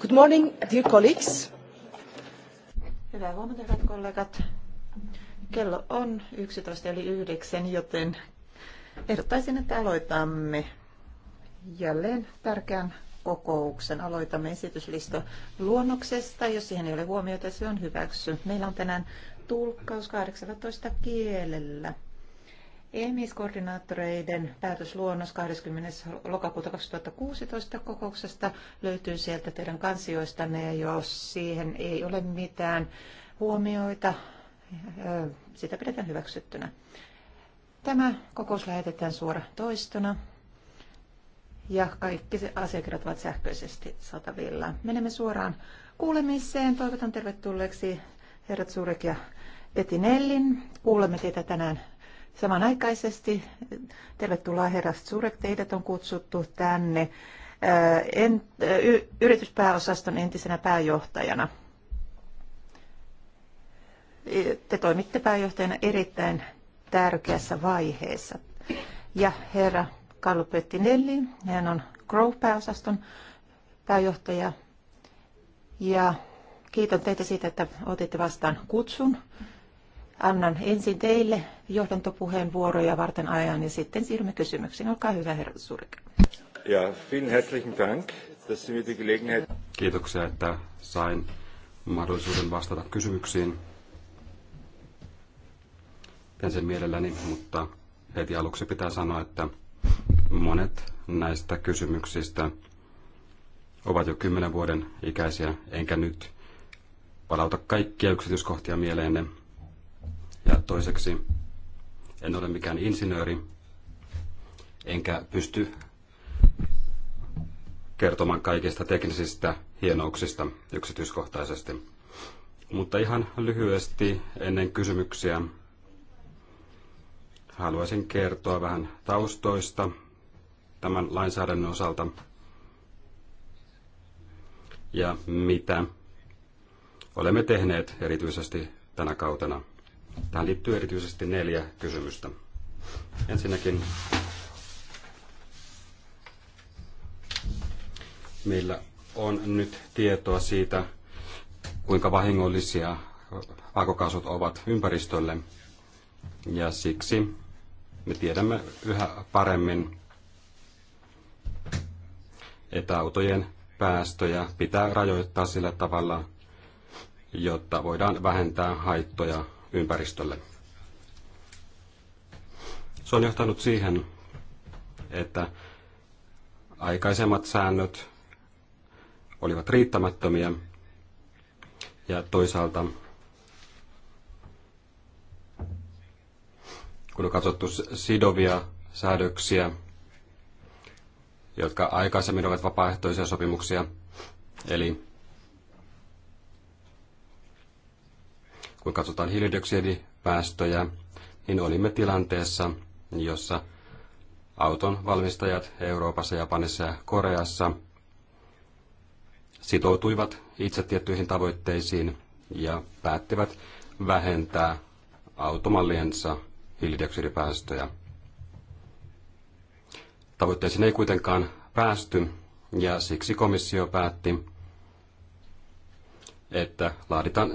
Good morning, dear colleagues. Hyvää huomenta, hyvät kollegat. Kello on 11 eli 9, joten ehdottaisin, että aloitamme jälleen tärkeän kokouksen. Aloitamme esityslisto luonnoksesta. Jos siihen ei ole huomiota, se on hyväksy. Meillä on tänään tulkkaus 18 kielellä. E Ihmiskoordinaattoreiden päätösluonnos 20. lokakuuta 2016 kokouksesta löytyy sieltä teidän kansioistanne ja jos siihen ei ole mitään huomioita, sitä pidetään hyväksyttynä. Tämä kokous lähetetään suora toistona ja kaikki asiakirjat ovat sähköisesti satavilla. Menemme suoraan kuulemiseen. Toivotan tervetulleeksi herrat Suurek ja Etinellin. Kuulemme teitä tänään Samanaikaisesti tervetuloa herra Surek, teidät on kutsuttu tänne äh, en, äh, y, yrityspääosaston entisenä pääjohtajana. Te toimitte pääjohtajana erittäin tärkeässä vaiheessa. Ja herra Carlo Pettinelli, hän on Grow-pääosaston pääjohtaja. Ja kiitän teitä siitä, että otitte vastaan kutsun Annan ensin teille johdantopuheenvuoroja varten ajan ja sitten siirrymme kysymyksiin. Olkaa hyvä, herra Surk. Ja, vielen herzlichen Dank, dass Sie mir die Gelegenheit... Kiitoksia, että sain mahdollisuuden vastata kysymyksiin. Teen sen mielelläni, mutta heti aluksi pitää sanoa, että monet näistä kysymyksistä ovat jo kymmenen vuoden ikäisiä, enkä nyt palauta kaikkia yksityiskohtia mieleenne, ja toiseksi, en ole mikään insinööri, enkä pysty kertomaan kaikista teknisistä hienouksista yksityiskohtaisesti. Mutta ihan lyhyesti ennen kysymyksiä haluaisin kertoa vähän taustoista tämän lainsäädännön osalta ja mitä olemme tehneet erityisesti tänä kautena. Tähän liittyy erityisesti neljä kysymystä. Ensinnäkin meillä on nyt tietoa siitä, kuinka vahingollisia pakokaasut ovat ympäristölle. Ja siksi me tiedämme yhä paremmin, että autojen päästöjä pitää rajoittaa sillä tavalla, jotta voidaan vähentää haittoja ympäristölle. Se on johtanut siihen, että aikaisemmat säännöt olivat riittämättömiä ja toisaalta kun on katsottu sidovia säädöksiä, jotka aikaisemmin ovat vapaaehtoisia sopimuksia, eli kun katsotaan hiilidioksidipäästöjä, niin olimme tilanteessa, jossa auton valmistajat Euroopassa, Japanissa ja Koreassa sitoutuivat itse tiettyihin tavoitteisiin ja päättivät vähentää automalliensa hiilidioksidipäästöjä. Tavoitteisiin ei kuitenkaan päästy ja siksi komissio päätti, että laaditaan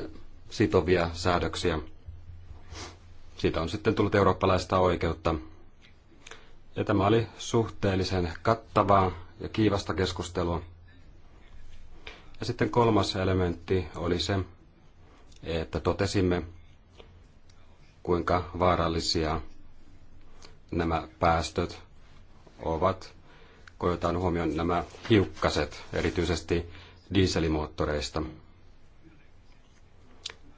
sitovia säädöksiä. Siitä on sitten tullut eurooppalaista oikeutta. Ja tämä oli suhteellisen kattavaa ja kiivasta keskustelua. Ja sitten kolmas elementti oli se, että totesimme, kuinka vaarallisia nämä päästöt ovat, kun otetaan huomioon nämä hiukkaset, erityisesti dieselimoottoreista.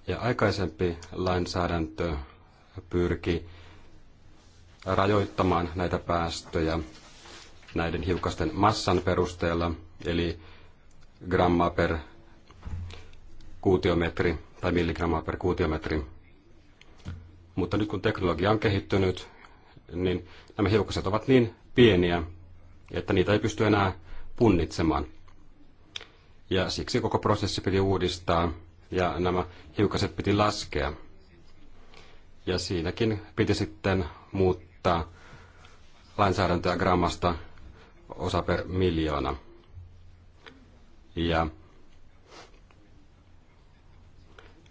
Ja aikaisempi lainsäädäntö pyrki rajoittamaan näitä päästöjä näiden hiukkasten massan perusteella, eli grammaa per kuutiometri tai milligrammaa per kuutiometri. Mutta nyt kun teknologia on kehittynyt, niin nämä hiukkaset ovat niin pieniä, että niitä ei pysty enää punnitsemaan. Ja siksi koko prosessi piti uudistaa ja nämä hiukaset piti laskea. Ja siinäkin piti sitten muuttaa lainsäädäntöä grammasta osa per miljoona. Ja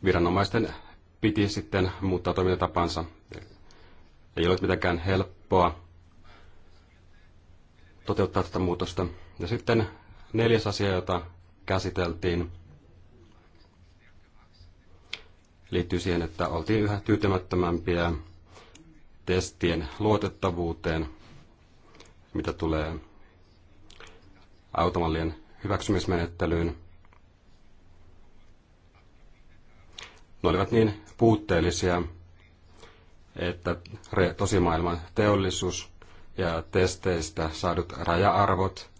viranomaisten piti sitten muuttaa toimintatapansa. Ei ole mitenkään helppoa toteuttaa tätä muutosta. Ja sitten neljäs asia, jota käsiteltiin, liittyy siihen, että oltiin yhä tyytymättömämpiä testien luotettavuuteen, mitä tulee automallien hyväksymismenettelyyn. Ne olivat niin puutteellisia, että tosimaailman teollisuus ja testeistä saadut raja-arvot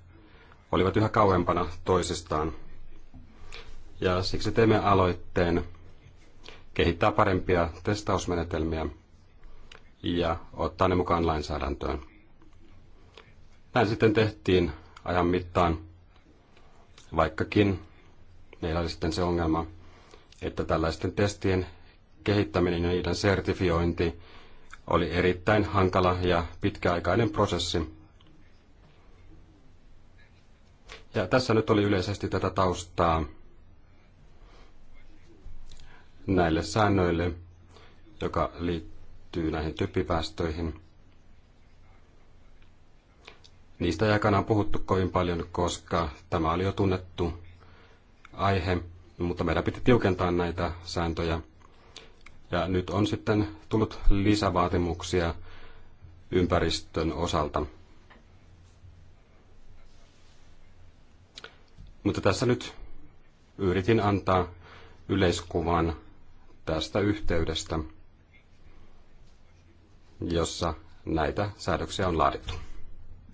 olivat yhä kauempana toisistaan. Ja siksi teimme aloitteen kehittää parempia testausmenetelmiä ja ottaa ne mukaan lainsäädäntöön. Näin sitten tehtiin ajan mittaan, vaikkakin meillä oli sitten se ongelma, että tällaisten testien kehittäminen ja niiden sertifiointi oli erittäin hankala ja pitkäaikainen prosessi. Ja tässä nyt oli yleisesti tätä taustaa näille säännöille, joka liittyy näihin typpipäästöihin. Niistä ei aikanaan puhuttu kovin paljon, koska tämä oli jo tunnettu aihe, mutta meidän piti tiukentaa näitä sääntöjä. Ja nyt on sitten tullut lisävaatimuksia ympäristön osalta. Mutta tässä nyt yritin antaa yleiskuvan tästä yhteydestä, jossa näitä säädöksiä on laadittu.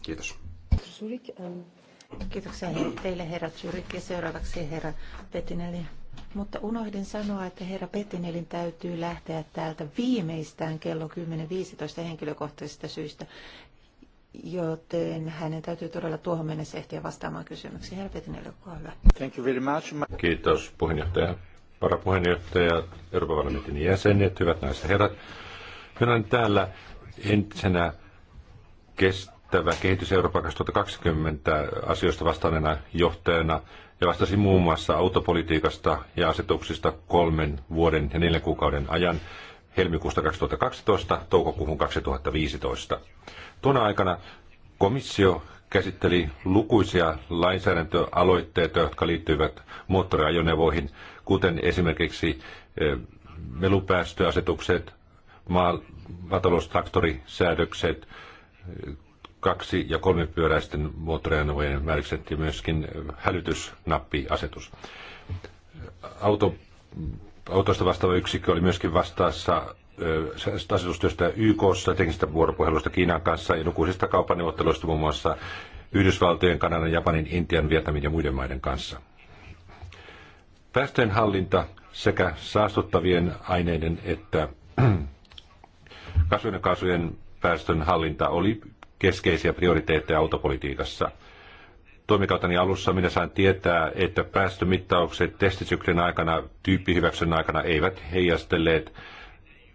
Kiitos. Ähm, kiitoksia teille herra Zürich ja seuraavaksi herra Petineli. Mutta unohdin sanoa, että herra Petinelin täytyy lähteä täältä viimeistään kello 10.15 henkilökohtaisista syistä, joten hänen täytyy todella tuohon mennessä ehtiä vastaamaan kysymyksiin. Herra Petinelli, olkaa hyvä. Thank you very much. Kiitos puheenjohtaja varapuheenjohtaja, Euroopan parlamentin jäsenet, hyvät naiset ja herrat. Minä olen täällä entisenä kestävä kehitys Euroopan 2020 asioista vastaanena johtajana ja vastasin muun muassa autopolitiikasta ja asetuksista kolmen vuoden ja neljän kuukauden ajan helmikuusta 2012 toukokuuhun 2015. Tuona aikana komissio käsitteli lukuisia lainsäädäntöaloitteita, jotka liittyivät moottoriajoneuvoihin, kuten esimerkiksi eh, melupäästöasetukset, maataloustraktorisäädökset, eh, kaksi- ja kolmipyöräisten moottoriajoneuvojen määrikset ja myöskin eh, hälytysnappiasetus. Auto, autosta vastaava yksikkö oli myöskin vastaassa asetustyöstä YKssa, teknisistä vuoropuhelusta Kiinan kanssa ja lukuisista kaupaneuvotteluista muun muassa Yhdysvaltojen, Kanadan, Japanin, Intian, Vietnamin ja muiden maiden kanssa. hallinta sekä saastuttavien aineiden että kasvihuonekaasujen päästön hallinta oli keskeisiä prioriteetteja autopolitiikassa. Toimikauteni alussa minä sain tietää, että päästömittaukset testisyklin aikana, tyyppihyväksyn aikana eivät heijastelleet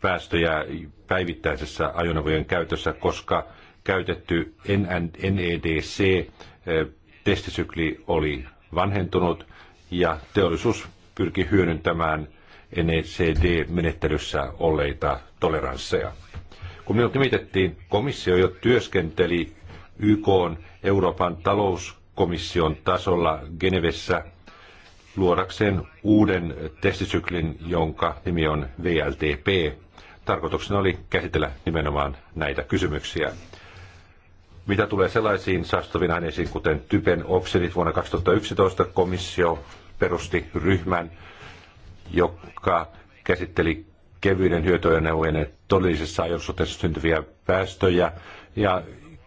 päästöjä päivittäisessä ajoneuvojen käytössä, koska käytetty NEDC-testisykli eh, oli vanhentunut ja teollisuus pyrki hyödyntämään NECD-menettelyssä olleita toleransseja. Kun minut nimitettiin, komissio jo työskenteli YK Euroopan talouskomission tasolla Genevessä luodakseen uuden testisyklin, jonka nimi on VLTP, tarkoituksena oli käsitellä nimenomaan näitä kysymyksiä. Mitä tulee sellaisiin saastuviin aineisiin, kuten typen oksidit, vuonna 2011 komissio perusti ryhmän, joka käsitteli kevyiden hyötyajoneuvojen todellisessa ajolosuhteessa syntyviä päästöjä. Ja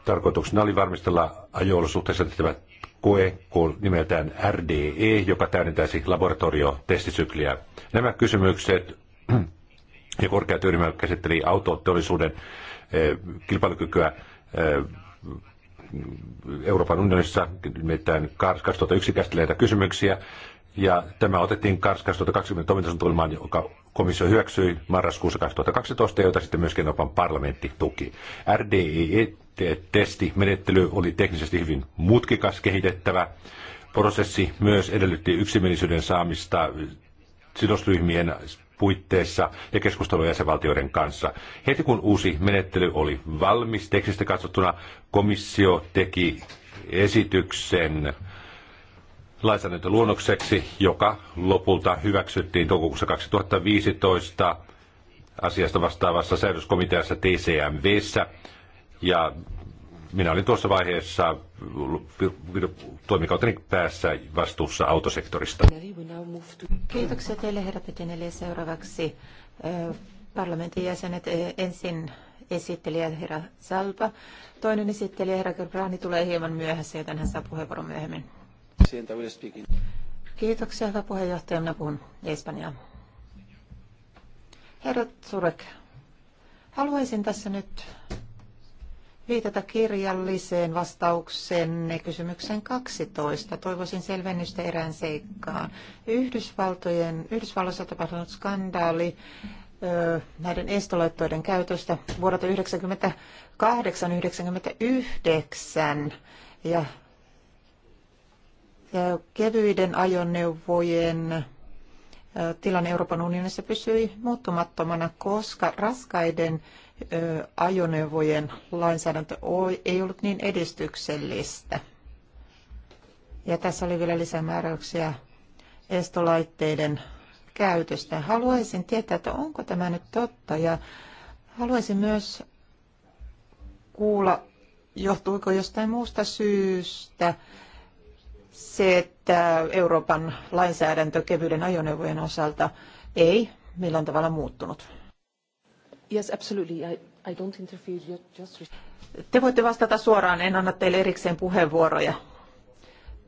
tarkoituksena oli varmistella ajolosuhteessa tehtävä koe nimeltään RDE, joka täydentäisi laboratoriotestisykliä. Nämä kysymykset ja korkea työryhmä käsitteli autoteollisuuden eh, kilpailukykyä eh, Euroopan unionissa, nimittäin KARS 2001 käsitteleitä kysymyksiä, ja tämä otettiin KARS 2020 toimintasuunnitelmaan, joka komissio hyväksyi marraskuussa 2012, jota sitten myöskin Euroopan parlamentti tuki. RDE-testimenettely oli teknisesti hyvin mutkikas kehitettävä. Prosessi myös edellytti yksimielisyyden saamista sidosryhmien puitteissa ja keskustelua jäsenvaltioiden kanssa. Heti kun uusi menettely oli valmis tekstistä katsottuna, komissio teki esityksen lainsäädäntöluonnokseksi, joka lopulta hyväksyttiin toukokuussa 2015 asiasta vastaavassa säädöskomiteassa TCMVssä. Ja minä olin tuossa vaiheessa toimikauteni päässä vastuussa autosektorista. Kiitoksia teille, herra Petinelli. Seuraavaksi parlamentin jäsenet e, ensin esittelijä herra Salpa. Toinen esittelijä herra Gerbrani tulee hieman myöhässä, joten hän saa puheenvuoron myöhemmin. Kiitoksia, hyvä puheenjohtaja. Minä puhun Espanjaa. Herra Zurek, haluaisin tässä nyt viitata kirjalliseen vastaukseen kysymykseen 12. Toivoisin selvennystä erään seikkaan. Yhdysvaltojen, Yhdysvalloissa tapahtunut skandaali näiden estolaittoiden käytöstä vuodelta 1998-1999 ja, ja kevyiden ajoneuvojen tilanne Euroopan unionissa pysyi muuttumattomana, koska raskaiden ajoneuvojen lainsäädäntö ei ollut niin edistyksellistä. Ja tässä oli vielä lisämääräyksiä estolaitteiden käytöstä. Haluaisin tietää, että onko tämä nyt totta ja haluaisin myös kuulla, johtuiko jostain muusta syystä se, että Euroopan lainsäädäntö kevyiden ajoneuvojen osalta ei millään tavalla muuttunut. Yes, absolutely. I, I don't interfere. You just... Te voitte vastata suoraan, en anna teille erikseen puheenvuoroja.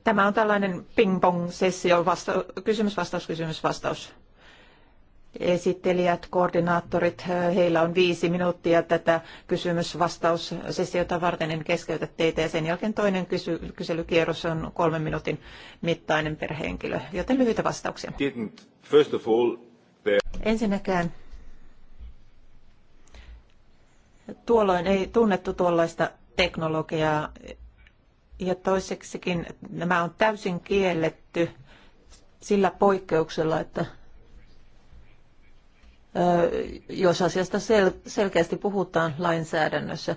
Tämä on tällainen ping-pong-sessio, vasta- kysymys, vastaus, kysymys, vastaus. Esittelijät, koordinaattorit, eh, heillä on viisi minuuttia tätä kysymys-vastaus-sessiota varten. En keskeytä teitä ja sen jälkeen toinen kysy- kyselykierros on kolmen minuutin mittainen per henkilö, joten lyhyitä vastauksia. Ensinnäkään Tuolloin ei tunnettu tuollaista teknologiaa ja toiseksikin nämä on täysin kielletty sillä poikkeuksella, että jos asiasta sel- selkeästi puhutaan lainsäädännössä.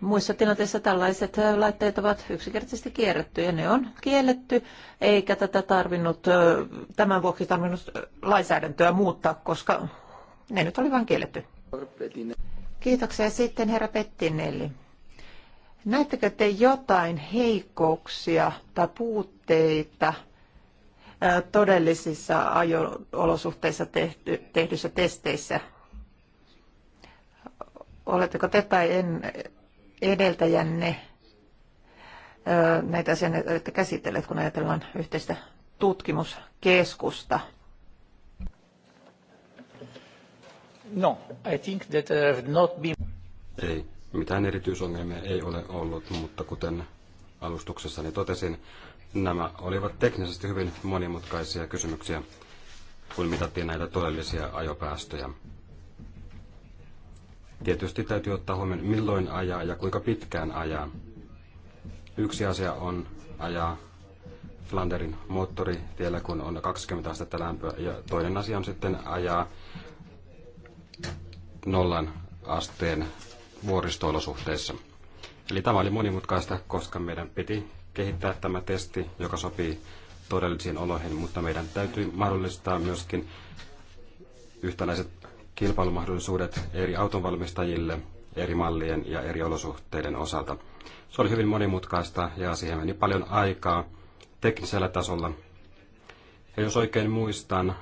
Muissa tilanteissa tällaiset laitteet ovat yksinkertaisesti kierretty ja ne on kielletty, eikä tätä tarvinnut, tämän vuoksi tarvinnut lainsäädäntöä muuttaa, koska ne nyt oli vain kielletty. Kiitoksia sitten herra Pettinelli. Näettekö te jotain heikkouksia tai puutteita todellisissa ajo-olosuhteissa tehty, tehdyissä testeissä? Oletteko te tai en edeltäjänne näitä asioita käsitelleet, kun ajatellaan yhteistä tutkimuskeskusta? No, I think that there have not been... Ei, mitään erityisongelmia ei ole ollut, mutta kuten alustuksessani totesin, nämä olivat teknisesti hyvin monimutkaisia kysymyksiä, kun mitattiin näitä todellisia ajopäästöjä. Tietysti täytyy ottaa huomioon, milloin ajaa ja kuinka pitkään ajaa. Yksi asia on ajaa Flanderin tiellä, kun on 20 astetta lämpöä, ja toinen asia on sitten ajaa nollan asteen vuoristoolosuhteissa. Eli tämä oli monimutkaista, koska meidän piti kehittää tämä testi, joka sopii todellisiin oloihin, mutta meidän täytyy mahdollistaa myöskin yhtäläiset kilpailumahdollisuudet eri autonvalmistajille, eri mallien ja eri olosuhteiden osalta. Se oli hyvin monimutkaista ja siihen meni paljon aikaa teknisellä tasolla. Ja jos oikein muistan,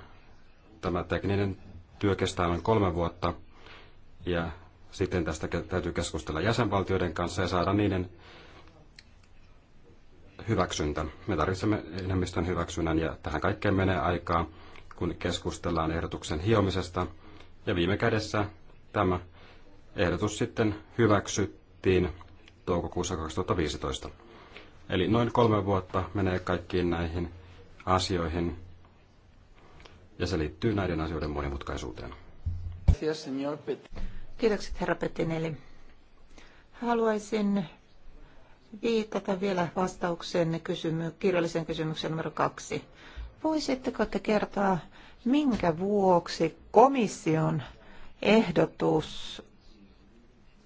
tämä tekninen työ kestää noin kolme vuotta ja sitten tästä täytyy keskustella jäsenvaltioiden kanssa ja saada niiden hyväksyntä. Me tarvitsemme enemmistön hyväksynnän ja tähän kaikkeen menee aikaa, kun keskustellaan ehdotuksen hiomisesta. Ja viime kädessä tämä ehdotus sitten hyväksyttiin toukokuussa 2015. Eli noin kolme vuotta menee kaikkiin näihin asioihin ja se liittyy näiden asioiden monimutkaisuuteen. Kiitokset herra Pettinelli. Haluaisin viitata vielä vastaukseen kysymy- kirjallisen kysymyksen numero kaksi. Voisitteko te kertoa, minkä vuoksi komission ehdotus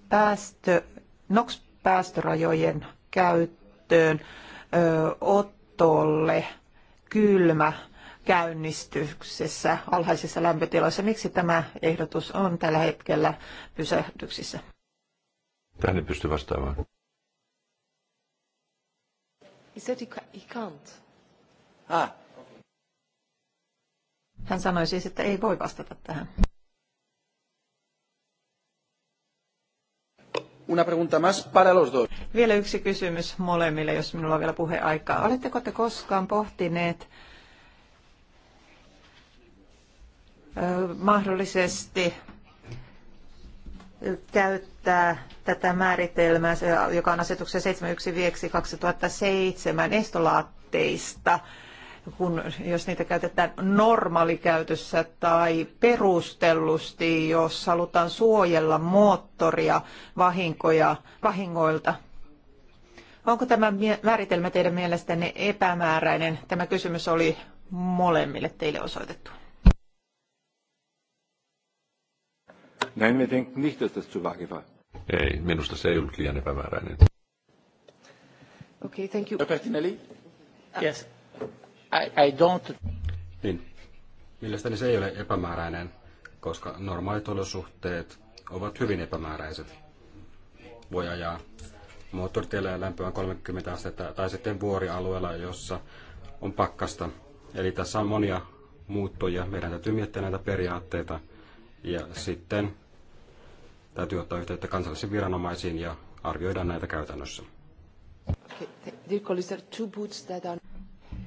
päästö, NOx-päästörajojen käyttöön ö, otolle kylmä käynnistyksessä alhaisissa lämpötiloissa. Miksi tämä ehdotus on tällä hetkellä pysähdyksissä? Tähän ei pysty vastaamaan. can't. Ah. Hän sanoi siis, että ei voi vastata tähän. Una pregunta más para los dos. Vielä yksi kysymys molemmille, jos minulla on vielä puheaikaa. Oletteko te koskaan pohtineet mahdollisesti käyttää tätä määritelmää, joka on asetuksen 715 2007 estolaatteista, kun, jos niitä käytetään normaalikäytössä tai perustellusti, jos halutaan suojella moottoria vahinkoja, vahingoilta. Onko tämä määritelmä teidän mielestänne epämääräinen? Tämä kysymys oli molemmille teille osoitettu. Näin me denken nicht, dass das zu vage war. Ei, minusta se ei ollut liian epämääräinen. Okay, thank you. Pertinelli? Ah. Yes. I, I don't... Niin. Mielestäni se ei ole epämääräinen, koska normaalit olosuhteet ovat hyvin epämääräiset. Voi ajaa moottoritiellä lämpöä 30 astetta tai sitten vuorialueella, jossa on pakkasta. Eli tässä on monia muuttoja Meidän täytyy miettiä näitä periaatteita. Ja sitten täytyy ottaa yhteyttä kansallisiin viranomaisiin ja arvioida näitä käytännössä.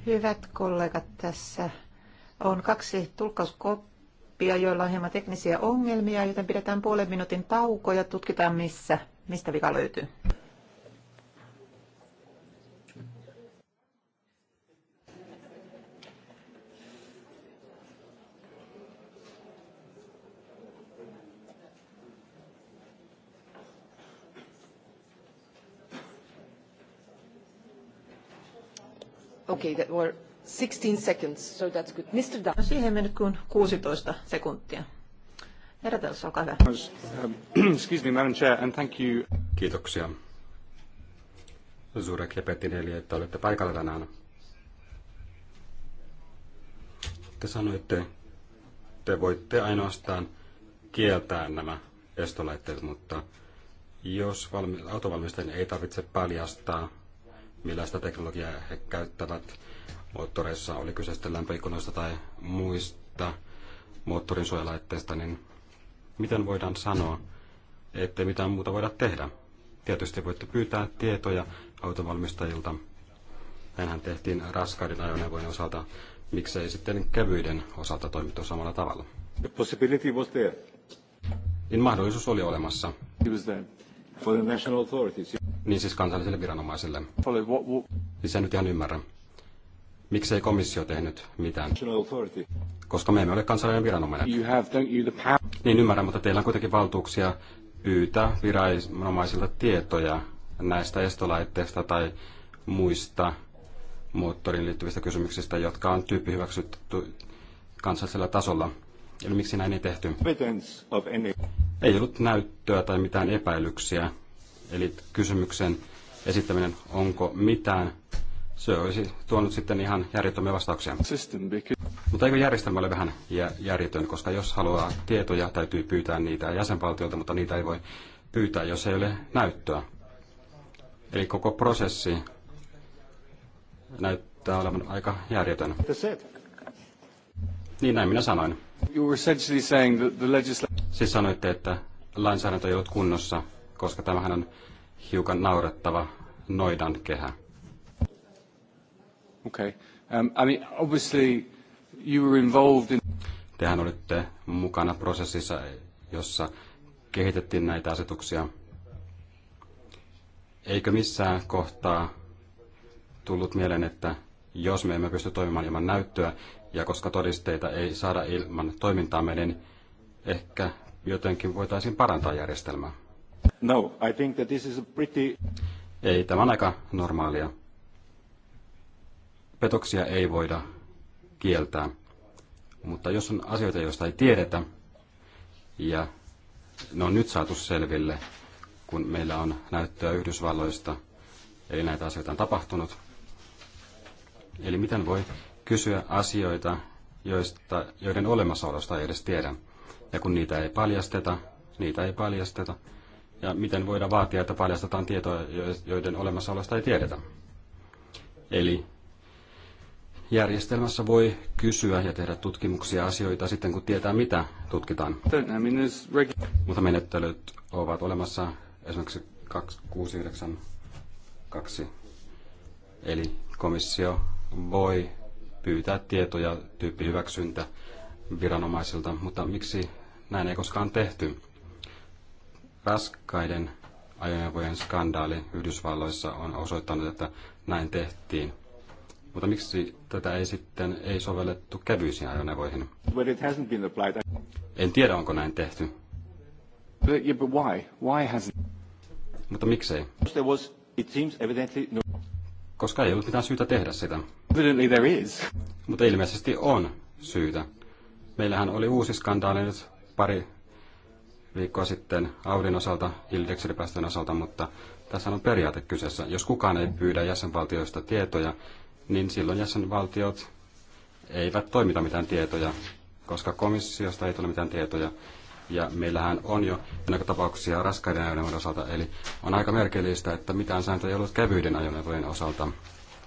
Hyvät kollegat, tässä on kaksi tulkkauskoppia, joilla on hieman teknisiä ongelmia, joten pidetään puolen minuutin tauko ja tutkitaan missä, mistä vika löytyy. Okay, that were 16 seconds, so that's good. Mr. Duff. No, siihen mennyt kuin 16 sekuntia. Herra Tels, olkaa hyvä. Excuse me, Madam Chair, and thank you. Kiitoksia. Zurek ja Petineli, että olette paikalla tänään. Te sanoitte, te voitte ainoastaan kieltää nämä estolaitteet, mutta jos autovalmistajien ei tarvitse paljastaa millaista teknologiaa he käyttävät moottoreissa, oli kyse sitten lämpöikkunoista tai muista moottorin suojalaitteista, niin miten voidaan sanoa, ettei mitään muuta voida tehdä? Tietysti voitte pyytää tietoja autovalmistajilta. Näinhän tehtiin raskaiden ajoneuvojen osalta. Miksei sitten kevyiden osalta toimittu samalla tavalla? The possibility was there. Niin mahdollisuus oli olemassa. For the national authorities. Niin siis kansallisille viranomaisille. Siis en nyt ihan ymmärrä. miksi ei komissio tehnyt mitään? Koska me emme ole kansallinen viranomainen. Have, niin ymmärrän, mutta teillä on kuitenkin valtuuksia pyytää viranomaisilta tietoja näistä estolaitteista tai muista moottoriin liittyvistä kysymyksistä, jotka on tyyppi hyväksytty kansallisella tasolla. Eli miksi näin ei tehty? Ei ollut näyttöä tai mitään epäilyksiä Eli kysymyksen esittäminen, onko mitään, se olisi tuonut sitten ihan järjettömiä vastauksia. Mutta eikö järjestelmä ole vähän järjetön, koska jos haluaa tietoja, täytyy pyytää niitä jäsenvaltiolta, mutta niitä ei voi pyytää, jos ei ole näyttöä. Eli koko prosessi näyttää olevan aika järjetön. Niin näin minä sanoin. You were essentially saying that the legisl- siis sanoitte, että lainsäädäntö ei ollut kunnossa koska tämähän on hiukan naurettava noidan kehä. Okay. Um, I mean, obviously you were involved in... Tehän olitte mukana prosessissa, jossa kehitettiin näitä asetuksia. Eikö missään kohtaa tullut mieleen, että jos me emme pysty toimimaan ilman näyttöä, ja koska todisteita ei saada ilman toimintaa niin ehkä jotenkin voitaisiin parantaa järjestelmää. No, I think that this is a pretty... Ei, tämä on aika normaalia. Petoksia ei voida kieltää, mutta jos on asioita, joista ei tiedetä, ja ne on nyt saatu selville, kun meillä on näyttöä Yhdysvalloista, eli näitä asioita on tapahtunut. Eli miten voi kysyä asioita, joista, joiden olemassaolosta ei edes tiedä. Ja kun niitä ei paljasteta, niitä ei paljasteta, ja miten voidaan vaatia, että paljastetaan tietoa, joiden olemassaolosta ei tiedetä. Eli järjestelmässä voi kysyä ja tehdä tutkimuksia asioita sitten, kun tietää, mitä tutkitaan. Mutta menettelyt ovat olemassa esimerkiksi 2692. Eli komissio voi pyytää tietoja tyyppihyväksyntä viranomaisilta, mutta miksi näin ei koskaan tehty? raskaiden ajoneuvojen skandaali Yhdysvalloissa on osoittanut, että näin tehtiin. Mutta miksi tätä ei sitten ei sovellettu kevyisiin ajoneuvoihin? En tiedä, onko näin tehty. Yeah, but why? Why Mutta miksei? There was, it seems evidently no... Koska ei ollut mitään syytä tehdä sitä. Evidently there is. Mutta ilmeisesti on syytä. Meillähän oli uusi skandaali nyt pari viikkoa sitten Audin osalta, hiilidioksidipäästöjen osalta, mutta tässä on periaate kyseessä. Jos kukaan ei pyydä jäsenvaltioista tietoja, niin silloin jäsenvaltiot eivät toimita mitään tietoja, koska komissiosta ei tule mitään tietoja. Ja meillähän on jo tapauksia raskaiden ajoneuvojen osalta, eli on aika merkillistä, että mitään sääntöjä ei ollut kevyiden ajoneuvojen osalta,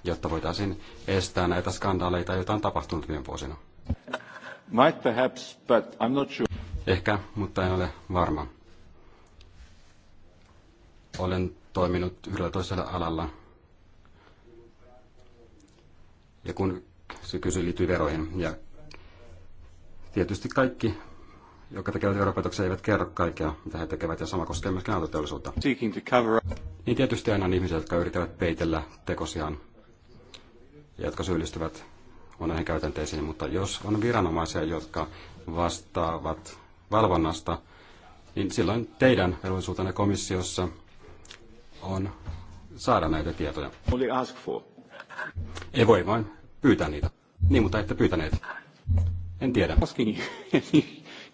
jotta voitaisiin estää näitä skandaaleita, joita on tapahtunut viime vuosina. Might perhaps, but I'm not sure. Ehkä, mutta en ole varma. Olen toiminut yhdellä toisella alalla. Ja kun se kysyi liittyy veroihin. Ja tietysti kaikki, jotka tekevät veropäätöksiä, eivät kerro kaikkea, mitä he tekevät, ja sama koskee myöskin autoteollisuutta. Niin tietysti aina on ihmisiä, jotka yrittävät peitellä tekosiaan, ja jotka syyllistyvät monenlaisiin käytänteisiin, mutta jos on viranomaisia, jotka vastaavat valvonnasta, niin silloin teidän velvollisuutenne komissiossa on saada näitä tietoja. ask for. Ei voi vain pyytää niitä. Niin, mutta ette pyytäneet. En tiedä. Asking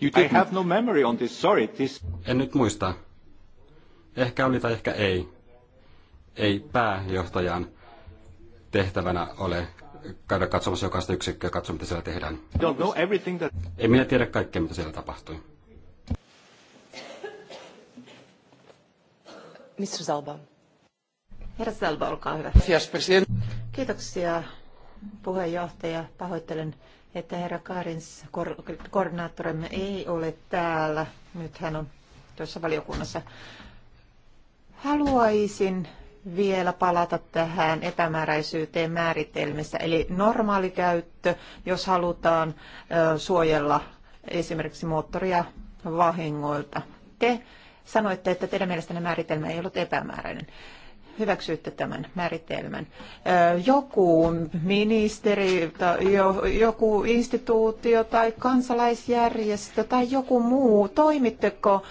you I have no memory on this. Sorry, this... En nyt muista. Ehkä oli tai ehkä ei. Ei pääjohtajan tehtävänä ole käydä katsomassa jokaista yksikköä ja katsoa, mitä siellä tehdään. That... En minä tiedä kaikkea, mitä siellä tapahtui. Mr. Zalba. Herra Zalba, olkaa hyvä. Kiitoksia puheenjohtaja. Pahoittelen, että herra Kaarins koordinaattoremme ei ole täällä. Nyt hän on tuossa valiokunnassa. Haluaisin vielä palata tähän epämääräisyyteen määritelmissä. Eli normaali käyttö, jos halutaan suojella esimerkiksi moottoria vahingoilta. Te sanoitte, että teidän mielestänne määritelmä ei ollut epämääräinen hyväksyitte tämän määritelmän. Joku ministeri, tai joku instituutio tai kansalaisjärjestö tai joku muu, toimitteko,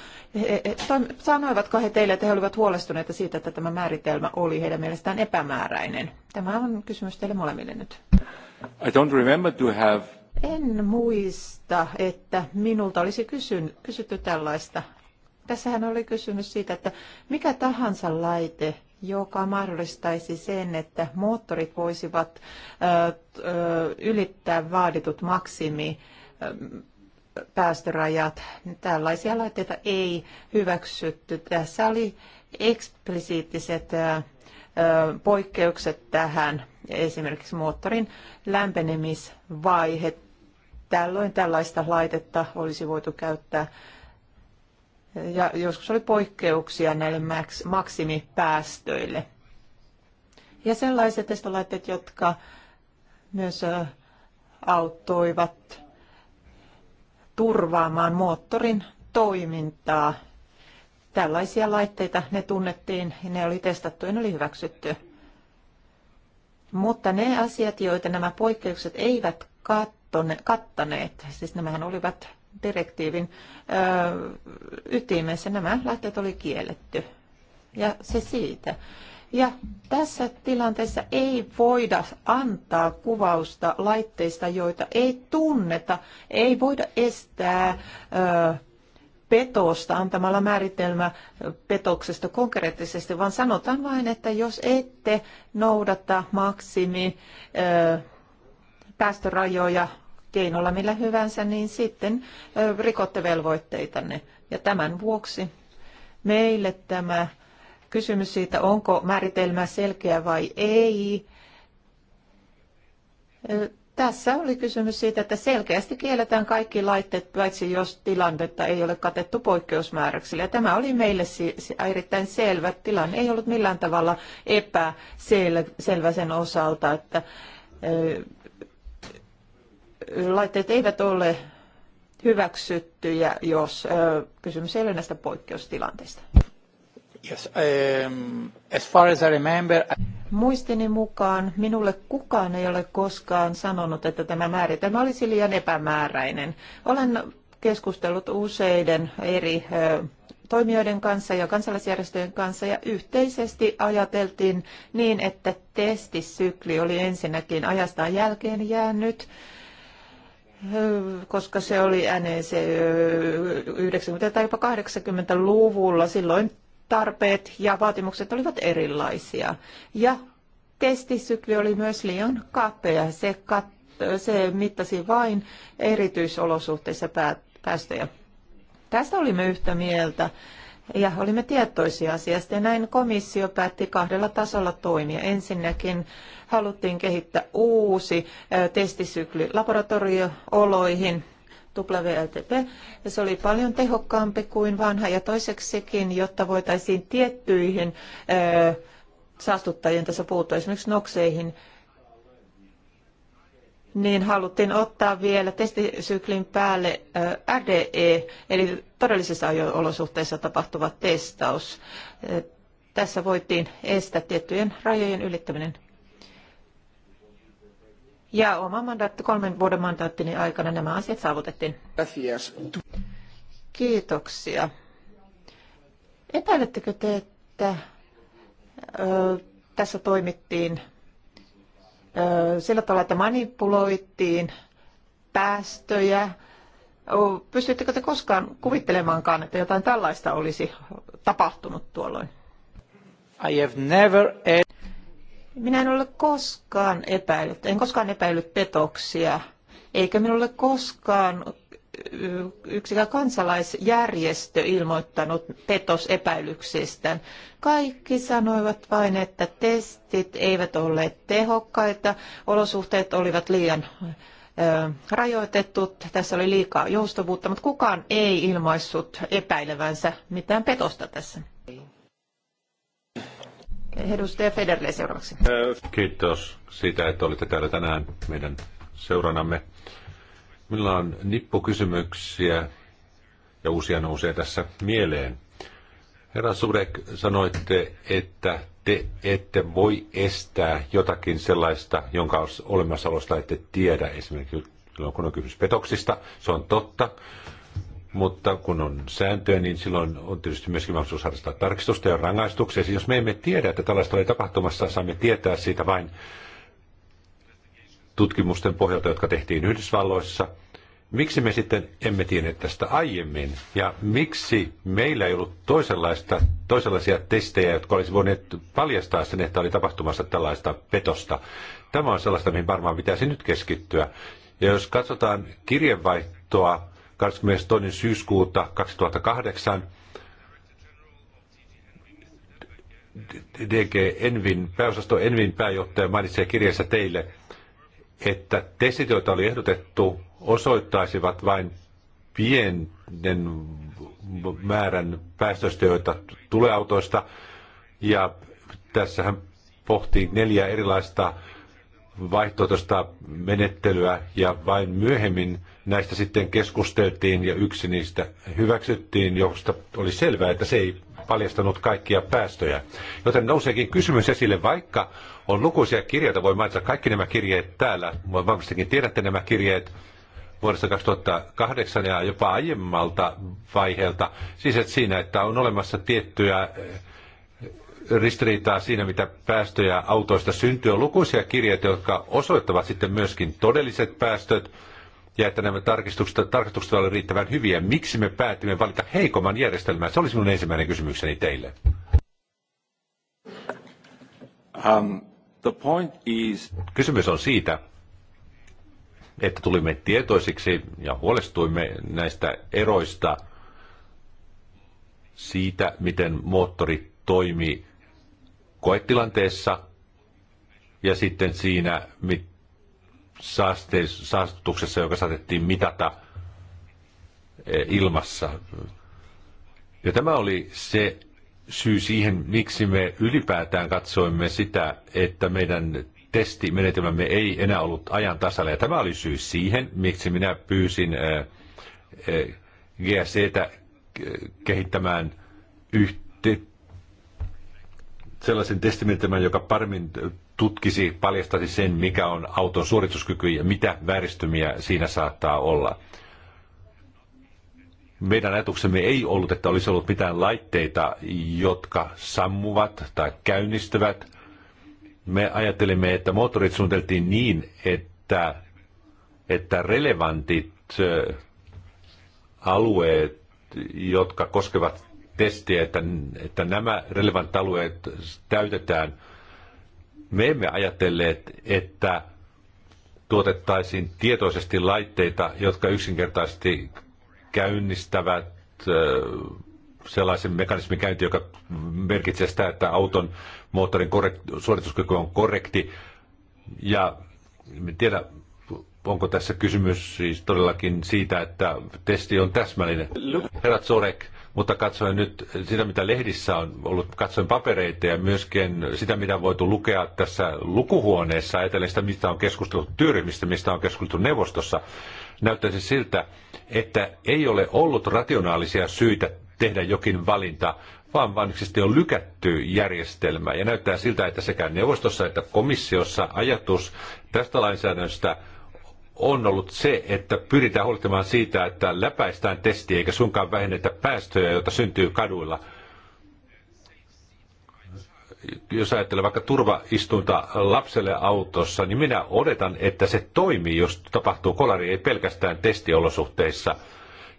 sanoivatko he teille, että he olivat huolestuneita siitä, että tämä määritelmä oli heidän mielestään epämääräinen? Tämä on kysymys teille molemmille nyt. I don't remember to have en muista, että minulta olisi kysyn, kysytty tällaista. Tässähän oli kysymys siitä, että mikä tahansa laite joka mahdollistaisi sen, että moottorit voisivat ylittää vaaditut maksimi päästörajat. Tällaisia laitteita ei hyväksytty. Tässä oli eksplisiittiset poikkeukset tähän, esimerkiksi moottorin lämpenemisvaihe. Tällöin tällaista laitetta olisi voitu käyttää ja joskus oli poikkeuksia näille maksimipäästöille. Ja sellaiset testolaitteet, jotka myös auttoivat turvaamaan moottorin toimintaa. Tällaisia laitteita ne tunnettiin, ne oli testattu ja ne oli hyväksytty. Mutta ne asiat, joita nämä poikkeukset eivät kattoneet, kattaneet, siis nämähän olivat direktiivin ytimessä nämä lähteet oli kielletty. Ja se siitä. Ja tässä tilanteessa ei voida antaa kuvausta laitteista, joita ei tunneta. Ei voida estää ö, petosta antamalla määritelmä petoksesta konkreettisesti, vaan sanotaan vain, että jos ette noudata maksimi ö, päästörajoja keinolla millä hyvänsä, niin sitten rikotte velvoitteitanne. Ja tämän vuoksi meille tämä kysymys siitä, onko määritelmä selkeä vai ei, tässä oli kysymys siitä, että selkeästi kielletään kaikki laitteet, paitsi jos tilannetta ei ole katettu poikkeusmääräksi. Ja tämä oli meille erittäin selvä. Tilanne ei ollut millään tavalla epäselvä sen osalta, että laitteet eivät ole hyväksyttyjä, jos kysymys ei ole näistä poikkeustilanteista. Yes, um, as far as I remember, I... Muistini mukaan minulle kukaan ei ole koskaan sanonut, että tämä määritelmä olisi liian epämääräinen. Olen keskustellut useiden eri toimijoiden kanssa ja kansalaisjärjestöjen kanssa ja yhteisesti ajateltiin niin, että testisykli oli ensinnäkin ajastaan jälkeen jäänyt koska se oli NEC 90- tai jopa 80-luvulla. Silloin tarpeet ja vaatimukset olivat erilaisia. Ja testisykli oli myös liian kapea. Se, kat- se mittasi vain erityisolosuhteissa päästöjä. Tästä olimme yhtä mieltä ja olimme tietoisia asiasta. Ja näin komissio päätti kahdella tasolla toimia. Ensinnäkin haluttiin kehittää uusi testisykli laboratoriooloihin, WLTP, ja se oli paljon tehokkaampi kuin vanha, ja toiseksikin, jotta voitaisiin tiettyihin saastuttajien tässä puuttua, esimerkiksi nokseihin, niin haluttiin ottaa vielä testisyklin päälle RDE, eli todellisissa ajo-olosuhteissa tapahtuva testaus. Tässä voitiin estää tiettyjen rajojen ylittäminen ja oma mandaatti, kolmen vuoden mandaattini aikana nämä asiat saavutettiin. Kiitoksia. Epäilettekö te, että ö, tässä toimittiin ö, sillä tavalla, että manipuloitiin päästöjä? Pystyttekö te koskaan kuvittelemaankaan, että jotain tällaista olisi tapahtunut tuolloin? I have never minä en ole koskaan epäillyt, en koskaan epäillyt petoksia, eikä minulle koskaan yksikään kansalaisjärjestö ilmoittanut petosepäilyksistä. Kaikki sanoivat vain, että testit eivät olleet tehokkaita, olosuhteet olivat liian rajoitetut, tässä oli liikaa joustavuutta, mutta kukaan ei ilmaissut epäilevänsä mitään petosta tässä. Edustaja Federle seuraavaksi. Kiitos siitä, että olitte täällä tänään meidän seuranamme. Minulla on nippukysymyksiä ja uusia nousee tässä mieleen. Herra Surek, sanoitte, että te ette voi estää jotakin sellaista, jonka olemassaolosta ette tiedä, esimerkiksi kun on kysymys petoksista. Se on totta mutta kun on sääntöä niin silloin on tietysti myöskin mahdollisuus harrastaa tarkistusta ja rangaistuksia. Siis jos me emme tiedä, että tällaista oli tapahtumassa, saamme tietää siitä vain tutkimusten pohjalta, jotka tehtiin Yhdysvalloissa. Miksi me sitten emme tienneet tästä aiemmin? Ja miksi meillä ei ollut toisenlaista, toisenlaisia testejä, jotka olisi voineet paljastaa sen, että oli tapahtumassa tällaista petosta? Tämä on sellaista, mihin varmaan pitäisi nyt keskittyä. Ja jos katsotaan kirjeenvaihtoa 22. syyskuuta 2008 DG Envin, pääosasto Envin pääjohtaja mainitsee kirjeessä teille, että testit, joita oli ehdotettu, osoittaisivat vain pienen määrän päästöistä, joita tulee autoista. Ja hän pohtii neljä erilaista vaihtoehtoista menettelyä ja vain myöhemmin näistä sitten keskusteltiin ja yksi niistä hyväksyttiin, josta oli selvää, että se ei paljastanut kaikkia päästöjä. Joten nouseekin kysymys esille, vaikka on lukuisia kirjeitä, voi mainita kaikki nämä kirjeet täällä, varmastikin tiedätte nämä kirjeet vuodesta 2008 ja jopa aiemmalta vaiheelta, siis että siinä, että on olemassa tiettyjä ristiriitaa siinä, mitä päästöjä autoista syntyy. On lukuisia kirjeitä, jotka osoittavat sitten myöskin todelliset päästöt ja että nämä tarkistukset, tarkistukset olivat riittävän hyviä. Miksi me päätimme valita heikomman järjestelmän? Se olisi minun ensimmäinen kysymykseni teille. Um, the point is... Kysymys on siitä, että tulimme tietoisiksi ja huolestuimme näistä eroista siitä, miten moottori toimii koetilanteessa ja sitten siinä mit, saastutuksessa, joka saatettiin mitata e, ilmassa. Ja tämä oli se syy siihen, miksi me ylipäätään katsoimme sitä, että meidän testimenetelmämme ei enää ollut ajan tasalla. Ja tämä oli syy siihen, miksi minä pyysin e, e, tä kehittämään yhteyttä sellaisen testimenetelmän, joka paremmin tutkisi, paljastaisi sen, mikä on auton suorituskyky ja mitä vääristymiä siinä saattaa olla. Meidän ajatuksemme ei ollut, että olisi ollut mitään laitteita, jotka sammuvat tai käynnistyvät. Me ajattelimme, että moottorit suunniteltiin niin, että, että relevantit alueet, jotka koskevat testiä, että, että nämä relevantit alueet täytetään. Me emme ajatelleet, että tuotettaisiin tietoisesti laitteita, jotka yksinkertaisesti käynnistävät sellaisen mekanismin käynti, joka merkitsee sitä, että auton moottorin suorituskyky on korrekti. Ja en tiedä, onko tässä kysymys siis todellakin siitä, että testi on täsmällinen. Herrat Sorek, mutta katsoin nyt sitä, mitä lehdissä on ollut, katsoin papereita ja myöskin sitä, mitä on voitu lukea tässä lukuhuoneessa, ajatellen sitä, mistä on keskusteltu työryhmistä, mistä on keskusteltu neuvostossa, näyttäisi siltä, että ei ole ollut rationaalisia syitä tehdä jokin valinta, vaan vanhisesti on lykätty järjestelmä. Ja näyttää siltä, että sekä neuvostossa että komissiossa ajatus tästä lainsäädännöstä – on ollut se, että pyritään huolehtimaan siitä, että läpäistään testiä eikä suinkaan vähennetä päästöjä, joita syntyy kaduilla. Jos ajattelee vaikka turvaistuinta lapselle autossa, niin minä odotan, että se toimii, jos tapahtuu kolari, ei pelkästään testiolosuhteissa –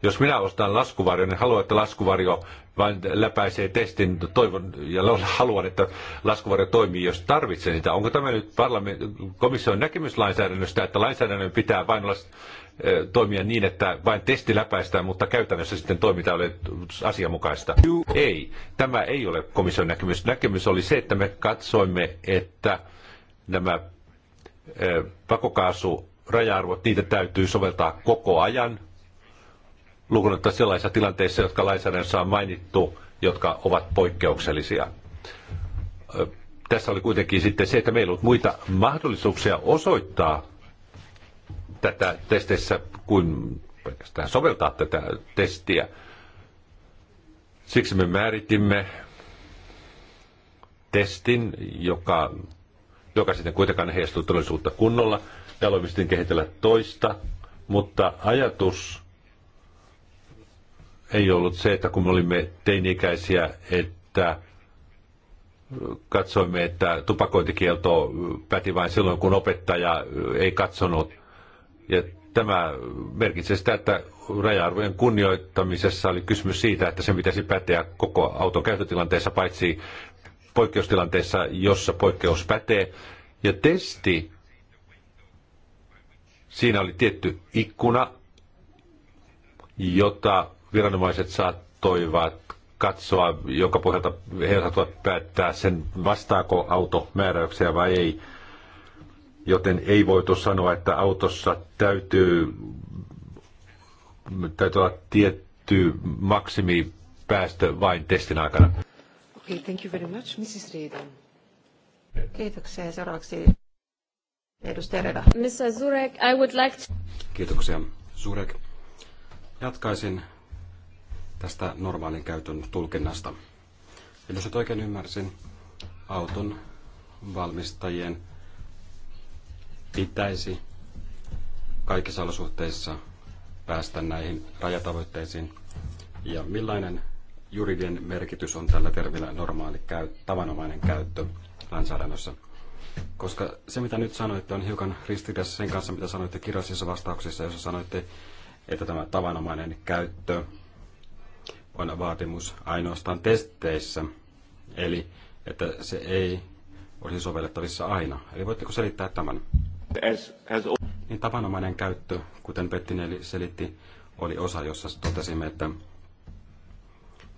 jos minä ostan laskuvarjon, niin haluan, että laskuvarjo vain läpäisee testin. Toivon ja haluan, että laskuvarjo toimii, jos tarvitsen sitä. Onko tämä nyt komission näkemys lainsäädännöstä, että lainsäädännön pitää vain olla eh, toimia niin, että vain testi läpäistään, mutta käytännössä sitten toiminta ole asianmukaista. Ei, tämä ei ole komission näkemys. Näkemys oli se, että me katsoimme, että nämä eh, pakokaasu raja-arvot, niitä täytyy soveltaa koko ajan, lukunutta sellaisissa tilanteissa, jotka lainsäädännössä on mainittu, jotka ovat poikkeuksellisia. Tässä oli kuitenkin sitten se, että meillä on muita mahdollisuuksia osoittaa tätä testissä kuin pelkästään soveltaa tätä testiä. Siksi me määritimme testin, joka, joka sitten kuitenkaan heijastuu todellisuutta kunnolla. Ja aloimme sitten kehitellä toista, mutta ajatus ei ollut se, että kun me olimme teini-ikäisiä, että katsoimme, että tupakointikielto päti vain silloin, kun opettaja ei katsonut. Ja tämä merkitsee sitä, että raja-arvojen kunnioittamisessa oli kysymys siitä, että sen pitäisi päteä koko auton käytötilanteessa, paitsi poikkeustilanteessa, jossa poikkeus pätee. Ja testi, siinä oli tietty ikkuna, jota viranomaiset saattoivat katsoa, jonka pohjalta he saattoivat päättää sen, vastaako auto määräyksiä vai ei. Joten ei voitu sanoa, että autossa täytyy, täytyy olla tietty maksimipäästö vain testin aikana. Okay, thank you very much. Mrs. Reida. Kiitoksia. Seuraavaksi edustaja Reda. Mr. Zurek, I would like to... Kiitoksia. Zurek, jatkaisin tästä normaalin käytön tulkinnasta. Eli jos nyt oikein ymmärsin, auton valmistajien pitäisi kaikissa olosuhteissa päästä näihin rajatavoitteisiin. Ja millainen juridinen merkitys on tällä termillä normaali käy, tavanomainen käyttö lainsäädännössä? Koska se, mitä nyt sanoitte, on hiukan ristiriidassa sen kanssa, mitä sanoitte kirjallisissa vastauksissa, jossa sanoitte, että tämä tavanomainen käyttö on vaatimus ainoastaan testeissä, eli että se ei olisi sovellettavissa aina. Eli voitteko selittää tämän? As, as... Niin tavanomainen käyttö, kuten Pettinelli selitti, oli osa, jossa totesimme, että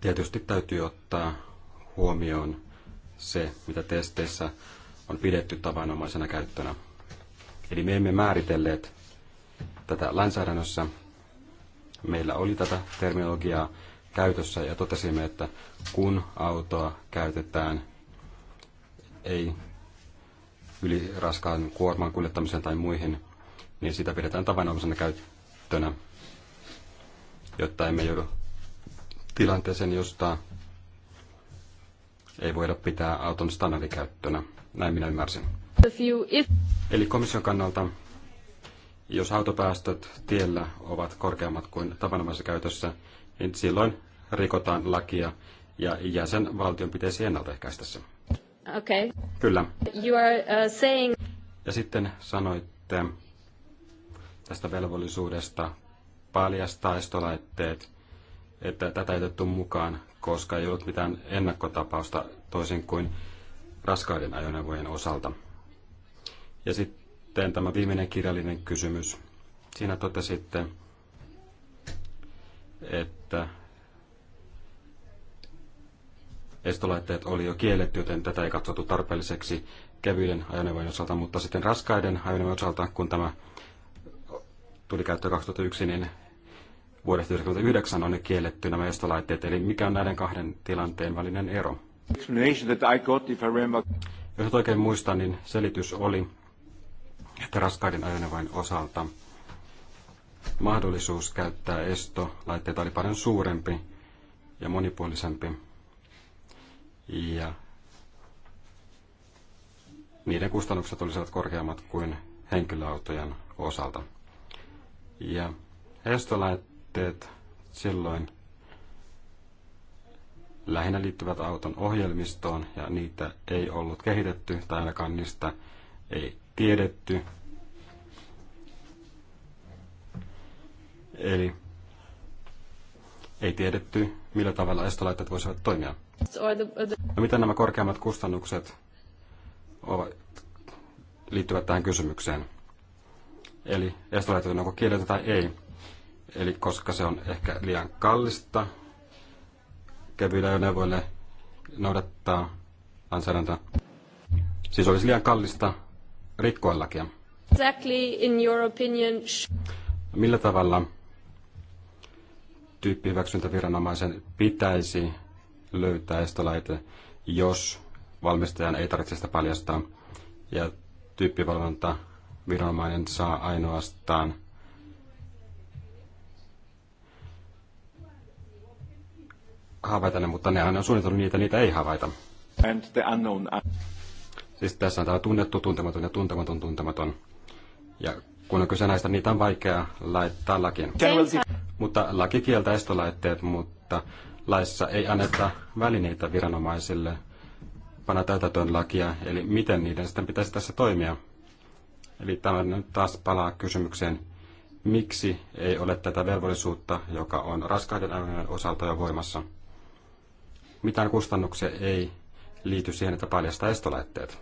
tietysti täytyy ottaa huomioon se, mitä testeissä on pidetty tavanomaisena käyttönä. Eli me emme määritelleet tätä lainsäädännössä. Meillä oli tätä terminologiaa käytössä ja totesimme, että kun autoa käytetään ei yli raskaan kuorman kuljettamiseen tai muihin, niin sitä pidetään tavanomaisena käyttönä, jotta emme joudu tilanteeseen, josta ei voida pitää auton standardikäyttönä. Näin minä ymmärsin. Eli komission kannalta, jos autopäästöt tiellä ovat korkeammat kuin tavanomaisessa käytössä, niin silloin rikotaan lakia ja jäsenvaltion pitäisi ennaltaehkäistä se. Okay. Kyllä. You are, uh, saying... Ja sitten sanoitte tästä velvollisuudesta paljastaistolaitteet, että tätä ei otettu mukaan, koska ei ollut mitään ennakkotapausta toisin kuin raskaiden ajoneuvojen osalta. Ja sitten tämä viimeinen kirjallinen kysymys. Siinä totesitte, että että estolaitteet oli jo kielletty, joten tätä ei katsottu tarpeelliseksi kevyiden ajoneuvojen osalta, mutta sitten raskaiden ajoneuvojen osalta, kun tämä tuli käyttöön 2001, niin vuodesta 1999 on ne kielletty nämä estolaitteet. Eli mikä on näiden kahden tilanteen välinen ero? Jos oikein muistan, niin selitys oli, että raskaiden ajoneuvojen osalta – mahdollisuus käyttää estolaitteita oli paljon suurempi ja monipuolisempi. Ja niiden kustannukset olisivat korkeammat kuin henkilöautojen osalta. Ja estolaitteet silloin lähinnä liittyvät auton ohjelmistoon ja niitä ei ollut kehitetty tai ainakaan niistä ei tiedetty Eli ei tiedetty, millä tavalla estolaitteet voisivat toimia. No, miten nämä korkeammat kustannukset ovat, liittyvät tähän kysymykseen? Eli estolaitteet onko kielletty tai ei? Eli koska se on ehkä liian kallista ja ajoneuvoille noudattaa lainsäädäntöä. Siis olisi liian kallista rikkoa lakia. Exactly in your opinion. Millä tavalla tyyppihyväksyntäviranomaisen pitäisi löytää estolaite, jos valmistajan ei tarvitse sitä paljastaa. Ja tyyppivalvontaviranomainen saa ainoastaan havaita ne, mutta ne aina on suunnitellut niitä, niitä ei havaita. And the unknown. Siis tässä on tämä tunnettu, tuntematon ja tuntematon, tuntematon. Ja kun on kyse näistä, niitä on vaikea laittaa lakiin. Mutta laki kieltää estolaitteet, mutta laissa ei anneta välineitä viranomaisille panna täytäntöön lakia, eli miten niiden sitten pitäisi tässä toimia. Eli tämä nyt taas palaa kysymykseen, miksi ei ole tätä velvollisuutta, joka on raskaiden aineiden osalta jo voimassa. Mitään kustannuksia ei liity siihen, että paljastaa estolaitteet.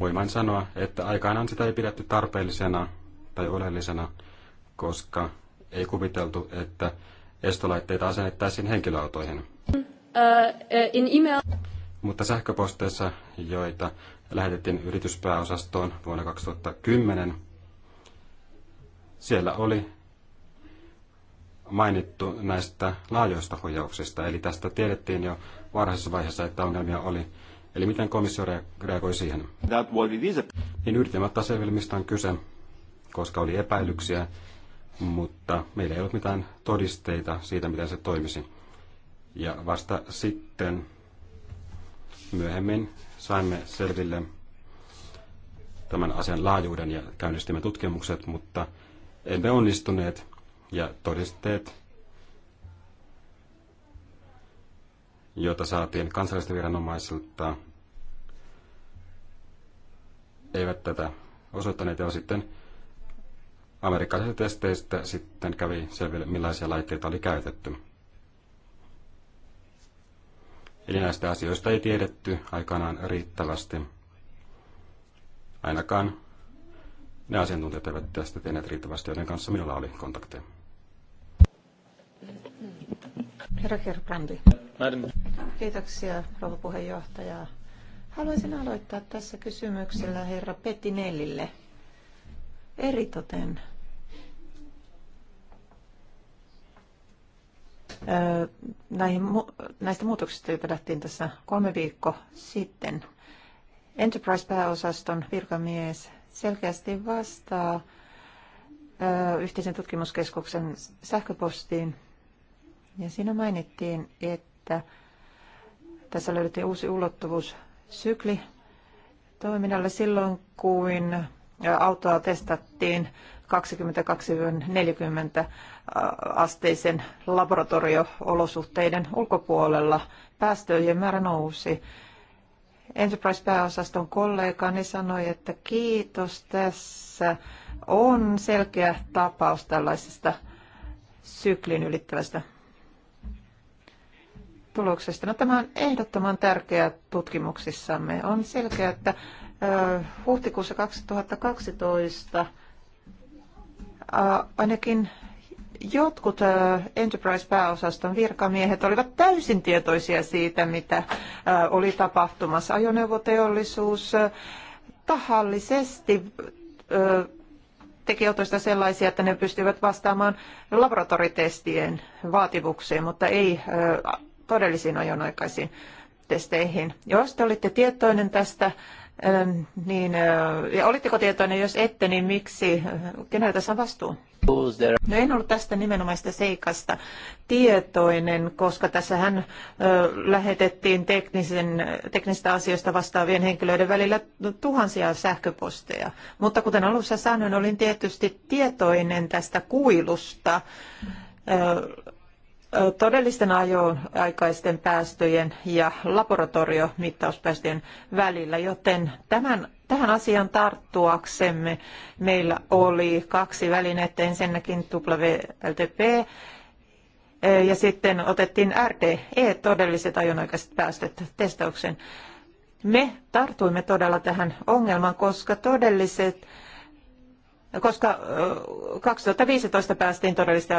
Voin vain sanoa, että aikanaan sitä ei pidetty tarpeellisena tai oleellisena, koska ei kuviteltu, että estolaitteita asennettaisiin henkilöautoihin. Uh, in email. Mutta sähköposteissa, joita lähetettiin yrityspääosastoon vuonna 2010, siellä oli mainittu näistä laajoista huijauksista, eli tästä tiedettiin jo varhaisessa vaiheessa, että ongelmia oli. Eli miten komissio reagoi siihen? That what it is. Niin yritin ottaa selville, mistä on kyse, koska oli epäilyksiä mutta meillä ei ollut mitään todisteita siitä, miten se toimisi. Ja vasta sitten myöhemmin saimme selville tämän asian laajuuden ja käynnistimme tutkimukset, mutta emme onnistuneet ja todisteet, joita saatiin kansallisten viranomaisilta, eivät tätä osoittaneet ja sitten amerikkalaisista testeistä sitten kävi selville, millaisia laitteita oli käytetty. Eli näistä asioista ei tiedetty aikanaan riittävästi. Ainakaan ne asiantuntijat eivät tästä tienneet riittävästi, joiden kanssa minulla oli kontakteja. Herra Kerbrandi. Kiitoksia, rouva puheenjohtaja. Haluaisin aloittaa tässä kysymyksellä herra Petinellille eritoten näihin, näistä muutoksista, joita lähtiin tässä kolme viikkoa sitten. Enterprise-pääosaston virkamies selkeästi vastaa yhteisen tutkimuskeskuksen sähköpostiin. Ja siinä mainittiin, että tässä löydettiin uusi ulottuvuus sykli toiminnalle silloin, kun autoa testattiin 22-40 äh, asteisen laboratorioolosuhteiden ulkopuolella. Päästöjen määrä nousi. Enterprise-pääosaston kollegani sanoi, että kiitos tässä on selkeä tapaus tällaisesta syklin ylittävästä tuloksesta. No, tämä on ehdottoman tärkeä tutkimuksissamme. On selkeää, että huhtikuussa 2012 ainakin jotkut Enterprise-pääosaston virkamiehet olivat täysin tietoisia siitä, mitä oli tapahtumassa. Ajoneuvoteollisuus tahallisesti teki otoista sellaisia, että ne pystyivät vastaamaan laboratoritestien vaativuksiin, mutta ei todellisiin ajonaikaisiin testeihin. Jos te olitte tietoinen tästä niin, ja olitteko tietoinen, jos ette, niin miksi? Kenellä tässä on vastuu? No en ollut tästä nimenomaista seikasta tietoinen, koska tässä hän lähetettiin teknisen, teknisistä asioista vastaavien henkilöiden välillä tuhansia sähköposteja. Mutta kuten alussa sanoin, olin tietysti tietoinen tästä kuilusta. Ö, todellisten ajoaikaisten päästöjen ja laboratoriomittauspäästöjen välillä, joten tämän, tähän asiaan tarttuaksemme meillä oli kaksi välinettä, ensinnäkin WLTP ja sitten otettiin RDE, todelliset ajonaikaiset päästöt testauksen. Me tartuimme todella tähän ongelmaan, koska todelliset koska 2015 päästiin todellisten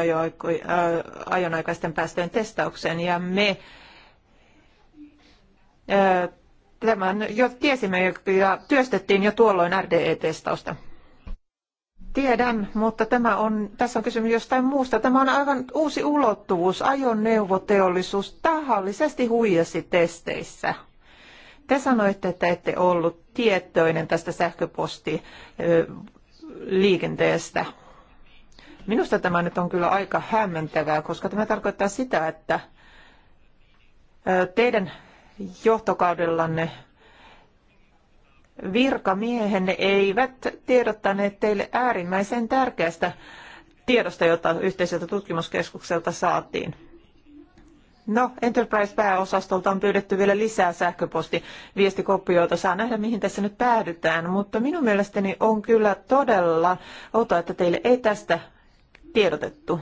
ajonaikaisten päästöjen testaukseen ja me tämän jo tiesimme ja työstettiin jo tuolloin RDE-testausta. Tiedän, mutta tämä on, tässä on kysymys jostain muusta. Tämä on aivan uusi ulottuvuus. Ajoneuvoteollisuus tahallisesti huijasi testeissä. Te sanoitte, että ette ollut tietoinen tästä sähköposti liikenteestä. Minusta tämä nyt on kyllä aika hämmentävää, koska tämä tarkoittaa sitä, että teidän johtokaudellanne virkamiehenne eivät tiedottaneet teille äärimmäisen tärkeästä tiedosta, jota yhteiseltä tutkimuskeskukselta saatiin. No, Enterprise-pääosastolta on pyydetty vielä lisää sähköpostiviestikopioita. Saa nähdä, mihin tässä nyt päädytään, mutta minun mielestäni on kyllä todella outoa, että teille ei tästä tiedotettu.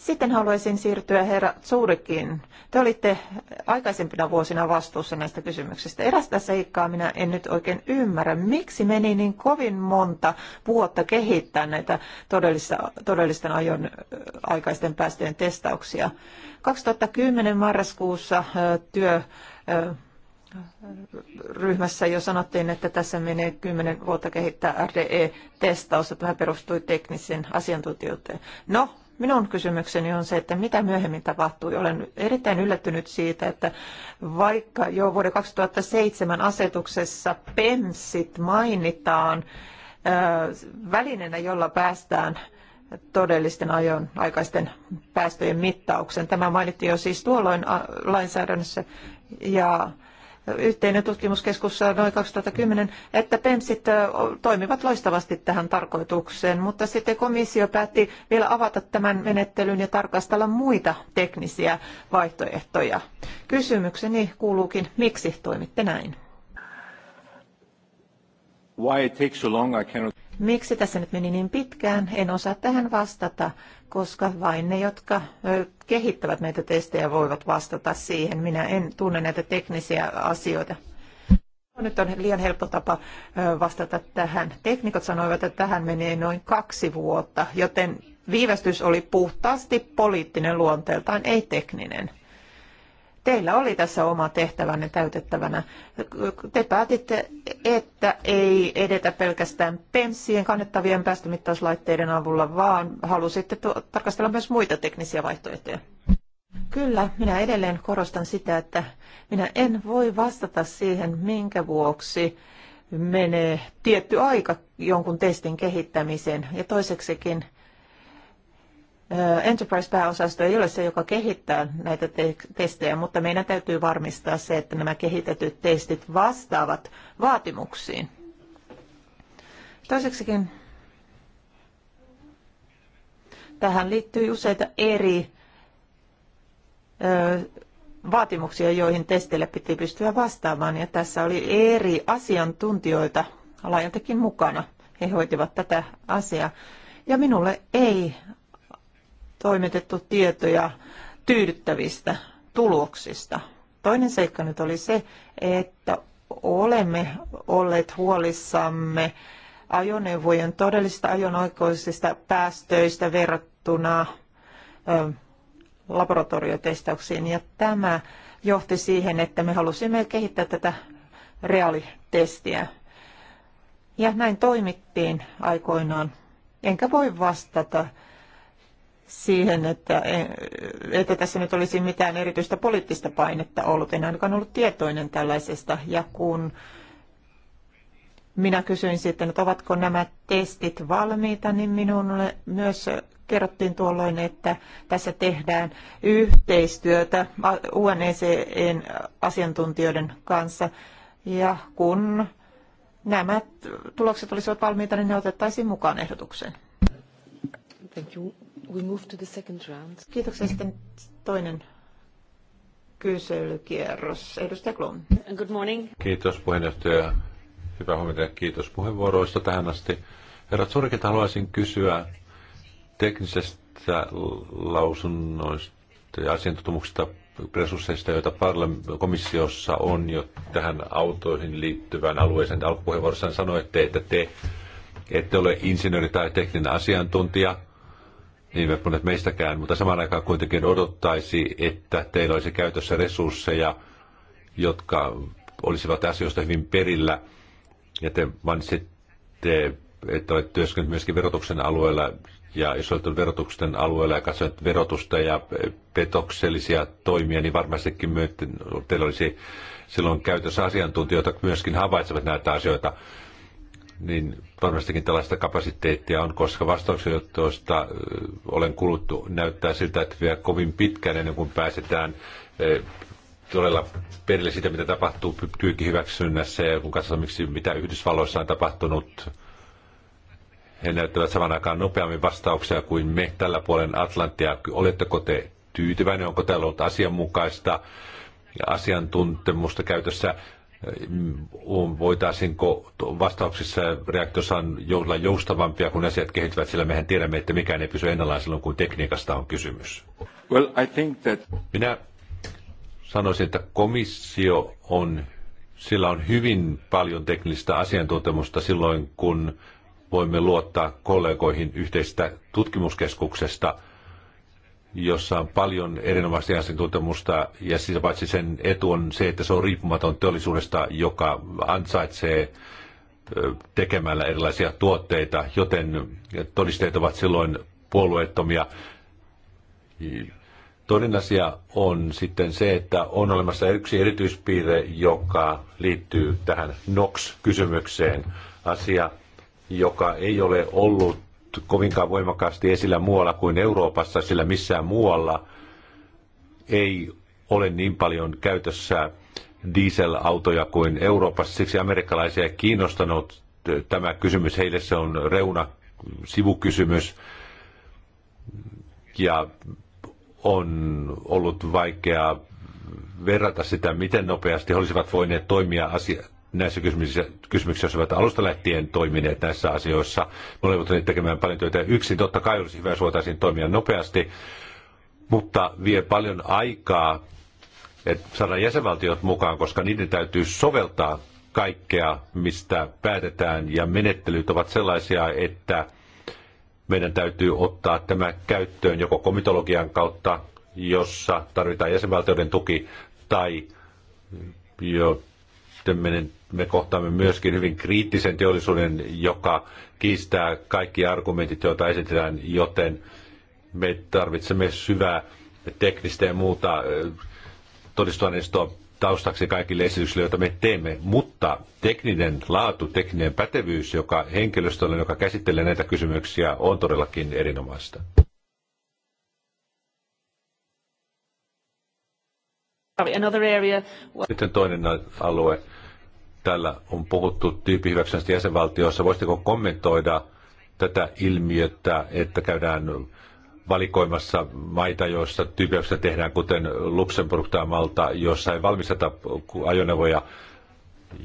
Sitten haluaisin siirtyä herra Zuurikin. Te olitte aikaisempina vuosina vastuussa näistä kysymyksistä. Erästä seikkaa minä en nyt oikein ymmärrä. Miksi meni niin kovin monta vuotta kehittää näitä todellista, todellisten ajon aikaisten päästöjen testauksia? 2010 marraskuussa työ ryhmässä jo sanottiin, että tässä menee kymmenen vuotta kehittää RDE-testausta. Tämä perustui teknisen asiantuntijuuteen. No, Minun kysymykseni on se, että mitä myöhemmin tapahtui. Olen erittäin yllättynyt siitä, että vaikka jo vuoden 2007 asetuksessa PEMSit mainitaan välineenä, jolla päästään todellisten ajon aikaisten päästöjen mittauksen. Tämä mainittiin jo siis tuolloin lainsäädännössä ja yhteinen tutkimuskeskus noin 2010, että PEMSit toimivat loistavasti tähän tarkoitukseen, mutta sitten komissio päätti vielä avata tämän menettelyn ja tarkastella muita teknisiä vaihtoehtoja. Kysymykseni kuuluukin, miksi toimitte näin? Why it takes so long, I cannot... Miksi tässä nyt meni niin pitkään? En osaa tähän vastata, koska vain ne, jotka kehittävät näitä testejä, voivat vastata siihen. Minä en tunne näitä teknisiä asioita. No, nyt on liian helppo tapa vastata tähän. Teknikot sanoivat, että tähän menee noin kaksi vuotta, joten viivästys oli puhtaasti poliittinen luonteeltaan, ei tekninen teillä oli tässä oma tehtävänne täytettävänä. Te päätitte, että ei edetä pelkästään pensien kannettavien päästömittauslaitteiden avulla, vaan halusitte tarkastella myös muita teknisiä vaihtoehtoja. Kyllä, minä edelleen korostan sitä, että minä en voi vastata siihen, minkä vuoksi menee tietty aika jonkun testin kehittämiseen. Ja toiseksikin Enterprise-pääosasto ei ole se, joka kehittää näitä te- testejä, mutta meidän täytyy varmistaa se, että nämä kehitetyt testit vastaavat vaatimuksiin. Toiseksikin tähän liittyy useita eri ö, vaatimuksia, joihin testille piti pystyä vastaamaan, ja tässä oli eri asiantuntijoita laajaltakin mukana. He hoitivat tätä asiaa. Ja minulle ei toimitettu tietoja tyydyttävistä tuloksista. Toinen seikka nyt oli se, että olemme olleet huolissamme ajoneuvojen todellisista ajonoikoisista päästöistä verrattuna laboratoriotestauksiin. Ja tämä johti siihen, että me halusimme kehittää tätä reaalitestiä. Ja näin toimittiin aikoinaan. Enkä voi vastata siihen, että, että tässä nyt olisi mitään erityistä poliittista painetta ollut. En ainakaan ollut tietoinen tällaisesta. Ja kun minä kysyin sitten, että ovatko nämä testit valmiita, niin minulle myös kerrottiin tuolloin, että tässä tehdään yhteistyötä UNECEn asiantuntijoiden kanssa. Ja kun nämä tulokset olisivat valmiita, niin ne otettaisiin mukaan ehdotukseen. Thank you we move to the second round. Kiitoksia sitten toinen kyselykierros. Edustaja Klum. Good morning. Kiitos puheenjohtaja. Hyvää huomenta ja kiitos puheenvuoroista tähän asti. Herra Surkit, haluaisin kysyä teknisestä lausunnoista ja asiantuntemuksesta resursseista, joita komissiossa on jo tähän autoihin liittyvään alueeseen. Alkupuheenvuorossaan sanoitte, että te ette ole insinööri tai tekninen asiantuntija, niin monet meistäkään, mutta samaan aikaan kuitenkin odottaisi, että teillä olisi käytössä resursseja, jotka olisivat asioista hyvin perillä. Ja te mainitsitte, että olet työskennellyt myöskin verotuksen alueella, ja jos olet verotuksen alueella ja katsonut verotusta ja petoksellisia toimia, niin varmastikin myötä, teillä olisi silloin käytössä asiantuntijoita, jotka myöskin havaitsevat näitä asioita niin varmastikin tällaista kapasiteettia on, koska vastauksia, tuosta olen kuluttu, näyttää siltä, että vielä kovin pitkään ennen kuin pääsetään todella perille siitä, mitä tapahtuu tyykihyväksynnässä ja kun katsotaan, miksi, mitä Yhdysvalloissa on tapahtunut, he näyttävät saman aikaan nopeammin vastauksia kuin me tällä puolen Atlantia. Oletteko te tyytyväinen, onko täällä ollut asianmukaista ja asiantuntemusta käytössä? Mm, voitaisinko vastauksissa reaktiossa on olla joustavampia, kun asiat kehittyvät, sillä mehän tiedämme, että mikään ei pysy ennallaan silloin, kun tekniikasta on kysymys. Well, I think that... Minä sanoisin, että komissio on, sillä on hyvin paljon teknistä asiantuntemusta silloin, kun voimme luottaa kollegoihin yhteistä tutkimuskeskuksesta – jossa on paljon erinomaista asiantuntemusta, ja siis paitsi sen etu on se, että se on riippumaton teollisuudesta, joka ansaitsee tekemällä erilaisia tuotteita, joten todisteet ovat silloin puolueettomia. Toinen asia on sitten se, että on olemassa yksi erityispiirre, joka liittyy tähän NOx-kysymykseen. Asia, joka ei ole ollut kovinkaan voimakkaasti esillä muualla kuin Euroopassa, sillä missään muualla ei ole niin paljon käytössä dieselautoja kuin Euroopassa. Siksi amerikkalaisia ei kiinnostanut tämä kysymys. Heille se on reuna sivukysymys ja on ollut vaikeaa verrata sitä, miten nopeasti he olisivat voineet toimia asia, näissä kysymyksissä, kysymyksissä jos ovat alusta lähtien toimineet näissä asioissa. Me olemme tekemään paljon työtä yksin. Totta kai olisi hyvä, jos voitaisiin toimia nopeasti, mutta vie paljon aikaa että saadaan jäsenvaltiot mukaan, koska niiden täytyy soveltaa kaikkea, mistä päätetään, ja menettelyt ovat sellaisia, että meidän täytyy ottaa tämä käyttöön joko komitologian kautta, jossa tarvitaan jäsenvaltioiden tuki, tai jo sitten me kohtaamme myöskin hyvin kriittisen teollisuuden, joka kiistää kaikki argumentit, joita esitetään, joten me tarvitsemme syvää teknistä ja muuta todistusaineistoa taustaksi kaikille esityksille, joita me teemme, mutta tekninen laatu, tekninen pätevyys, joka henkilöstölle, joka käsittelee näitä kysymyksiä, on todellakin erinomaista. Sitten toinen alue. täällä on puhuttu tyyppihyväksynnästä jäsenvaltioissa. Voisitteko kommentoida tätä ilmiötä, että käydään valikoimassa maita, joissa tyyppihyväksyntä tehdään, kuten Luxemburg tai Malta, jossa ei valmisteta ajoneuvoja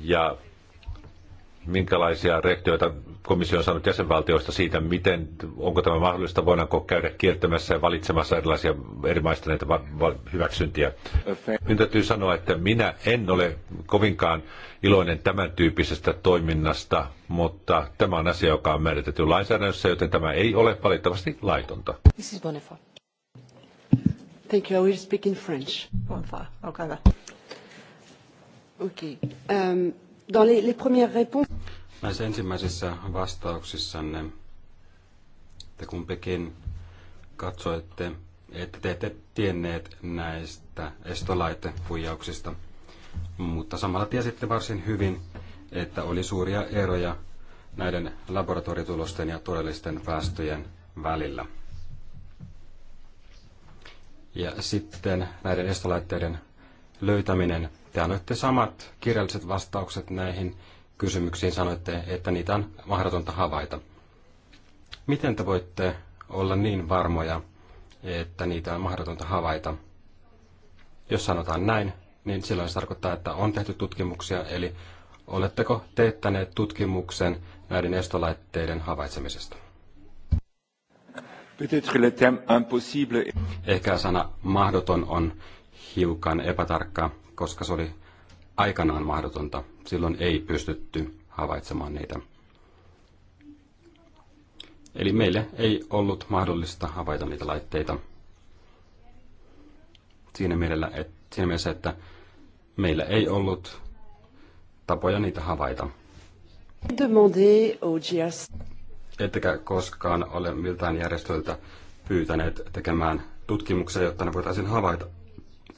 ja minkälaisia reaktioita komissio on saanut jäsenvaltioista siitä, miten, onko tämä mahdollista, voidaanko käydä kiertämässä ja valitsemassa erilaisia eri maista näitä hyväksyntiä. Minun täytyy sanoa, että minä en ole kovinkaan iloinen tämän tyyppisestä toiminnasta, mutta tämä on asia, joka on määritetty lainsäädännössä, joten tämä ei ole valitettavasti laitonta. Thank you. I will speak in French. Okay. Um, Dans les, les premières réponses... Näissä ensimmäisissä vastauksissanne te kumpikin katsoitte, että te ette tienneet näistä estolaitehuijauksista, mutta samalla tiesitte varsin hyvin, että oli suuria eroja näiden laboratoriotulosten ja todellisten päästöjen välillä. Ja sitten näiden estolaitteiden löytäminen te annoitte samat kirjalliset vastaukset näihin kysymyksiin, sanoitte, että niitä on mahdotonta havaita. Miten te voitte olla niin varmoja, että niitä on mahdotonta havaita? Jos sanotaan näin, niin silloin se tarkoittaa, että on tehty tutkimuksia, eli oletteko teettäneet tutkimuksen näiden estolaitteiden havaitsemisesta? Ehkä sana mahdoton on hiukan epätarkka koska se oli aikanaan mahdotonta. Silloin ei pystytty havaitsemaan niitä. Eli meille ei ollut mahdollista havaita niitä laitteita siinä, mielessä, et, siinä mielessä, että meillä ei ollut tapoja niitä havaita. Ettekä koskaan ole miltään järjestöiltä pyytäneet tekemään tutkimuksia, jotta ne voitaisiin havaita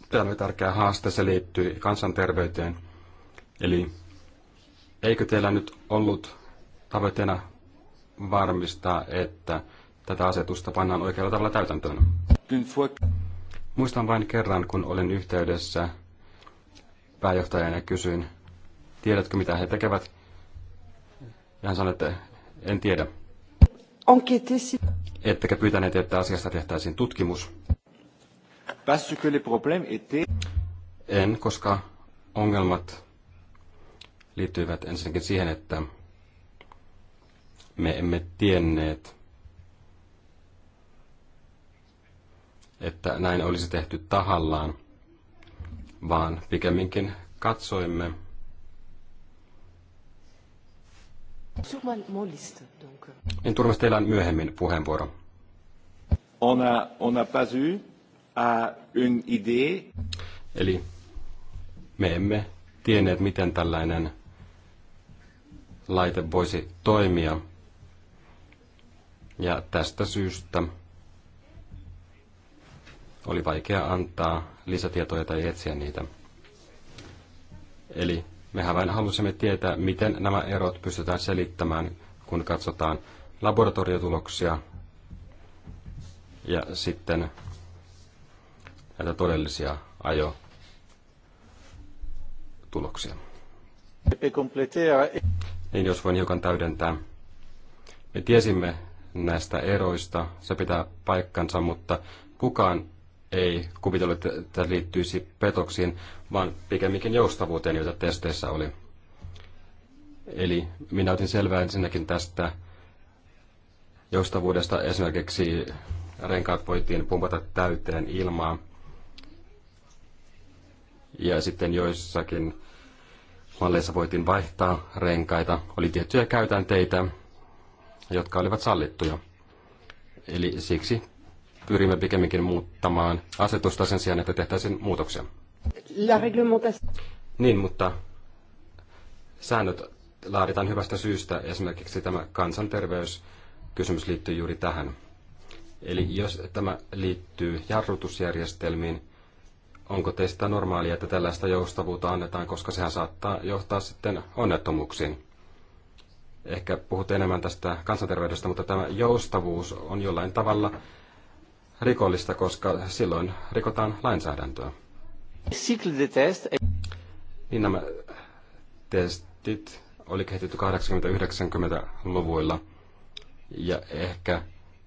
Tämä oli tärkeä haaste, se liittyy kansanterveyteen. Eli eikö teillä nyt ollut tavoitteena varmistaa, että tätä asetusta pannaan oikealla tavalla täytäntöön? Muistan vain kerran, kun olin yhteydessä pääjohtajana ja kysyin, tiedätkö mitä he tekevät? Ja hän sanoi, että en tiedä. Ettekö pyytäneet, että asiasta tehtäisiin tutkimus? Parce que les problèmes étaient... En, koska ongelmat liittyivät ensinnäkin siihen, että me emme tienneet, että näin olisi tehty tahallaan, vaan pikemminkin katsoimme. En niin turmasti teillä on myöhemmin puheenvuoro. On a, on a pas eu à une idée. Eli me emme tienneet, miten tällainen laite voisi toimia. Ja tästä syystä oli vaikea antaa lisätietoja tai etsiä niitä. Eli mehän vain halusimme tietää, miten nämä erot pystytään selittämään, kun katsotaan laboratoriotuloksia ja sitten näitä todellisia ajo tuloksia. Niin jos voin hiukan täydentää. Me tiesimme näistä eroista, se pitää paikkansa, mutta kukaan ei kuvitellut, että liittyisi petoksiin, vaan pikemminkin joustavuuteen, joita testeissä oli. Eli minä otin selvää ensinnäkin tästä joustavuudesta. Esimerkiksi renkaat voitiin pumpata täyteen ilmaa. Ja sitten joissakin malleissa voitiin vaihtaa renkaita. Oli tiettyjä käytänteitä, jotka olivat sallittuja. Eli siksi pyrimme pikemminkin muuttamaan asetusta sen sijaan, että tehtäisiin muutoksia. La niin, mutta säännöt laaditaan hyvästä syystä. Esimerkiksi tämä kansanterveyskysymys liittyy juuri tähän. Eli jos tämä liittyy jarrutusjärjestelmiin, Onko teistä normaalia, että tällaista joustavuutta annetaan, koska sehän saattaa johtaa sitten onnettomuuksiin? Ehkä puhut enemmän tästä kansanterveydestä, mutta tämä joustavuus on jollain tavalla rikollista, koska silloin rikotaan lainsäädäntöä. Niin nämä testit oli kehitetty 80-90-luvuilla ja ehkä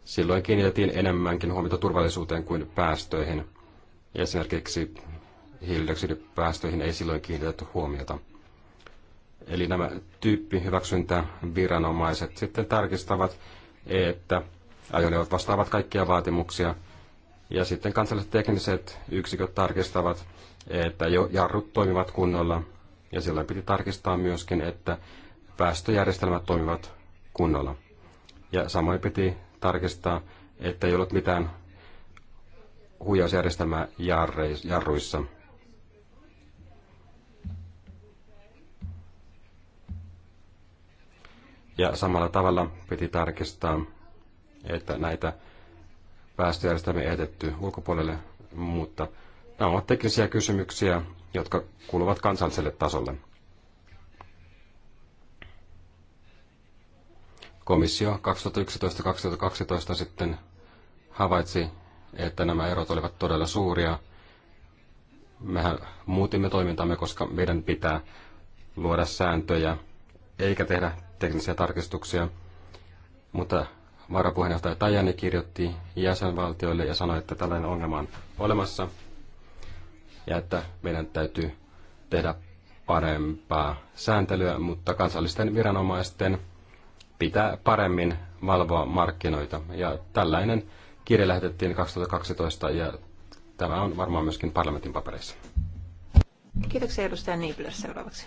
silloin kiinnitettiin enemmänkin huomiota turvallisuuteen kuin päästöihin – esimerkiksi hiilidioksidipäästöihin ei silloin kiinnitetty huomiota. Eli nämä tyyppihyväksyntäviranomaiset sitten tarkistavat, että ajoneuvot vastaavat kaikkia vaatimuksia. Ja sitten kansalliset tekniset yksiköt tarkistavat, että jo jarrut toimivat kunnolla. Ja silloin piti tarkistaa myöskin, että päästöjärjestelmät toimivat kunnolla. Ja samoin piti tarkistaa, että ei ollut mitään huijausjärjestelmä jarruissa. Ja samalla tavalla piti tarkistaa, että näitä päästöjärjestelmiä ei jätetty ulkopuolelle, mutta nämä ovat teknisiä kysymyksiä, jotka kuuluvat kansalliselle tasolle. Komissio 2011-2012 sitten havaitsi, että nämä erot olivat todella suuria. Mehän muutimme toimintamme, koska meidän pitää luoda sääntöjä eikä tehdä teknisiä tarkistuksia. Mutta varapuheenjohtaja Tajani kirjoitti jäsenvaltioille ja sanoi, että tällainen ongelma on olemassa ja että meidän täytyy tehdä parempaa sääntelyä, mutta kansallisten viranomaisten pitää paremmin valvoa markkinoita. Ja tällainen kirja lähetettiin 2012 ja tämä on varmaan myöskin parlamentin papereissa. Kiitoksia edustaja Niipilä seuraavaksi.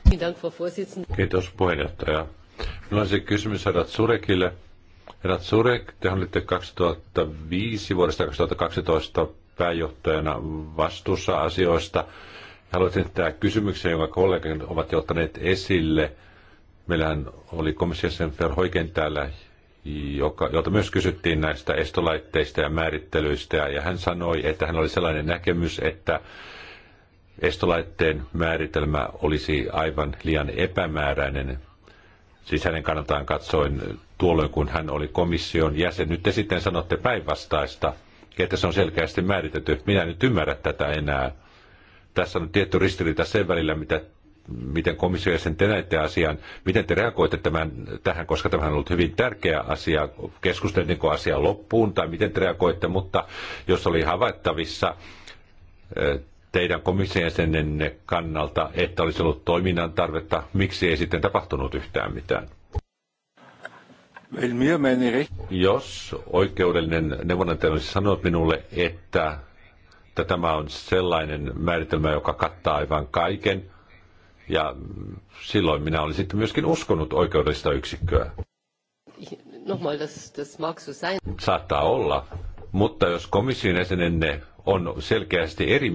Kiitos puheenjohtaja. Minulla on se kysymys herrat Surekille. Herrat Surek, te olitte 2005 vuodesta 2012 pääjohtajana vastuussa asioista. Haluaisin tämä kysymyksen, jonka kollegat ovat jo ottaneet esille. Meillähän oli komissiossa Hoiken täällä joka, jolta myös kysyttiin näistä estolaitteista ja määrittelyistä, ja hän sanoi, että hän oli sellainen näkemys, että estolaitteen määritelmä olisi aivan liian epämääräinen. Siis hänen kannaltaan katsoin tuolloin, kun hän oli komission jäsen. Nyt te sitten sanotte päinvastaista, että se on selkeästi määritetty. Minä en nyt ymmärrä tätä enää. Tässä on tietty ristiriita sen välillä, mitä miten komissio ja sen te näette asian, miten te reagoitte tämän, tähän, koska tämä on ollut hyvin tärkeä asia, keskusteltiinko asia loppuun tai miten te reagoitte, mutta jos oli havaittavissa teidän komission kannalta, että olisi ollut toiminnan tarvetta, miksi ei sitten tapahtunut yhtään mitään? Jos oikeudellinen neuvonantaja olisi sanonut minulle, että että tämä on sellainen määritelmä, joka kattaa aivan kaiken, ja silloin minä olin sitten myöskin uskonut oikeudellista yksikköä. Nochmal, das, das mag so sein. Saattaa olla, mutta jos komission jäsenenne on selkeästi eri,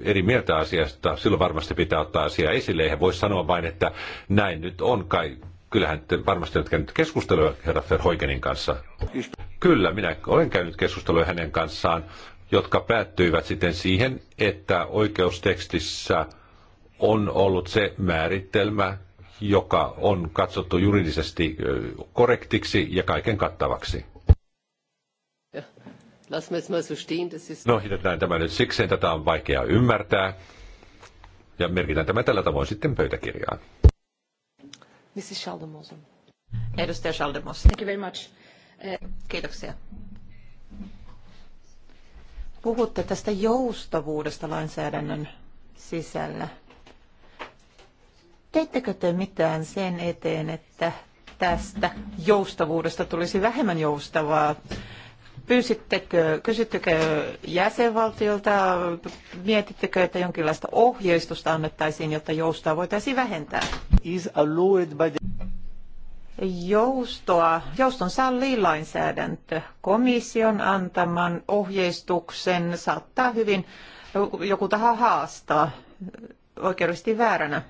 eri mieltä asiasta, silloin varmasti pitää ottaa asia esille. Eihän voi sanoa vain, että näin nyt on kai. Kyllähän te varmasti olette käynyt keskustelua herra Verhoikenin kanssa. Kyllä, minä olen käynyt keskustelua hänen kanssaan, jotka päättyivät sitten siihen, että oikeustekstissä – on ollut se määritelmä, joka on katsottu juridisesti korrektiksi ja kaiken kattavaksi. No, jätetään tämä nyt sikseen. Tätä on vaikea ymmärtää. Ja merkitään tämä tällä tavoin sitten pöytäkirjaan. Mrs. Schaldemosen, Edustaja Schaldemos. Thank you very much. Eh, Kiitoksia. Puhutte tästä joustavuudesta lainsäädännön sisällä. Teittekö te mitään sen eteen, että tästä joustavuudesta tulisi vähemmän joustavaa? Pyysittekö, kysyttekö jäsenvaltiolta, mietittekö, että jonkinlaista ohjeistusta annettaisiin, jotta joustaa voitaisiin vähentää? Is by the... Joustoa, jouston sallii lainsäädäntö. Komission antaman ohjeistuksen saattaa hyvin joku taho haastaa oikeudellisesti vääränä.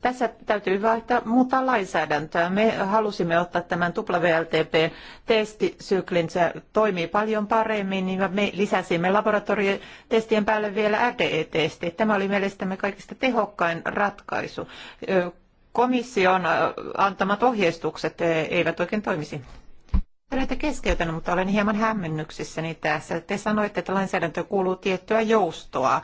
Tässä täytyy vaihtaa, muuttaa lainsäädäntöä. Me halusimme ottaa tämän WLTPn testisyklin, se toimii paljon paremmin, ja niin me lisäsimme laboratoriotestien päälle vielä RDE-testit. Tämä oli mielestämme kaikista tehokkain ratkaisu. Komission antamat ohjeistukset eivät oikein toimisi. Olette keskeytänyt, mutta olen hieman hämmennyksissäni niin tässä. Te sanoitte, että lainsäädäntö kuuluu tiettyä joustoa.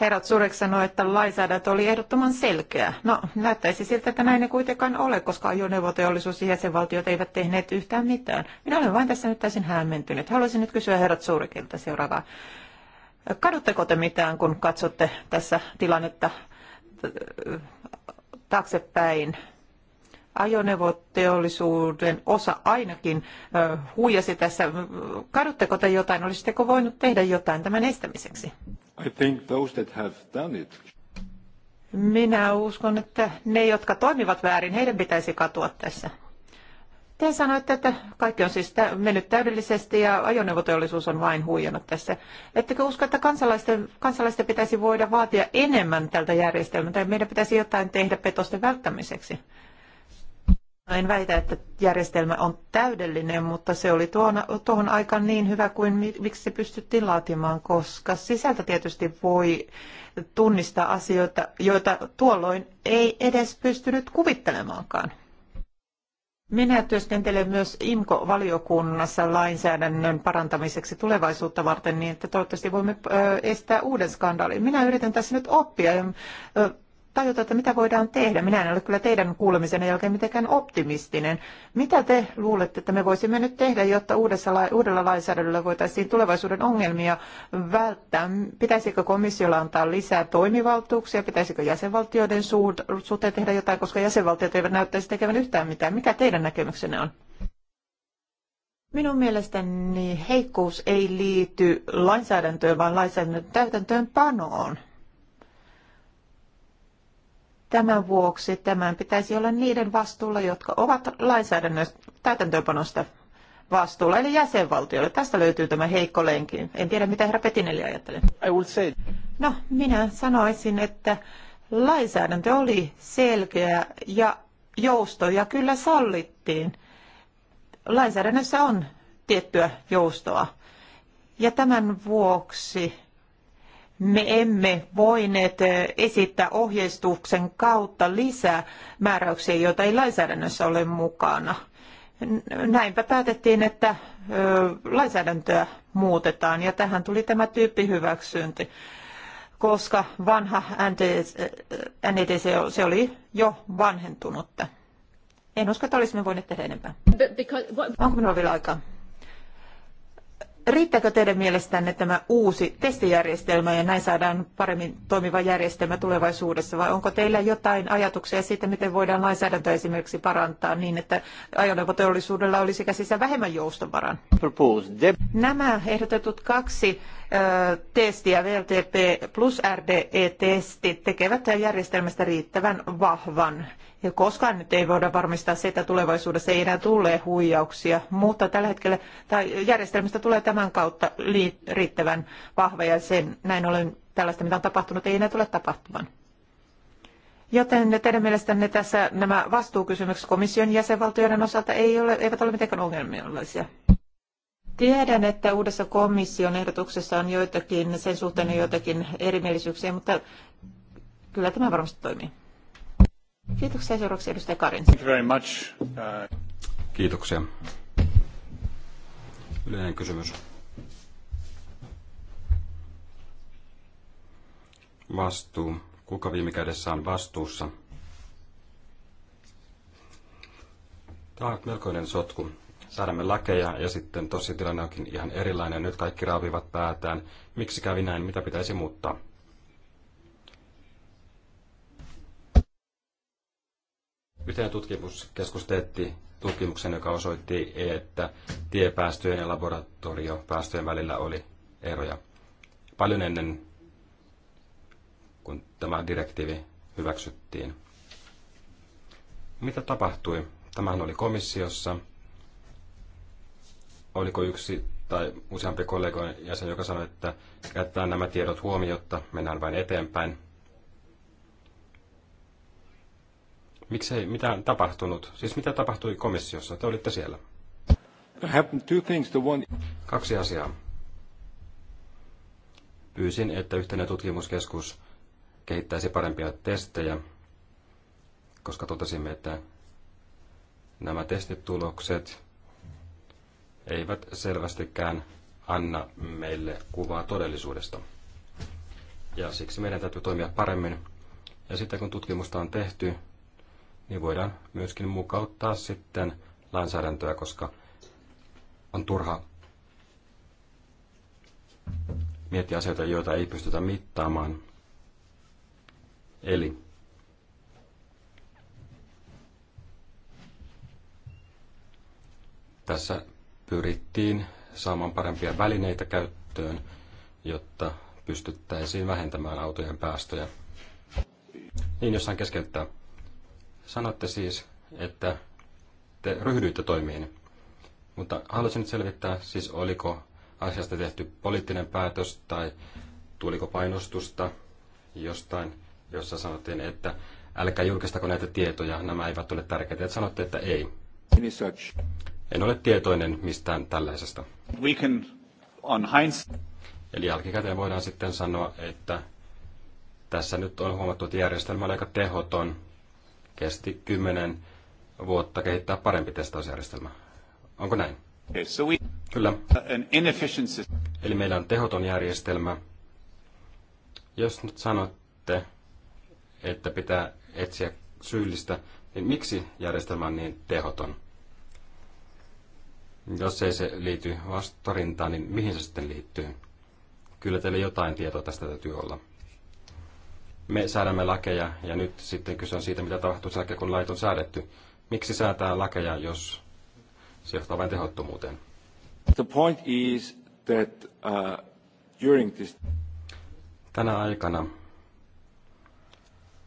Herrat Zurek sanoi, että lainsäädäntö oli ehdottoman selkeä. No, näyttäisi siltä, että näin ei kuitenkaan ole, koska ajoneuvoteollisuus ja jäsenvaltiot eivät tehneet yhtään mitään. Minä olen vain tässä nyt täysin hämmentynyt. Haluaisin nyt kysyä herrat Zurekilta seuraavaa. Kadutteko te mitään, kun katsotte tässä tilannetta taaksepäin? ajoneuvoteollisuuden osa ainakin huijasi tässä. Kadutteko te jotain? Olisitteko voinut tehdä jotain tämän estämiseksi? I think those that have done it. Minä uskon, että ne, jotka toimivat väärin, heidän pitäisi katua tässä. Te sanoitte, että kaikki on siis mennyt täydellisesti ja ajoneuvoteollisuus on vain huijannut tässä. Ettekö usko, että kansalaisten, kansalaisten pitäisi voida vaatia enemmän tältä järjestelmältä ja meidän pitäisi jotain tehdä petosten välttämiseksi? En väitä, että järjestelmä on täydellinen, mutta se oli tuona, tuohon aikaan niin hyvä kuin miksi se pystyttiin laatimaan, koska sisältä tietysti voi tunnistaa asioita, joita tuolloin ei edes pystynyt kuvittelemaankaan. Minä työskentelen myös IMKO-valiokunnassa lainsäädännön parantamiseksi tulevaisuutta varten niin, että toivottavasti voimme estää uuden skandaalin. Minä yritän tässä nyt oppia ja tajuta, että mitä voidaan tehdä. Minä en ole kyllä teidän kuulemisen jälkeen mitenkään optimistinen. Mitä te luulette, että me voisimme nyt tehdä, jotta uudessa, uudella lainsäädännöllä voitaisiin tulevaisuuden ongelmia välttää? Pitäisikö komissiolla antaa lisää toimivaltuuksia? Pitäisikö jäsenvaltioiden suhteen tehdä jotain, koska jäsenvaltiot eivät näyttäisi tekevän yhtään mitään? Mikä teidän näkemyksenne on? Minun mielestäni heikkous ei liity lainsäädäntöön, vaan lainsäädännön täytäntöön panoon Tämän vuoksi tämän pitäisi olla niiden vastuulla, jotka ovat lainsäädännön täytäntöönpanosta vastuulla, eli jäsenvaltioille. Tästä löytyy tämä heikko lenki. En tiedä, mitä herra Petinelli ajattelee. I say. No, minä sanoisin, että lainsäädäntö oli selkeä ja joustoja kyllä sallittiin. Lainsäädännössä on tiettyä joustoa. Ja tämän vuoksi me emme voineet eh, esittää ohjeistuksen kautta lisää määräyksiä, joita ei lainsäädännössä ole mukana. Näinpä päätettiin, että lainsäädäntöä muutetaan ja tähän tuli tämä tyyppihyväksynti, koska vanha NDC eh, se oli jo vanhentunutta. En usko, että olisimme voineet tehdä enempää. Onko minulla vielä aikaa? Riittääkö teidän mielestänne tämä uusi testijärjestelmä ja näin saadaan paremmin toimiva järjestelmä tulevaisuudessa vai onko teillä jotain ajatuksia siitä, miten voidaan lainsäädäntöä esimerkiksi parantaa niin, että ajoneuvoteollisuudella olisi käsissä vähemmän joustovaran? Nämä ehdotetut kaksi testi ja VLTP plus RDE-testit tekevät järjestelmästä riittävän vahvan. Ja koskaan nyt ei voida varmistaa se, että tulevaisuudessa ei enää tule huijauksia, mutta tällä hetkellä tai järjestelmästä tulee tämän kautta riittävän vahva ja sen, näin ollen tällaista, mitä on tapahtunut, ei enää tule tapahtumaan. Joten teidän mielestänne tässä nämä vastuukysymykset komission jäsenvaltioiden osalta ei ole, eivät ole mitenkään ongelmallisia. Tiedän, että uudessa komission ehdotuksessa on joitakin, sen suhteen on joitakin erimielisyyksiä, mutta kyllä tämä varmasti toimii. Kiitoksia seuraavaksi edustaja Karin. Thank you very much. Uh... Kiitoksia. Yleinen kysymys. Vastuu. Kuka viime kädessä on vastuussa? Tämä on melkoinen sotku säädämme lakeja ja sitten tosi tilanne onkin ihan erilainen. Nyt kaikki raavivat päätään. Miksi kävi näin? Mitä pitäisi muuttaa? Yhteen tutkimuskeskus teetti tutkimuksen, joka osoitti, että tiepäästöjen ja laboratoriopäästöjen välillä oli eroja. Paljon ennen kun tämä direktiivi hyväksyttiin. Mitä tapahtui? Tämähän oli komissiossa oliko yksi tai useampi kollegojen jäsen, joka sanoi, että jätetään nämä tiedot huomiotta, mennään vain eteenpäin. Miksei mitään tapahtunut? Siis mitä tapahtui komissiossa? Te olitte siellä. Kaksi asiaa. Pyysin, että yhteinen tutkimuskeskus kehittäisi parempia testejä, koska totesimme, että nämä testitulokset eivät selvästikään anna meille kuvaa todellisuudesta. Ja siksi meidän täytyy toimia paremmin. Ja sitten kun tutkimusta on tehty, niin voidaan myöskin mukauttaa sitten lainsäädäntöä, koska on turha miettiä asioita, joita ei pystytä mittaamaan. Eli tässä pyrittiin saamaan parempia välineitä käyttöön, jotta pystyttäisiin vähentämään autojen päästöjä. Niin, jossain keskeyttää. Sanotte siis, että te ryhdyitte toimiin, mutta haluaisin nyt selvittää, siis oliko asiasta tehty poliittinen päätös tai tuliko painostusta jostain, jossa sanottiin, että älkää julkistako näitä tietoja, nämä eivät ole tärkeitä. Et sanotte, että ei. En ole tietoinen mistään tällaisesta. We can on Heinz. Eli jälkikäteen voidaan sitten sanoa, että tässä nyt on huomattu, että järjestelmä oli aika tehoton. Kesti kymmenen vuotta kehittää parempi testausjärjestelmä. Onko näin? Okay, so we... Kyllä. An Eli meillä on tehoton järjestelmä. Jos nyt sanotte, että pitää etsiä syyllistä, niin miksi järjestelmä on niin tehoton? Jos ei se liity vastarintaan, niin mihin se sitten liittyy? Kyllä teillä jotain tietoa tästä täytyy olla. Me säädämme lakeja ja nyt sitten kyse on siitä, mitä tapahtuu sen jälkeen, kun lait on säädetty. Miksi säätää lakeja, jos se johtaa vain tehottomuuteen? The point is that, uh, during this... Tänä aikana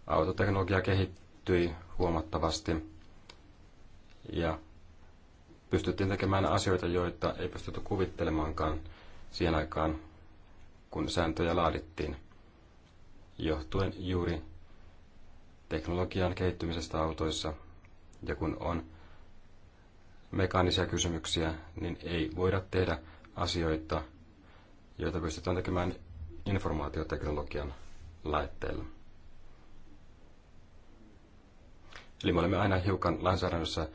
autoteknologia kehittyi huomattavasti ja pystyttiin tekemään asioita, joita ei pystytty kuvittelemaankaan siihen aikaan, kun sääntöjä laadittiin, johtuen juuri teknologian kehittymisestä autoissa. Ja kun on mekaanisia kysymyksiä, niin ei voida tehdä asioita, joita pystytään tekemään informaatioteknologian laitteilla. Eli me olemme aina hiukan lainsäädännössä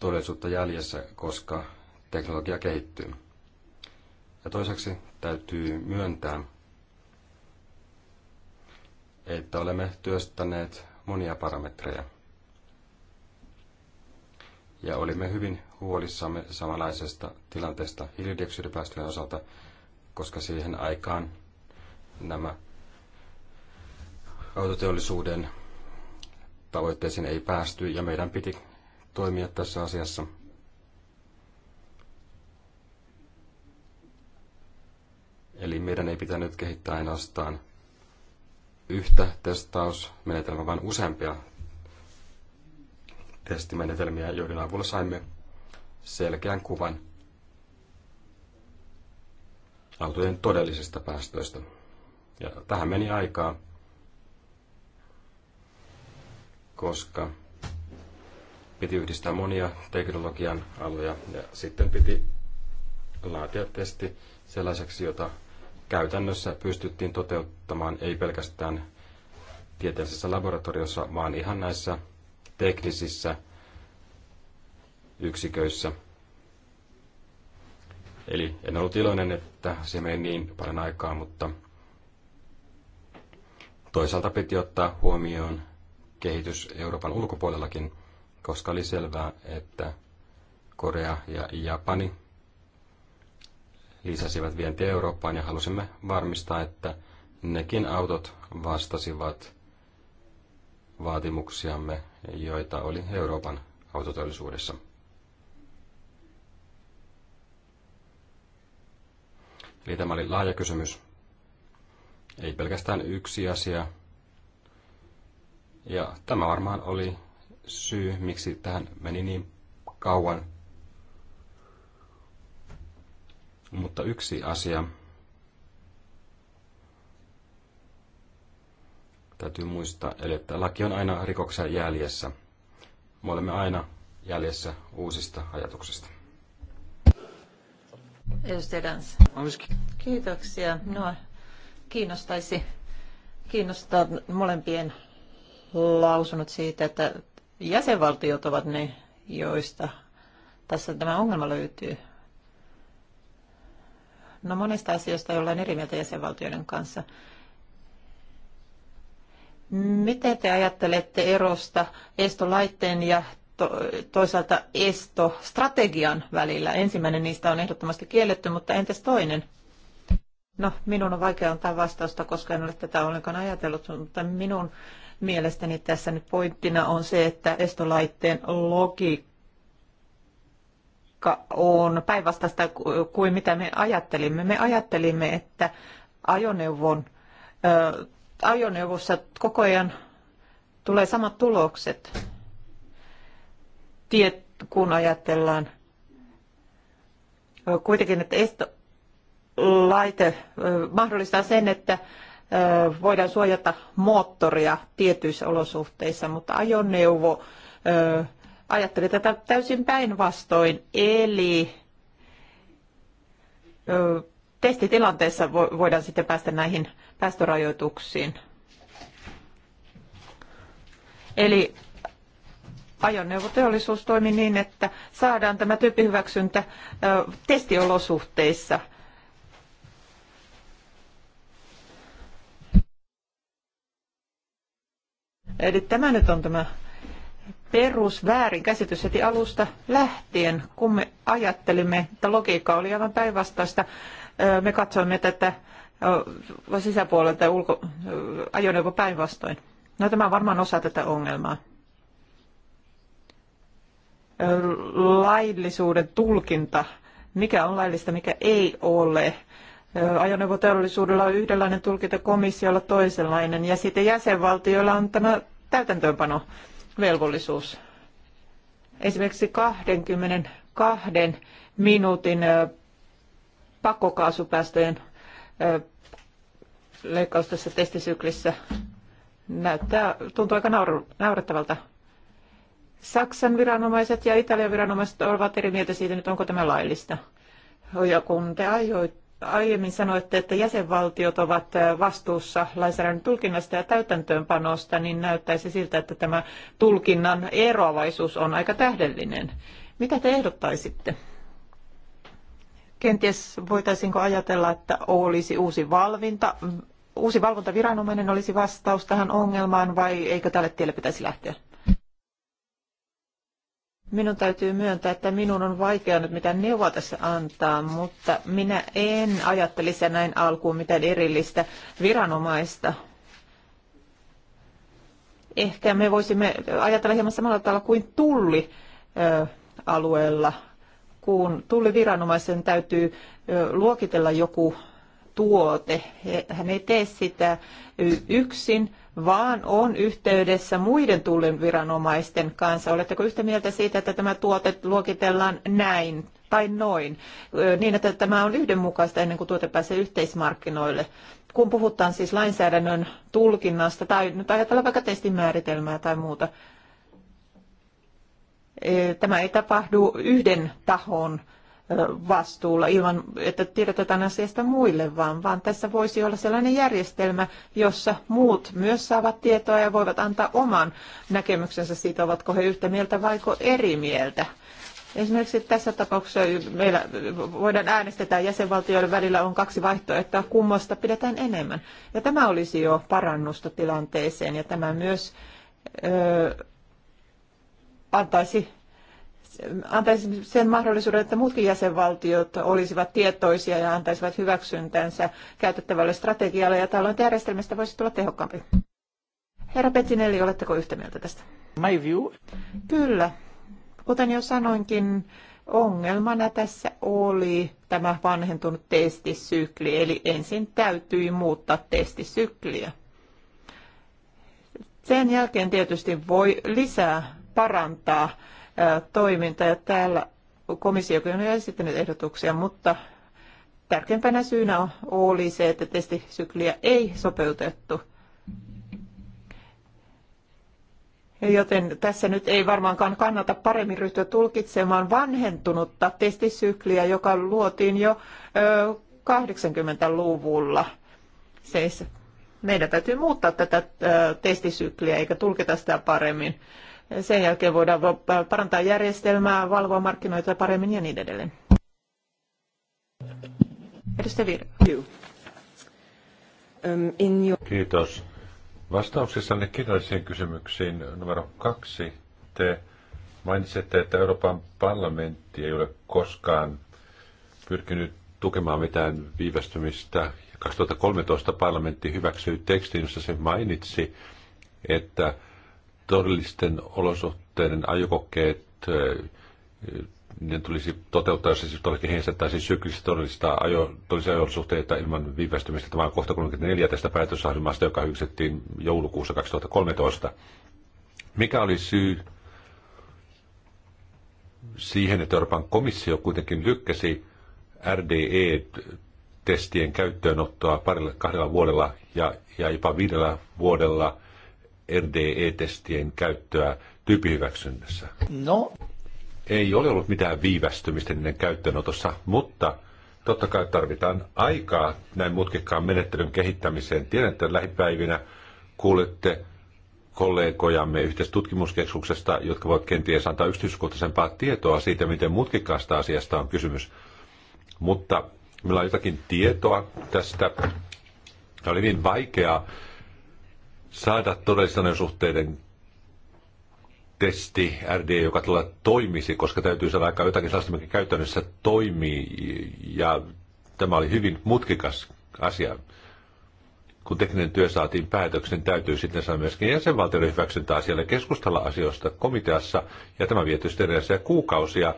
todellisuutta jäljessä, koska teknologia kehittyy. Ja toiseksi täytyy myöntää, että olemme työstäneet monia parametreja. Ja olimme hyvin huolissamme samanlaisesta tilanteesta hiilidioksidipäästöjen osalta, koska siihen aikaan nämä autoteollisuuden tavoitteisiin ei päästy ja meidän piti toimia tässä asiassa. Eli meidän ei pitänyt kehittää ainoastaan yhtä testausmenetelmää, vaan useampia testimenetelmiä, joiden avulla saimme selkeän kuvan autojen todellisista päästöistä. Ja tähän meni aikaa, koska Piti yhdistää monia teknologian aloja ja sitten piti laatia testi sellaiseksi, jota käytännössä pystyttiin toteuttamaan ei pelkästään tieteellisessä laboratoriossa, vaan ihan näissä teknisissä yksiköissä. Eli en ollut iloinen, että se meni niin paljon aikaa, mutta toisaalta piti ottaa huomioon kehitys Euroopan ulkopuolellakin – koska oli selvää, että Korea ja Japani lisäsivät vientiä Eurooppaan ja halusimme varmistaa, että nekin autot vastasivat vaatimuksiamme, joita oli Euroopan autoteollisuudessa. Eli tämä oli laaja kysymys. Ei pelkästään yksi asia. Ja tämä varmaan oli syy, miksi tähän meni niin kauan. Mutta yksi asia täytyy muistaa, eli että laki on aina rikoksen jäljessä. Me olemme aina jäljessä uusista ajatuksista. Kiitoksia. Minua kiinnostaisi kiinnostaa molempien lausunut siitä, että jäsenvaltiot ovat ne, joista tässä tämä ongelma löytyy. No monesta asiasta ollaan eri mieltä jäsenvaltioiden kanssa. Miten te ajattelette erosta estolaitteen ja to, toisaalta estostrategian välillä? Ensimmäinen niistä on ehdottomasti kielletty, mutta entäs toinen? No, minun on vaikea antaa vastausta, koska en ole tätä ollenkaan ajatellut, mutta minun Mielestäni tässä nyt pointtina on se, että estolaitteen logiikka on päinvastaista kuin mitä me ajattelimme. Me ajattelimme, että ajoneuvon, ää, ajoneuvossa koko ajan tulee samat tulokset, Tiet, kun ajatellaan kuitenkin, että estolaite mahdollistaa sen, että voidaan suojata moottoria tietyissä olosuhteissa, mutta ajoneuvo ajatteli tätä täysin päinvastoin. Eli testitilanteessa voidaan sitten päästä näihin päästörajoituksiin. Eli ajoneuvoteollisuus toimi niin, että saadaan tämä tyyppihyväksyntä testiolosuhteissa – Eli tämä nyt on tämä perusväärin käsitys heti alusta lähtien, kun me ajattelimme, että logiikka oli aivan päinvastaista. Me katsoimme tätä sisäpuolelta ja ulko, ajoneuvo päinvastoin. No tämä on varmaan osa tätä ongelmaa. Laillisuuden tulkinta, mikä on laillista, mikä ei ole ajoneuvoteollisuudella on yhdenlainen tulkinta, komissiolla toisenlainen ja sitten jäsenvaltioilla on tämä täytäntöönpanovelvollisuus. Esimerkiksi 22 minuutin pakokaasupäästöjen leikkaus tässä testisyklissä näyttää, tuntuu aika naurettavalta. Saksan viranomaiset ja Italian viranomaiset ovat eri mieltä siitä että onko tämä laillista. Ja kun te aioitte aiemmin sanoitte, että jäsenvaltiot ovat vastuussa lainsäädännön tulkinnasta ja täytäntöönpanosta, niin näyttäisi siltä, että tämä tulkinnan eroavaisuus on aika tähdellinen. Mitä te ehdottaisitte? Kenties voitaisiinko ajatella, että olisi uusi valvinta, uusi valvontaviranomainen olisi vastaus tähän ongelmaan vai eikö tälle tielle pitäisi lähteä? Minun täytyy myöntää, että minun on vaikea nyt mitään neuvoa tässä antaa, mutta minä en ajattelisi näin alkuun mitään erillistä viranomaista. Ehkä me voisimme ajatella hieman samalla tavalla kuin tulli alueella, kun tulliviranomaisen täytyy luokitella joku tuote. Hän ei tee sitä yksin, vaan on yhteydessä muiden tullin viranomaisten kanssa. Oletteko yhtä mieltä siitä, että tämä tuote luokitellaan näin tai noin, niin että tämä on yhdenmukaista ennen kuin tuote pääsee yhteismarkkinoille? Kun puhutaan siis lainsäädännön tulkinnasta tai nyt ajatellaan vaikka testimääritelmää tai muuta, e, tämä ei tapahdu yhden tahon vastuulla ilman, että tiedotetaan asiasta muille vaan, vaan tässä voisi olla sellainen järjestelmä, jossa muut myös saavat tietoa ja voivat antaa oman näkemyksensä siitä, ovatko he yhtä mieltä vai eri mieltä. Esimerkiksi tässä tapauksessa meillä voidaan äänestetä jäsenvaltioiden välillä on kaksi vaihtoehtoa, kummasta pidetään enemmän. Ja tämä olisi jo parannusta tilanteeseen ja tämä myös ö, antaisi antaisi sen mahdollisuuden, että muutkin jäsenvaltiot olisivat tietoisia ja antaisivat hyväksyntänsä käytettävälle strategialle, ja tällöin järjestelmästä voisi tulla tehokkaampi. Herra Petsinelli, oletteko yhtä mieltä tästä? My view? Kyllä. Kuten jo sanoinkin, ongelmana tässä oli tämä vanhentunut testisykli, eli ensin täytyi muuttaa testisykliä. Sen jälkeen tietysti voi lisää parantaa toiminta. Ja täällä komissiokin on jo esittänyt ehdotuksia, mutta tärkeimpänä syynä oli se, että testisykliä ei sopeutettu. Joten tässä nyt ei varmaankaan kannata paremmin ryhtyä tulkitsemaan vanhentunutta testisykliä, joka luotiin jo 80-luvulla. Siis meidän täytyy muuttaa tätä testisykliä eikä tulkita sitä paremmin. Sen jälkeen voidaan parantaa järjestelmää, valvoa markkinoita paremmin ja niin edelleen. Edustaja um, Kiitos. Vastauksessanne kirjallisiin kysymyksiin numero kaksi te mainitsette, että Euroopan parlamentti ei ole koskaan pyrkinyt tukemaan mitään viivästymistä. 2013 parlamentti hyväksyi tekstin, jossa se mainitsi, että todellisten olosuhteiden ajokokeet, ne tulisi toteuttaa, jos siis todellakin heistettäisiin syklisesti todellista ajo, todellisia ajolosuhteita ilman viivästymistä. Tämä on kohta 34 tästä päätösohjelmasta, joka hyksettiin joulukuussa 2013. Mikä oli syy siihen, että Euroopan komissio kuitenkin lykkäsi RDE-testien käyttöönottoa parilla, kahdella vuodella ja, ja jopa viidellä vuodella RDE-testien käyttöä tyypihyväksynnässä No. Ei ole ollut mitään viivästymistä niiden käyttöönotossa, mutta totta kai tarvitaan aikaa näin mutkikkaan menettelyn kehittämiseen. Tiedän, että lähipäivinä kuulette kollegojamme yhteistä tutkimuskeskuksesta, jotka voivat kenties antaa yksityiskohtaisempaa tietoa siitä, miten mutkikkaasta asiasta on kysymys. Mutta meillä on jotakin tietoa tästä. Tämä oli niin vaikeaa saada todellisten suhteiden testi RD, joka tulla toimisi, koska täytyy saada aika jotakin sellaista, mikä käytännössä toimii. Ja tämä oli hyvin mutkikas asia. Kun tekninen työ saatiin päätöksen, niin täytyy sitten saada myöskin jäsenvaltioiden hyväksyntä asialle keskustella asioista komiteassa. Ja tämä vietyi sitten kuukausia,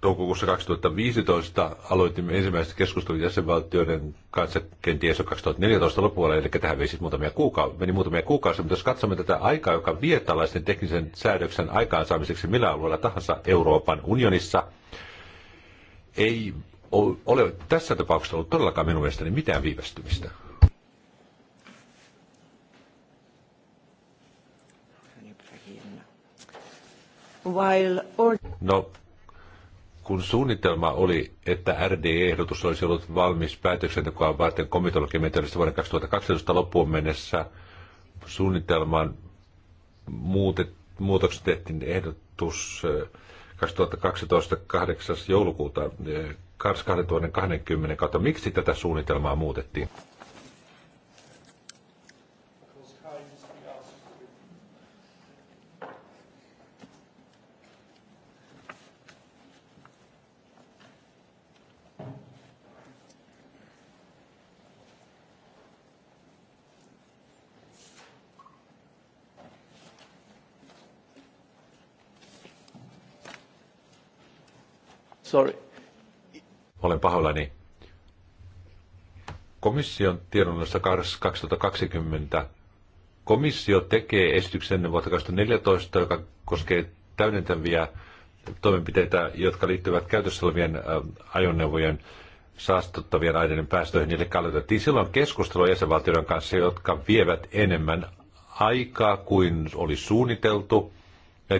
toukokuussa 2015 aloitimme ensimmäiset keskustelut jäsenvaltioiden kanssa kenties jo 2014 lopulla, eli tähän vei siis muutamia kuukau- meni muutamia kuukausia, mutta jos katsomme tätä aikaa, joka vie tällaisen teknisen säädöksen aikaansaamiseksi millä alueella tahansa Euroopan unionissa, ei ole tässä tapauksessa ollut todellakaan minun mielestäni mitään viivästymistä. While or... No, kun suunnitelma oli, että RDE-ehdotus olisi ollut valmis päätöksentekoa varten komitologimenetelmistä vuoden 2012 loppuun mennessä, suunnitelman muutet, muutokset tehtiin ehdotus 2012 eh, 8. joulukuuta 2020 eh, kautta. Miksi tätä suunnitelmaa muutettiin? Sorry. Olen pahoillani. Komission tiedonnoista 2020 komissio tekee esityksen vuotta 2014, joka koskee täydentäviä toimenpiteitä, jotka liittyvät käytössä olevien ajoneuvojen saastuttavien aineiden päästöihin. Niille kallitettiin silloin keskustelua jäsenvaltioiden kanssa, jotka vievät enemmän aikaa kuin oli suunniteltu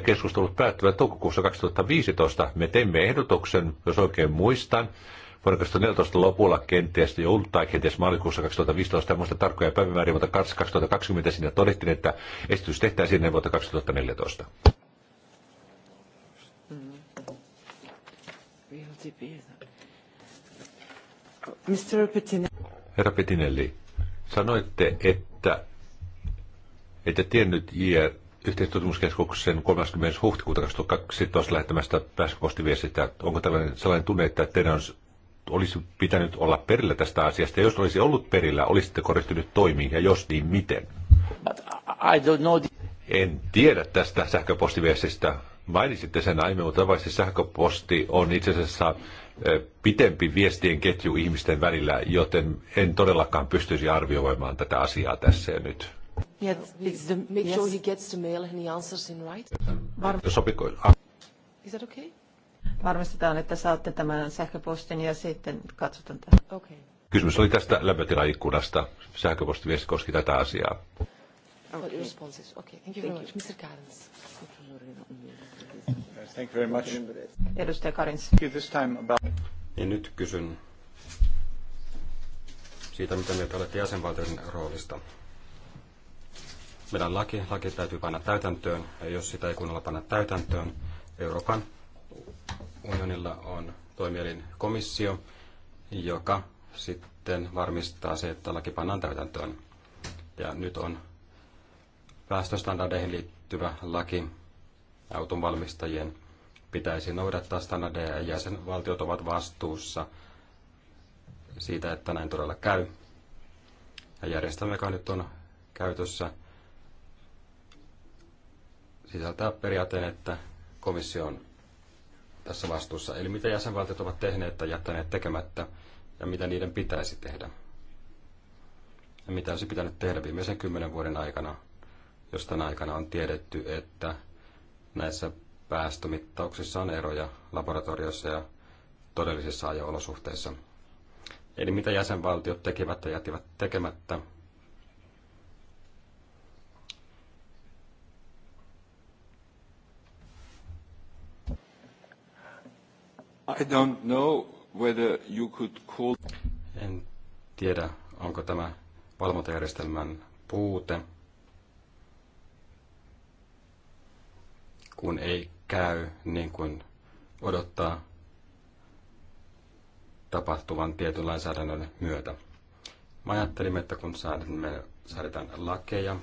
keskustelut päättyvät toukokuussa 2015. Me teimme ehdotuksen, jos oikein muistan, vuonna 2014 lopulla kenties joulu tai kenties maaliskuussa 2015, en muista tarkkoja päivämääriä, mutta 2020 sinne todettiin, että esitys tehtäisiin sinne vuotta 2014. Herra Petinelli, sanoitte, että ette tiennyt JR yhteistutkimuskeskuksen 30. huhtikuuta 2012 lähettämästä päästöpostiviestistä. Onko tällainen sellainen tunne, että teidän olisi pitänyt olla perillä tästä asiasta? Ja jos olisi ollut perillä, olisitte ryhtynyt toimiin ja jos niin, miten? En tiedä tästä sähköpostiviestistä. Mainitsitte sen aiemmin, mutta tavallisesti sähköposti on itse asiassa pitempi viestien ketju ihmisten välillä, joten en todellakaan pystyisi arvioimaan tätä asiaa tässä ja nyt. Yet it's the, make sure he gets the mail and he answers in right. Varm- ah. Is that okay? Varmistetaan, että saatte tämän sähköpostin ja sitten katsotaan tämä. Okay. Kysymys oli tästä lämpötilaikkunasta. Sähköpostiviesti koski tätä asiaa. Oh, okay. Your responses. Okay. Thank you very much. Mr. Karins. Thank you very much. Edustaja Karins. This time about... Niin nyt kysyn siitä, mitä mieltä olette jäsenvaltioiden roolista meidän laki, laki täytyy panna täytäntöön, ja jos sitä ei kunnolla panna täytäntöön, Euroopan unionilla on toimielin komissio, joka sitten varmistaa se, että laki pannaan täytäntöön. Ja nyt on päästöstandardeihin liittyvä laki. Auton valmistajien pitäisi noudattaa standardeja ja jäsenvaltiot ovat vastuussa siitä, että näin todella käy. Ja järjestelmä, joka nyt on käytössä, sisältää periaatteen, että komissio on tässä vastuussa. Eli mitä jäsenvaltiot ovat tehneet tai jättäneet tekemättä ja mitä niiden pitäisi tehdä. Ja mitä olisi pitänyt tehdä viimeisen kymmenen vuoden aikana, jos tämän aikana on tiedetty, että näissä päästömittauksissa on eroja laboratorioissa ja todellisissa ajo-olosuhteissa. Eli mitä jäsenvaltiot tekivät ja jättivät tekemättä I don't know whether you could call... En tiedä, onko tämä valvontajärjestelmän puute, kun ei käy niin kuin odottaa tapahtuvan tietyn lainsäädännön myötä. Mä ajattelimme, että kun säädämme, säädetään lakeja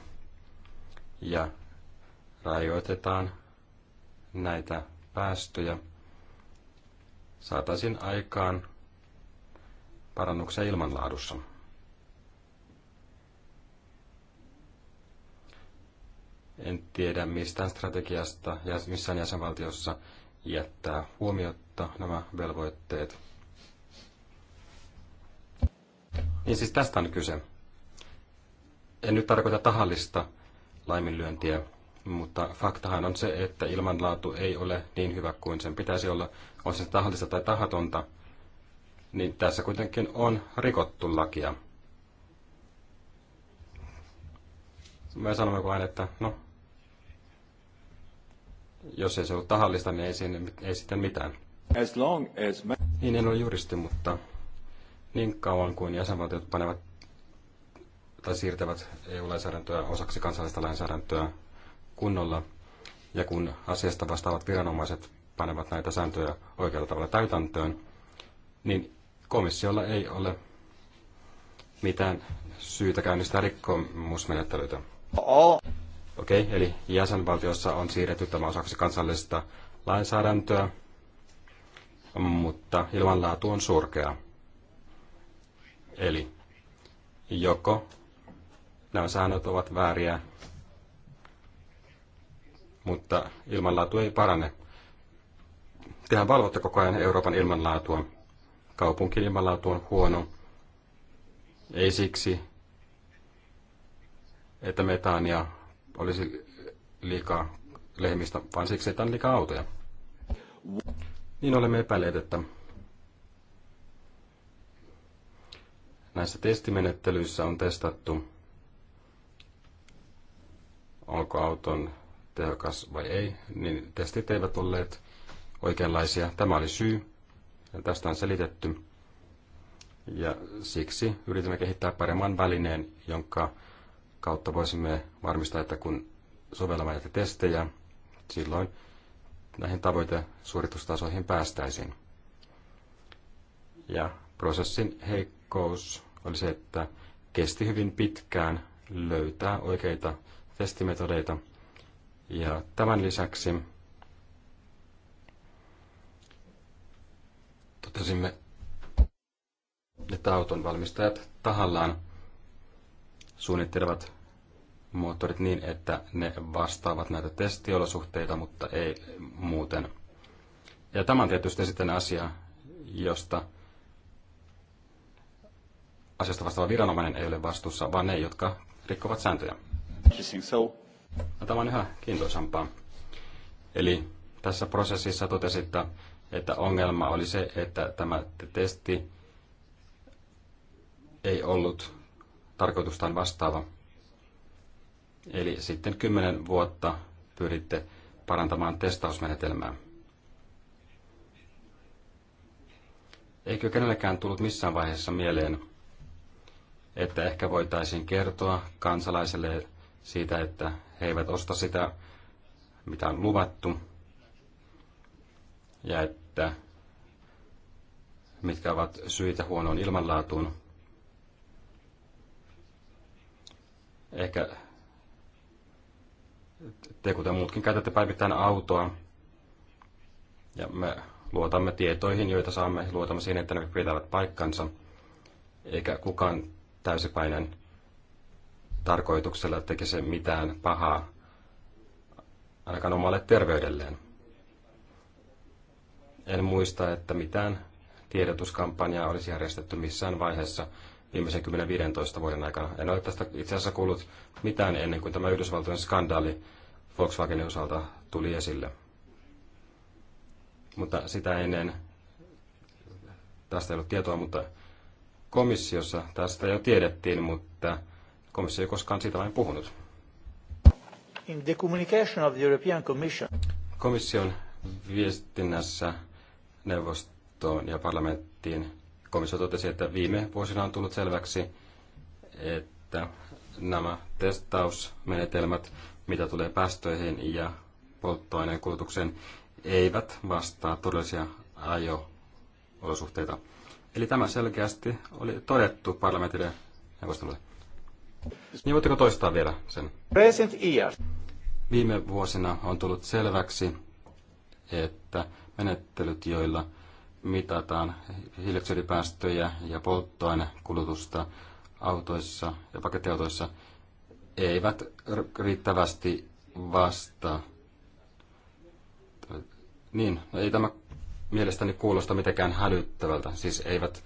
ja rajoitetaan näitä päästöjä, saataisiin aikaan parannuksia ilmanlaadussa. En tiedä mistään strategiasta ja missään jäsenvaltiossa jättää huomiotta nämä velvoitteet. Niin siis tästä on kyse. En nyt tarkoita tahallista laiminlyöntiä, mutta faktahan on se, että ilmanlaatu ei ole niin hyvä kuin sen pitäisi olla, on se tahallista tai tahatonta, niin tässä kuitenkin on rikottu lakia. Me sanomme vain, että no, jos ei se ollut tahallista, niin ei, siinä, ei sitten mitään. As long as ma- niin, en ole juristi, mutta niin kauan kuin jäsenvaltiot panevat tai siirtävät EU-lainsäädäntöä osaksi kansallista lainsäädäntöä, kunnolla. Ja kun asiasta vastaavat viranomaiset panevat näitä sääntöjä oikealla tavalla täytäntöön, niin komissiolla ei ole mitään syytä käynnistää rikkomusmenettelyitä. Okei, okay, eli jäsenvaltiossa on siirretty tämä osaksi kansallista lainsäädäntöä, mutta ilmanlaatu on surkea. Eli joko nämä säännöt ovat vääriä mutta ilmanlaatu ei parane. Tehän valvotte koko ajan Euroopan ilmanlaatua. Kaupunkin ilmanlaatu on huono. Ei siksi, että metaania olisi liikaa lehmistä, vaan siksi, että on liikaa autoja. Niin olemme epäilleet, että näissä testimenettelyissä on testattu, onko auton tehokas vai ei, niin testit eivät olleet oikeanlaisia. Tämä oli syy, ja tästä on selitetty. Ja siksi yritimme kehittää paremman välineen, jonka kautta voisimme varmistaa, että kun sovellamme näitä testejä, silloin näihin tavoitesuoritustasoihin päästäisiin. Ja prosessin heikkous oli se, että kesti hyvin pitkään löytää oikeita testimetodeita, ja tämän lisäksi totesimme, että auton valmistajat tahallaan suunnittelevat moottorit niin, että ne vastaavat näitä testiolosuhteita, mutta ei muuten. Ja tämä on tietysti sitten asia, josta asiasta vastaava viranomainen ei ole vastuussa, vaan ne, jotka rikkovat sääntöjä. So No, tämä on yhä kiintoisampaa. Eli tässä prosessissa totesitte, että ongelma oli se, että tämä testi ei ollut tarkoitustaan vastaava. Eli sitten kymmenen vuotta pyritte parantamaan testausmenetelmää. Eikö kenellekään tullut missään vaiheessa mieleen, että ehkä voitaisiin kertoa kansalaiselle siitä, että he eivät osta sitä, mitä on luvattu, ja että mitkä ovat syitä huonoon ilmanlaatuun. Ehkä te, kuten muutkin, käytätte päivittäin autoa, ja me luotamme tietoihin, joita saamme, luotamme siihen, että ne pitävät paikkansa, eikä kukaan täysipäinen tarkoituksella teki se mitään pahaa ainakaan omalle terveydelleen. En muista, että mitään tiedotuskampanjaa olisi järjestetty missään vaiheessa viimeisen 10-15 vuoden aikana. En ole tästä itse asiassa kuullut mitään ennen kuin tämä Yhdysvaltojen skandaali Volkswagenin osalta tuli esille. Mutta sitä ennen tästä ei ollut tietoa, mutta komissiossa tästä jo tiedettiin, mutta Komissio ei koskaan siitä vain puhunut. In the communication of the European Commission. Komission viestinnässä neuvostoon ja parlamenttiin komissio totesi, että viime vuosina on tullut selväksi, että nämä testausmenetelmät, mitä tulee päästöihin ja polttoaineen kulutukseen, eivät vastaa todellisia ajo-olosuhteita. Eli tämä selkeästi oli todettu parlamentille neuvostolle. Niin voitteko toistaa vielä sen? Present year. Viime vuosina on tullut selväksi, että menettelyt, joilla mitataan hiilidioksidipäästöjä ja polttoainekulutusta autoissa ja pakettiautoissa, eivät riittävästi vastaa. Niin, ei tämä mielestäni kuulosta mitenkään hälyttävältä, siis eivät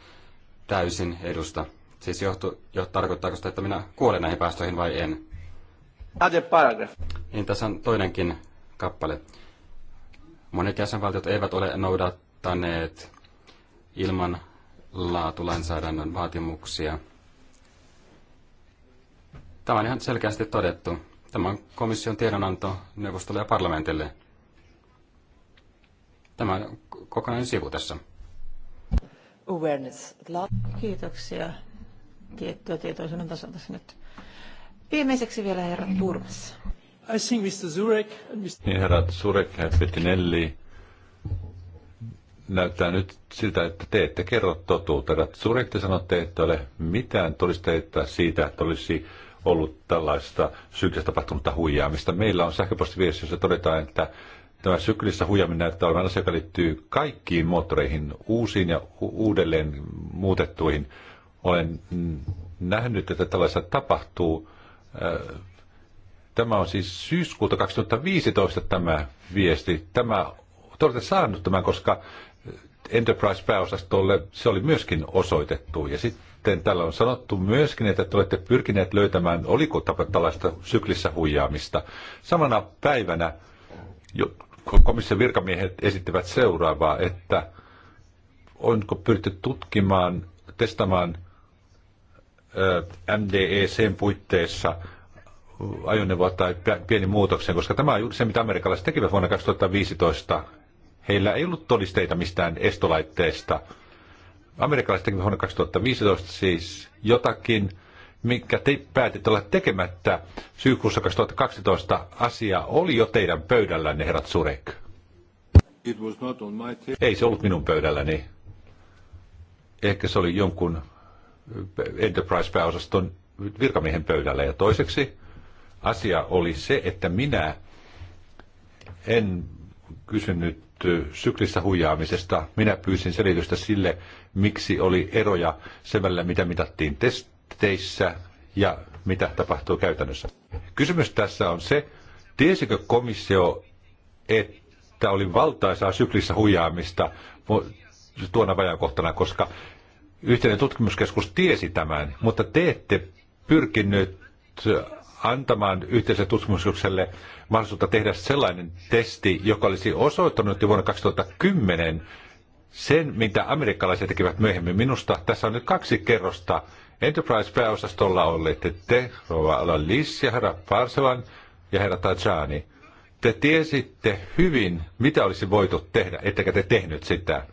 täysin edusta Siis johtu, jo, tarkoittaako sitä, että minä kuolen näihin päästöihin vai en? Niin tässä on toinenkin kappale. Monet jäsenvaltiot eivät ole noudattaneet ilman laatulainsäädännön vaatimuksia. Tämä on ihan selkeästi todettu. Tämä on komission tiedonanto neuvostolle ja parlamentille. Tämä on kokonainen sivu tässä. Awareness. Kiitoksia tiettyä tietoisuuden tasolta nyt. Viimeiseksi vielä herra Turmas. I think Mr. Zurek and Mr. Niin herrat Zurek ja Petinelli, näyttää nyt siltä, että te ette kerro totuutta. Herra Zurek, te sanotte, että ole mitään todisteita siitä, että olisi ollut tällaista syklissä tapahtunutta huijaamista. Meillä on sähköpostiviesti, jossa todetaan, että tämä syklissä huijaaminen näyttää olevan asia, joka liittyy kaikkiin moottoreihin, uusiin ja uudelleen muutettuihin olen nähnyt, että tällaista tapahtuu. Äh, tämä on siis syyskuuta 2015 tämä viesti. Tämä, te olette saanut tämän, koska Enterprise-pääosastolle se oli myöskin osoitettu. Ja sitten täällä on sanottu myöskin, että te olette pyrkineet löytämään, oliko tällaista syklissä huijaamista. Samana päivänä komission virkamiehet esittivät seuraavaa, että onko pyritty tutkimaan, testamaan – MDECn e puitteissa ajoneuvoa tai pieni muutoksen, koska tämä on juuri se, mitä amerikkalaiset tekivät vuonna 2015. Heillä ei ollut todisteita mistään estolaitteesta. Amerikkalaiset tekivät vuonna 2015 siis jotakin, minkä te päätit olla tekemättä syyskuussa 2012. Asia oli jo teidän pöydällänne, herrat Surek. Ei se ollut minun pöydälläni. Ehkä se oli jonkun Enterprise-pääosaston virkamiehen pöydällä. Ja toiseksi asia oli se, että minä en kysynyt syklissä huijaamisesta. Minä pyysin selitystä sille, miksi oli eroja sen välillä, mitä mitattiin testeissä ja mitä tapahtuu käytännössä. Kysymys tässä on se, tiesikö komissio, että oli valtaisaa syklissä huijaamista tuona vajankohtana, koska yhteinen tutkimuskeskus tiesi tämän, mutta te ette pyrkinyt antamaan yhteiselle tutkimukselle mahdollisuutta tehdä sellainen testi, joka olisi osoittanut jo vuonna 2010 sen, mitä amerikkalaiset tekivät myöhemmin. Minusta tässä on nyt kaksi kerrosta. Enterprise-pääosastolla olette te, Rova Alalis ja herra Parsevan ja herra Tajani. Te tiesitte hyvin, mitä olisi voitu tehdä, ettekä te tehnyt sitä.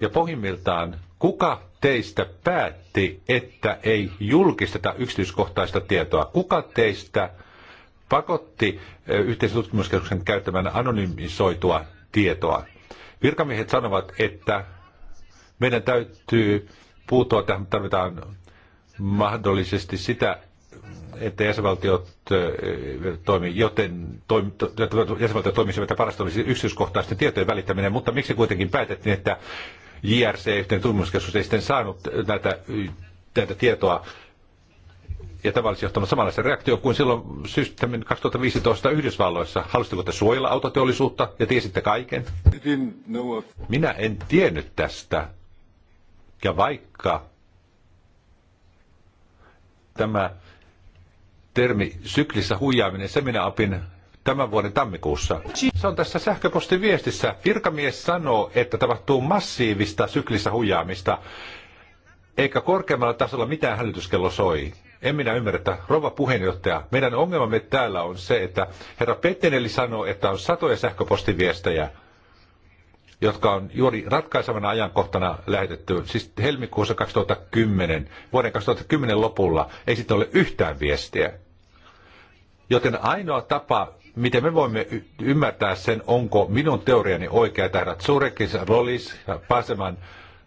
Ja pohjimmiltaan Kuka teistä päätti, että ei julkisteta yksityiskohtaista tietoa? Kuka teistä pakotti eh, yhteisen tutkimuskeskuksen käyttämään anonymisoitua tietoa? Virkamiehet sanovat, että meidän täytyy puuttua tähän, tarvitaan mahdollisesti sitä, että jäsenvaltiot eh, joten jäsenvaltiot toimisivat ja parasta olisi yksityiskohtaisten tietojen välittäminen, mutta miksi kuitenkin päätettiin, että JRC, yhteen tutkimuskeskus, ei sitten saanut näitä, näitä tietoa ja tämä olisi johtanut samanlaisen reaktio kuin silloin systeemin 2015 Yhdysvalloissa. Halusitteko te suojella autoteollisuutta ja tiesitte kaiken? Minä en tiennyt tästä. Ja vaikka tämä termi syklissä huijaaminen, se minä opin tämän vuoden tammikuussa. Se on tässä sähköpostiviestissä. Virkamies sanoo, että tapahtuu massiivista syklissä huijaamista, eikä korkeammalla tasolla mitään hälytyskello soi. En minä ymmärrä, että rouva puheenjohtaja, meidän ongelmamme täällä on se, että herra Petteneli sanoo, että on satoja sähköpostiviestejä, jotka on juuri ratkaisevana ajankohtana lähetetty, siis helmikuussa 2010, vuoden 2010 lopulla, ei sitten ole yhtään viestiä. Joten ainoa tapa miten me voimme ymmärtää sen, onko minun teoriani oikea herrat Surekis, Rolis, Paseman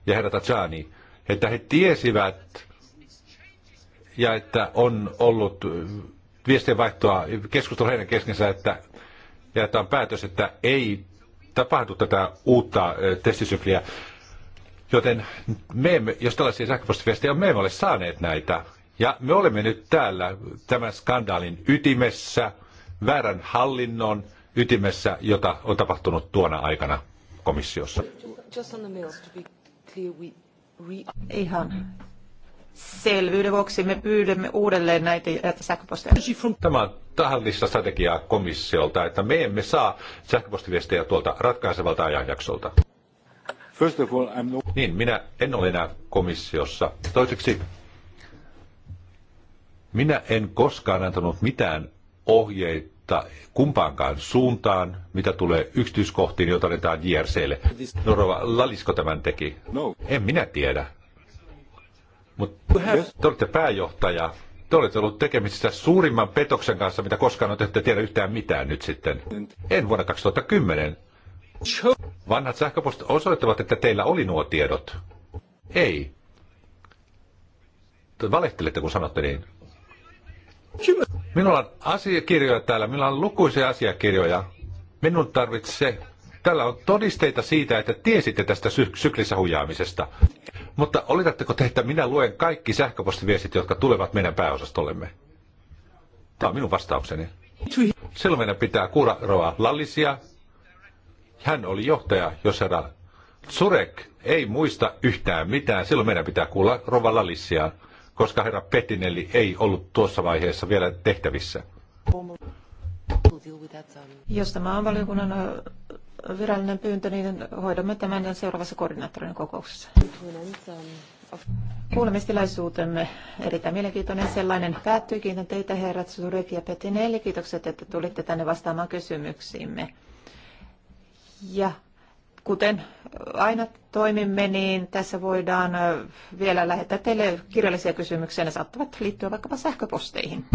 ja herrat Tajani, että he tiesivät ja että on ollut viestienvaihtoa keskustelu heidän keskensä, että on päätös, että ei tapahdu tätä uutta testisykliä. Joten me emme, jos tällaisia sähköpostiviestejä on, me emme ole saaneet näitä. Ja me olemme nyt täällä tämän skandaalin ytimessä, väärän hallinnon ytimessä, jota on tapahtunut tuona aikana komissiossa. Ihan selvyyden vuoksi me pyydämme uudelleen näitä sähköposteja. Tämä on tahallista strategiaa komissiolta, että me emme saa sähköpostiviestejä tuolta ratkaisevalta ajanjaksolta. First of all, I'm no... Niin, minä en ole enää komissiossa. Toiseksi, minä en koskaan antanut mitään ohjeita mutta kumpaankaan suuntaan, mitä tulee yksityiskohtiin, joita annetaan JRClle. Norova, Lalisko tämän teki? No. En minä tiedä. Mutta te olette pääjohtaja. Te olette ollut tekemisissä suurimman petoksen kanssa, mitä koskaan olette, ette tiedä yhtään mitään nyt sitten. En vuonna 2010. Vanhat sähköpostit osoittavat, että teillä oli nuo tiedot. Ei. Te valehtelette, kun sanotte niin. Minulla on asiakirjoja täällä, minulla on lukuisia asiakirjoja. Minun tarvitsee, täällä on todisteita siitä, että tiesitte tästä sy- syklissä huijaamisesta. Mutta olitatteko te, että minä luen kaikki sähköpostiviestit, jotka tulevat meidän pääosastollemme? Tämä on minun vastaukseni. Silloin meidän pitää kuulla Lallisia. Hän oli johtaja, jos herra Surek ei muista yhtään mitään. Silloin meidän pitää kuulla Rova Lallisia koska herra Petinelli ei ollut tuossa vaiheessa vielä tehtävissä. Jos tämä on valiokunnan virallinen pyyntö, niin hoidamme tämän seuraavassa koordinaattorin kokouksessa. Kuulemistilaisuutemme erittäin mielenkiintoinen sellainen päättyy. Kiitän teitä herrat Surek ja Petinelli. Kiitokset, että tulitte tänne vastaamaan kysymyksiimme. Ja kuten aina toimimme, niin tässä voidaan vielä lähettää teille kirjallisia kysymyksiä. Ne saattavat liittyä vaikkapa sähköposteihin.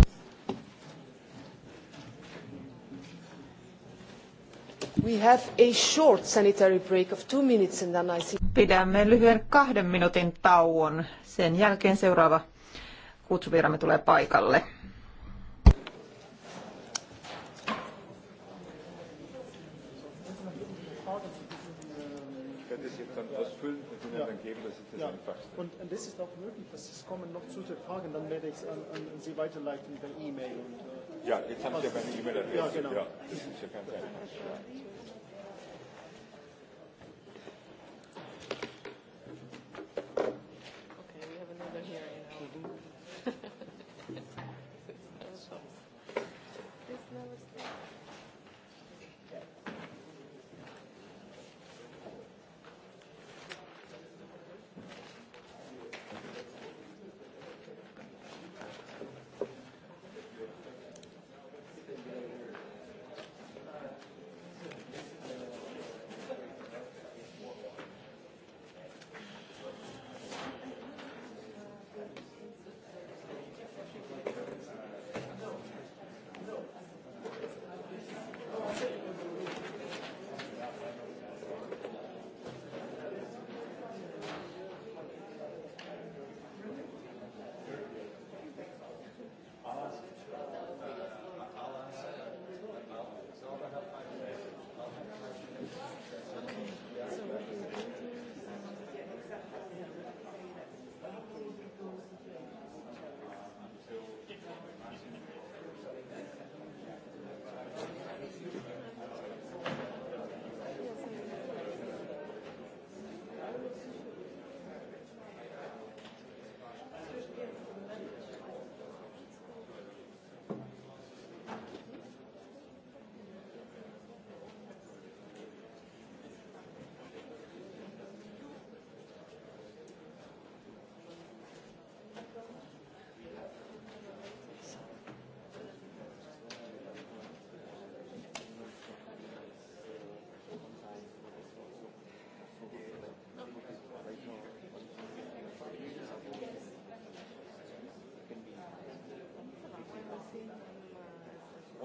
We have a short sanitary break of two minutes and then I see... Pidämme lyhyen kahden minuutin tauon. Sen jälkeen seuraava kutsuviramme tulee paikalle. Und, und es ist auch möglich, dass es kommen noch zu den Fragen, dann werde ich es an, an Sie weiterleiten per E-Mail. Äh, ja, jetzt haben Sie ja meine E-Mail-Adresse. Ja, genau. Ja, das ist ja ganz einfach. Ja.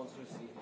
sponsorship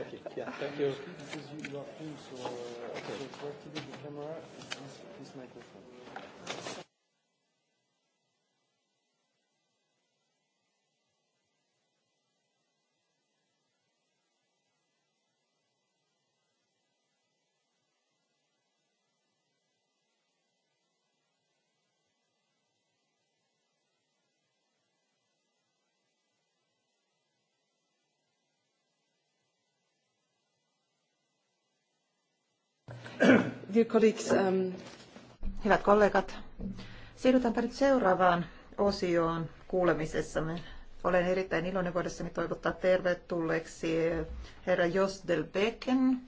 Okay, yeah, thank you. Because you, are full, so uh, okay. so activate the camera, this, this microphone. Um, Hyvät kollegat, siirrytäänpä nyt seuraavaan osioon kuulemisessamme. Olen erittäin iloinen voidessani toivottaa tervetulleeksi herra Jos del Becken.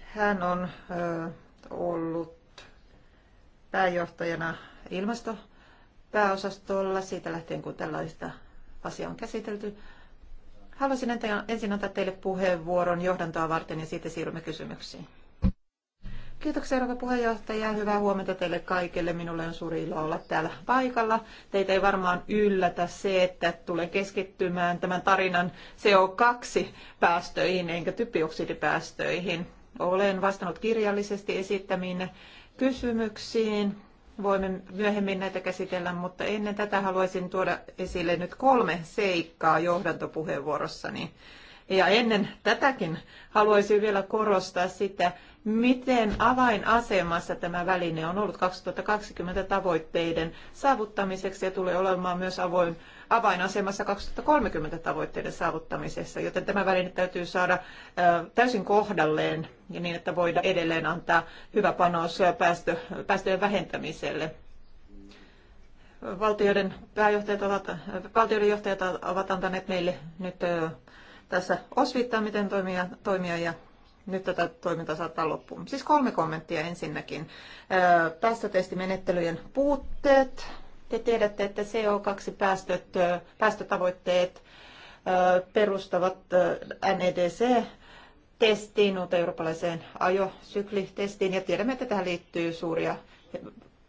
Hän on ollut pääjohtajana ilmastopääosastolla siitä lähtien, kun tällaista asiaa on käsitelty. Haluaisin ensin antaa teille puheenvuoron johdantoa varten ja sitten siirrymme kysymyksiin. Kiitoksia Euroopan puheenjohtaja. Hyvää huomenta teille kaikille. Minulle on suuri ilo olla täällä paikalla. Teitä ei varmaan yllätä se, että tulen keskittymään tämän tarinan CO2-päästöihin enkä typioksidipäästöihin. Olen vastannut kirjallisesti esittämiin kysymyksiin voimme myöhemmin näitä käsitellä, mutta ennen tätä haluaisin tuoda esille nyt kolme seikkaa johdantopuheenvuorossani. Ja ennen tätäkin haluaisin vielä korostaa sitä, miten avainasemassa tämä väline on ollut 2020 tavoitteiden saavuttamiseksi ja tulee olemaan myös avoin avainasemassa 2030 tavoitteiden saavuttamisessa, joten tämä väline täytyy saada täysin kohdalleen ja niin, että voidaan edelleen antaa hyvä panos päästö, päästöjen vähentämiselle. Valtioiden, pääjohtajat ovat, valtioiden johtajat ovat antaneet meille nyt tässä osviittaa, miten toimia, toimia ja nyt tätä toimintaa saattaa loppuun. Siis kolme kommenttia ensinnäkin. Päästötestimenettelyjen puutteet, te tiedätte, että CO2-päästöt, päästötavoitteet perustavat NEDC testiin, uuteen eurooppalaiseen ajosyklitestiin, ja tiedämme, että tähän liittyy suuria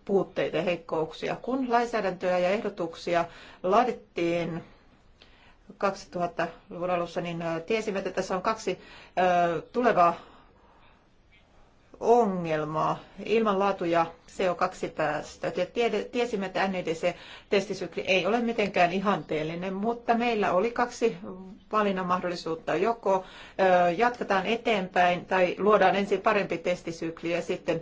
puutteita ja heikkouksia. Kun lainsäädäntöä ja ehdotuksia laadittiin 2000-luvun alussa, niin tiesimme, että tässä on kaksi tulevaa ongelmaa, ilmanlaatu ja CO2-päästöt. Ja tiesimme, että NEDC-testisykli ei ole mitenkään ihanteellinen, mutta meillä oli kaksi valinnan mahdollisuutta. Joko jatketaan eteenpäin tai luodaan ensin parempi testisykli ja sitten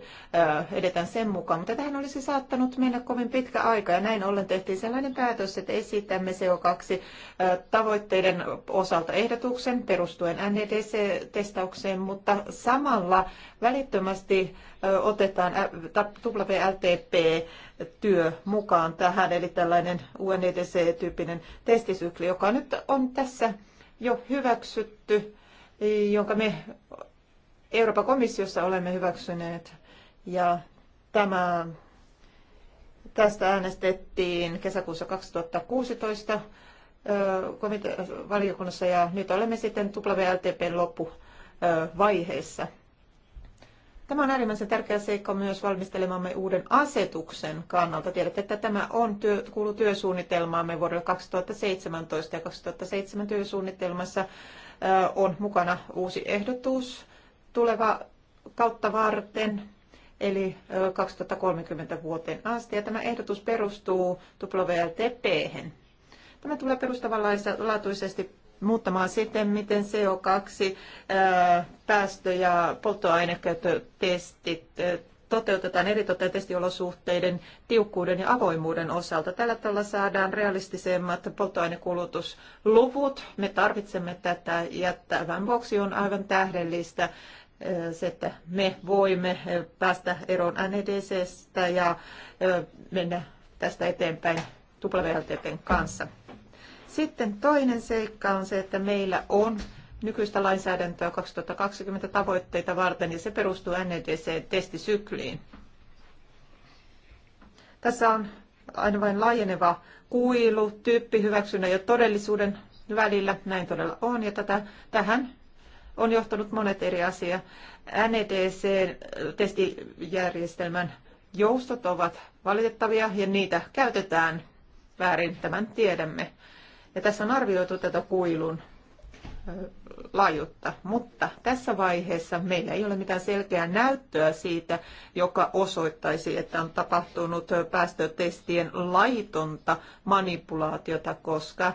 edetään sen mukaan. Mutta tähän olisi saattanut mennä kovin pitkä aika ja näin ollen tehtiin sellainen päätös, että esitämme CO2-tavoitteiden osalta ehdotuksen perustuen NEDC-testaukseen, mutta samalla välittömästi varmasti otetaan WLTP-työ mukaan tähän, eli tällainen UNEDC-tyyppinen testisykli, joka nyt on tässä jo hyväksytty, jonka me Euroopan komissiossa olemme hyväksyneet. Ja tämä, tästä äänestettiin kesäkuussa 2016 valiokunnassa ja nyt olemme sitten WLTPn loppuvaiheessa. Tämä on äärimmäisen tärkeä seikka myös valmistelemamme uuden asetuksen kannalta. Tiedätte, että tämä on työ, kuuluu työsuunnitelmaamme vuodelle 2017 ja 2007 työsuunnitelmassa on mukana uusi ehdotus tuleva kautta varten, eli 2030 vuoteen asti. Ja tämä ehdotus perustuu WLTP. -hän. Tämä tulee perustavanlaatuisesti muuttamaan sitten, miten CO2-päästö- ja polttoainekäyttötestit toteutetaan eri testiolosuhteiden tiukkuuden ja avoimuuden osalta. Tällä tavalla saadaan realistisemmat polttoainekulutusluvut. Me tarvitsemme tätä ja tämän vuoksi on aivan tähdellistä se, että me voimme päästä eroon NEDCstä ja mennä tästä eteenpäin WLTPn kanssa. Sitten toinen seikka on se, että meillä on nykyistä lainsäädäntöä 2020 tavoitteita varten ja se perustuu NEDC-testisykliin. Tässä on aina vain laajeneva kuilu tyyppihyväksynnän ja todellisuuden välillä. Näin todella on ja tätä, tähän on johtanut monet eri asia. NEDC-testijärjestelmän joustot ovat valitettavia ja niitä käytetään väärin, tämän tiedämme. Ja tässä on arvioitu tätä kuilun laajuutta, mutta tässä vaiheessa meillä ei ole mitään selkeää näyttöä siitä, joka osoittaisi, että on tapahtunut päästötestien laitonta manipulaatiota, koska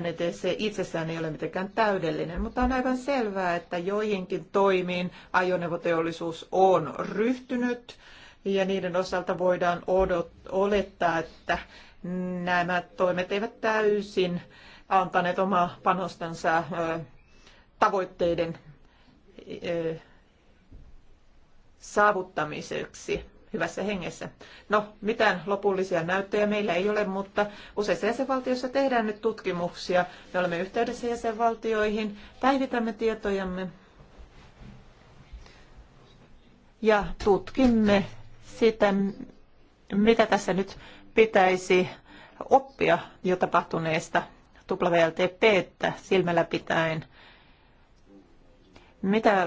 NTC itsessään ei ole mitenkään täydellinen, mutta on aivan selvää, että joihinkin toimiin ajoneuvoteollisuus on ryhtynyt ja niiden osalta voidaan odot, olettaa, että nämä toimet eivät täysin antaneet omaa panostansa tavoitteiden saavuttamiseksi hyvässä hengessä. No, mitään lopullisia näyttöjä meillä ei ole, mutta useissa jäsenvaltioissa tehdään nyt tutkimuksia. Me olemme yhteydessä jäsenvaltioihin, päivitämme tietojamme ja tutkimme sitä, mitä tässä nyt pitäisi oppia jo tapahtuneesta tä silmällä pitäen. Mitä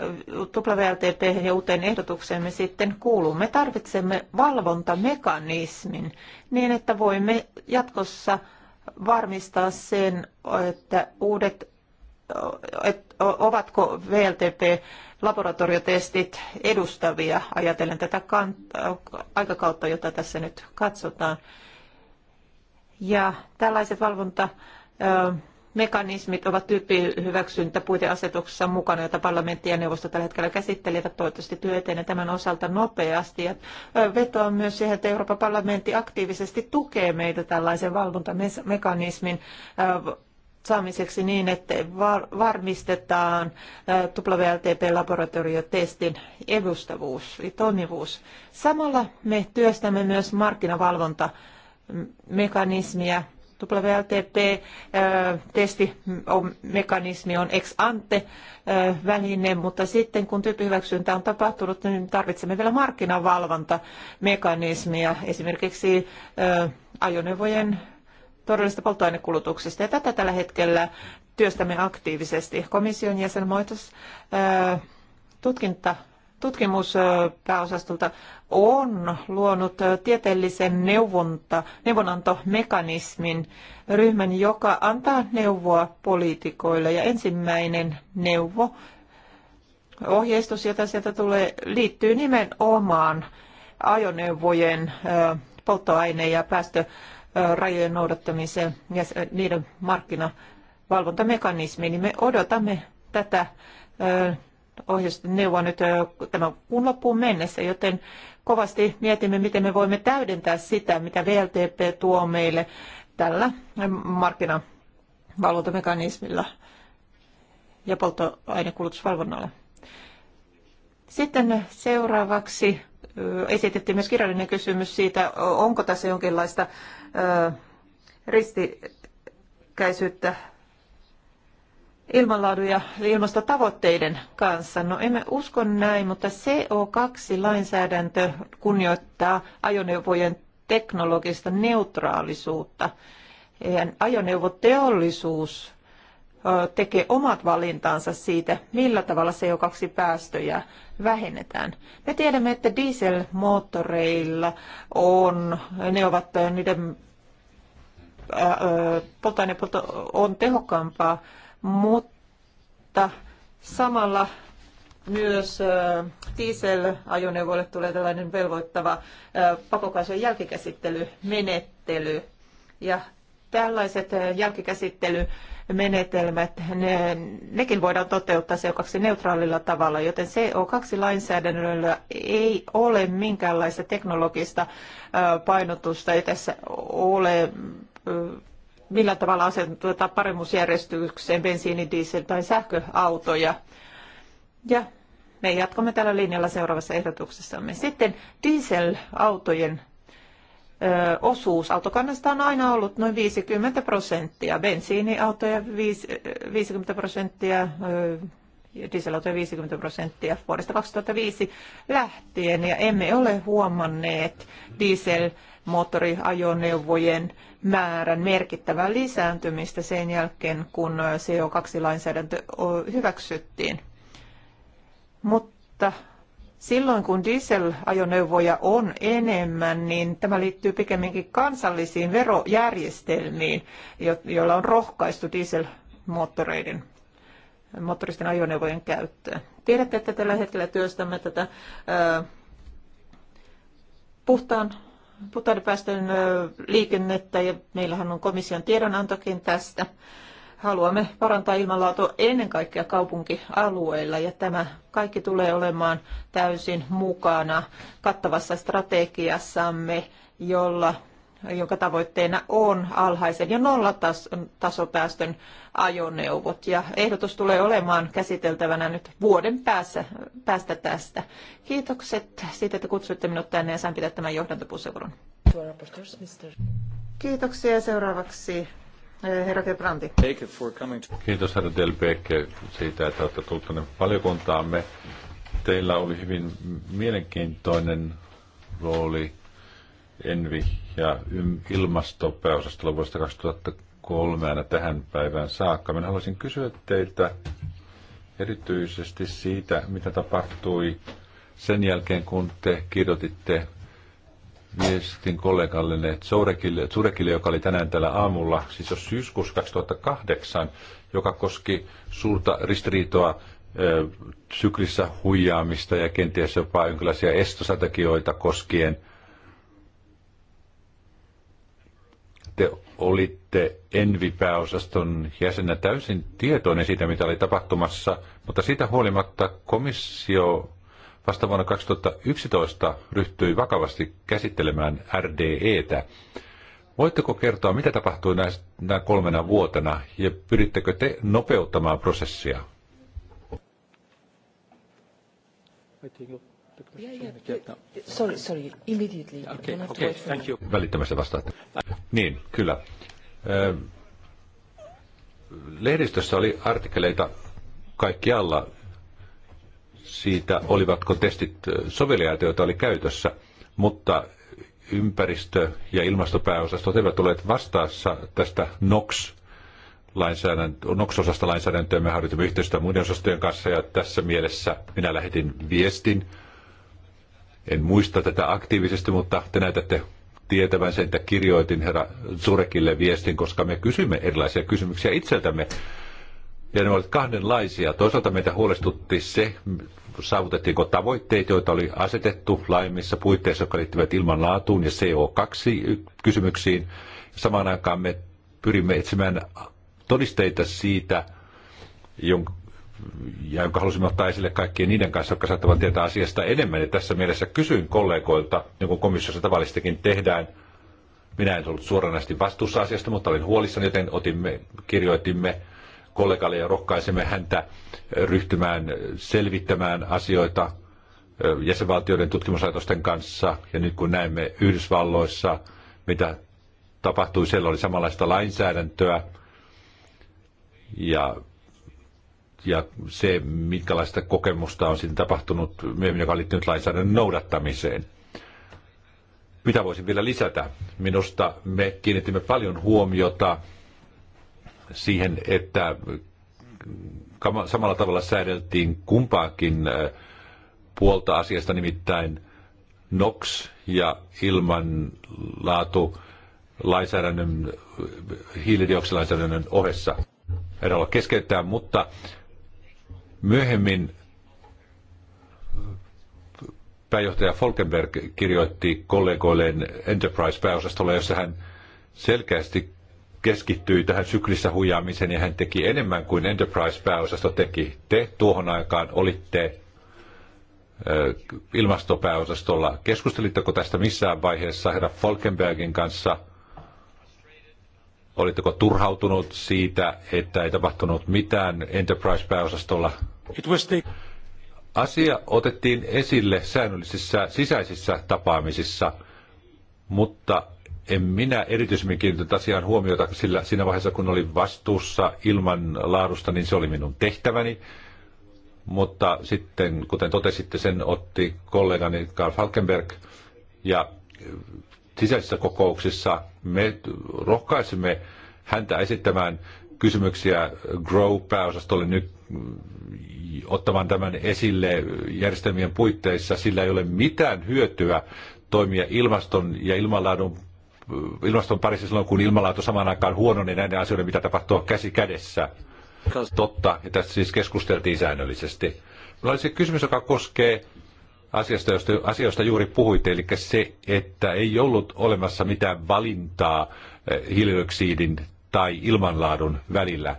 WLTP ja uuteen me sitten kuuluu? Me tarvitsemme valvontamekanismin niin, että voimme jatkossa varmistaa sen, että uudet ovatko VLTP-laboratoriotestit edustavia, ajatellen tätä kant- aikakautta, jota tässä nyt katsotaan. Ja tällaiset valvonta mekanismit ovat tyyppihyväksyntä puiteasetuksessa mukana, jota parlamentti ja neuvosto tällä hetkellä käsittelevät. Toivottavasti työ etenee tämän osalta nopeasti. Ja vetoan myös siihen, että Euroopan parlamentti aktiivisesti tukee meitä tällaisen valvontamekanismin saamiseksi niin, että varmistetaan WLTP-laboratoriotestin edustavuus ja toimivuus. Samalla me työstämme myös markkinavalvontamekanismia. WLTP-testimekanismi on ex ante väline, mutta sitten kun tyyppihyväksyntä on tapahtunut, niin tarvitsemme vielä markkinavalvontamekanismia, esimerkiksi ajoneuvojen todellisesta polttoainekulutuksesta. Ja tätä tällä hetkellä työstämme aktiivisesti. Komission jäsenmoitos Moitos, äh, tutkinta tutkimuspääosastolta äh, on luonut äh, tieteellisen neuvonta, neuvonantomekanismin ryhmän, joka antaa neuvoa poliitikoille. Ja ensimmäinen neuvo, ohjeistus, jota sieltä tulee, liittyy nimenomaan ajoneuvojen polttoaine- ja päästö rajojen noudattamiseen ja niiden markkinavalvontamekanismiin, niin me odotamme tätä neuvoa nyt tämän kuun loppuun mennessä, joten kovasti mietimme, miten me voimme täydentää sitä, mitä VLTP tuo meille tällä markkinavalvontamekanismilla ja polttoainekulutusvalvonnalla. Sitten seuraavaksi esitettiin myös kirjallinen kysymys siitä, onko tässä jonkinlaista ristikäisyyttä ilmanlaadun ja ilmastotavoitteiden kanssa. No emme usko näin, mutta CO2-lainsäädäntö kunnioittaa ajoneuvojen teknologista neutraalisuutta. Ajoneuvoteollisuus tekee omat valintansa siitä, millä tavalla CO2-päästöjä vähennetään. Me tiedämme, että dieselmoottoreilla on, ne ovat niiden polttoainepolto on tehokkaampaa, mutta samalla myös dieselajoneuvoille tulee tällainen velvoittava pakokaasujen jälkikäsittelymenettely. Ja tällaiset jälkikäsittely menetelmät, ne, nekin voidaan toteuttaa CO2-neutraalilla tavalla, joten CO2-lainsäädännöllä ei ole minkäänlaista teknologista painotusta, ei tässä ole millä tavalla asetetaan paremmuusjärjestykseen bensiini, diesel tai sähköautoja. Ja me jatkamme tällä linjalla seuraavassa ehdotuksessamme. Sitten dieselautojen osuus autokannasta on aina ollut noin 50 prosenttia, bensiiniautoja 50 prosenttia, dieselautoja 50 prosenttia vuodesta 2005 lähtien, ja emme ole huomanneet dieselmoottoriajoneuvojen määrän merkittävää lisääntymistä sen jälkeen, kun CO2-lainsäädäntö hyväksyttiin. Mutta Silloin kun dieselajoneuvoja on enemmän, niin tämä liittyy pikemminkin kansallisiin verojärjestelmiin, joilla on rohkaistu dieselmoottoreiden moottoristen ajoneuvojen käyttöön. Tiedätte, että tällä hetkellä työstämme tätä puhtaan, puhtaiden päästöjen liikennettä ja meillähän on komission tiedonantokin tästä haluamme parantaa ilmanlaatua ennen kaikkea kaupunkialueilla ja tämä kaikki tulee olemaan täysin mukana kattavassa strategiassamme, jolla jonka tavoitteena on alhaisen ja nollatasopäästön ajoneuvot. Ja ehdotus tulee olemaan käsiteltävänä nyt vuoden päässä, päästä tästä. Kiitokset siitä, että kutsuitte minut tänne ja sain pitää tämän johdantopusevuron. Kiitoksia. Seuraavaksi Eh, herra Kebranti. Kiitos herra Delbeke siitä, että olette tullut tänne valiokuntaamme. Teillä oli hyvin mielenkiintoinen rooli Envi- ja ilmastopääosastolla vuodesta 2003 aina tähän päivään saakka. Minä haluaisin kysyä teiltä erityisesti siitä, mitä tapahtui sen jälkeen, kun te kirjoititte viestin kollegalle Zurekille, Zurekille, joka oli tänään täällä aamulla, siis jo syyskuussa 2008, joka koski suurta ristiriitoa syklissä huijaamista ja kenties jopa jonkinlaisia estostrategioita koskien. Te olitte Envi-pääosaston jäsenä täysin tietoinen siitä, mitä oli tapahtumassa, mutta siitä huolimatta komissio vasta vuonna 2011 ryhtyi vakavasti käsittelemään RDEtä. Voitteko kertoa, mitä tapahtui näinä kolmena vuotena ja pyrittekö te nopeuttamaan prosessia? Sorry, sorry, immediately. thank you. Välittömästi vastaatte. Niin, kyllä. Lehdistössä oli artikkeleita kaikkialla siitä, olivatko testit soveliaita, joita oli käytössä, mutta ympäristö- ja ilmastopääosastot eivät olleet vastaassa tästä NOx NOX-osasta lainsäädäntöä. Me harjoitimme yhteistyötä muiden osastojen kanssa ja tässä mielessä minä lähetin viestin. En muista tätä aktiivisesti, mutta te näytätte tietävän sen, että kirjoitin herra Zurekille viestin, koska me kysymme erilaisia kysymyksiä itseltämme. Ja ne olivat kahdenlaisia. Toisaalta meitä huolestutti se, saavutettiinko tavoitteet, joita oli asetettu laajemmissa puitteissa, jotka liittyvät ilmanlaatuun ja CO2-kysymyksiin. Samaan aikaan me pyrimme etsimään todisteita siitä, jonka ja jonka halusimme ottaa esille kaikkien niiden kanssa, jotka saattavat tietää asiasta enemmän. Ja tässä mielessä kysyin kollegoilta, niin kuin komissiossa tavallistakin tehdään, minä en ollut suoranaisesti vastuussa asiasta, mutta olin huolissani, joten otimme, kirjoitimme kollegalle ja rohkaisemme häntä ryhtymään selvittämään asioita jäsenvaltioiden tutkimuslaitosten kanssa. Ja nyt kun näemme Yhdysvalloissa, mitä tapahtui, siellä oli samanlaista lainsäädäntöä. Ja, ja se, minkälaista kokemusta on sitten tapahtunut myöhemmin, joka on liittynyt lainsäädännön noudattamiseen. Mitä voisin vielä lisätä? Minusta me kiinnitimme paljon huomiota siihen, että samalla tavalla säädeltiin kumpaakin äh, puolta asiasta, nimittäin NOx ja ilmanlaatu lainsäädännön, hiilidioksilainsäädännön ohessa. En keskeyttää, mutta myöhemmin pääjohtaja Folkenberg kirjoitti kollegoilleen Enterprise-pääosastolle, jossa hän selkeästi keskittyi tähän syklissä huijaamiseen ja hän teki enemmän kuin Enterprise-pääosasto teki. Te tuohon aikaan olitte ilmastopääosastolla. Keskustelitteko tästä missään vaiheessa herra Falkenbergin kanssa? Olitteko turhautunut siitä, että ei tapahtunut mitään Enterprise-pääosastolla? Asia otettiin esille säännöllisissä sisäisissä tapaamisissa, mutta en minä erityisemmin kiinnittänyt asiaan huomiota, sillä siinä vaiheessa kun olin vastuussa ilman laadusta, niin se oli minun tehtäväni. Mutta sitten, kuten totesitte, sen otti kollegani Karl Falkenberg ja äh, sisäisissä kokouksissa me rohkaisimme häntä esittämään kysymyksiä Grow-pääosastolle nyt mm, ottamaan tämän esille järjestelmien puitteissa. Sillä ei ole mitään hyötyä toimia ilmaston ja ilmanlaadun ilmaston parissa silloin, kun ilmanlaatu samaan aikaan huono, niin näiden asioiden pitää tapahtua käsi kädessä. Totta, ja tässä siis keskusteltiin säännöllisesti. Minulla olisi kysymys, joka koskee asiasta, josta, asioista juuri puhuitte, eli se, että ei ollut olemassa mitään valintaa eh, hiilidioksidin tai ilmanlaadun välillä.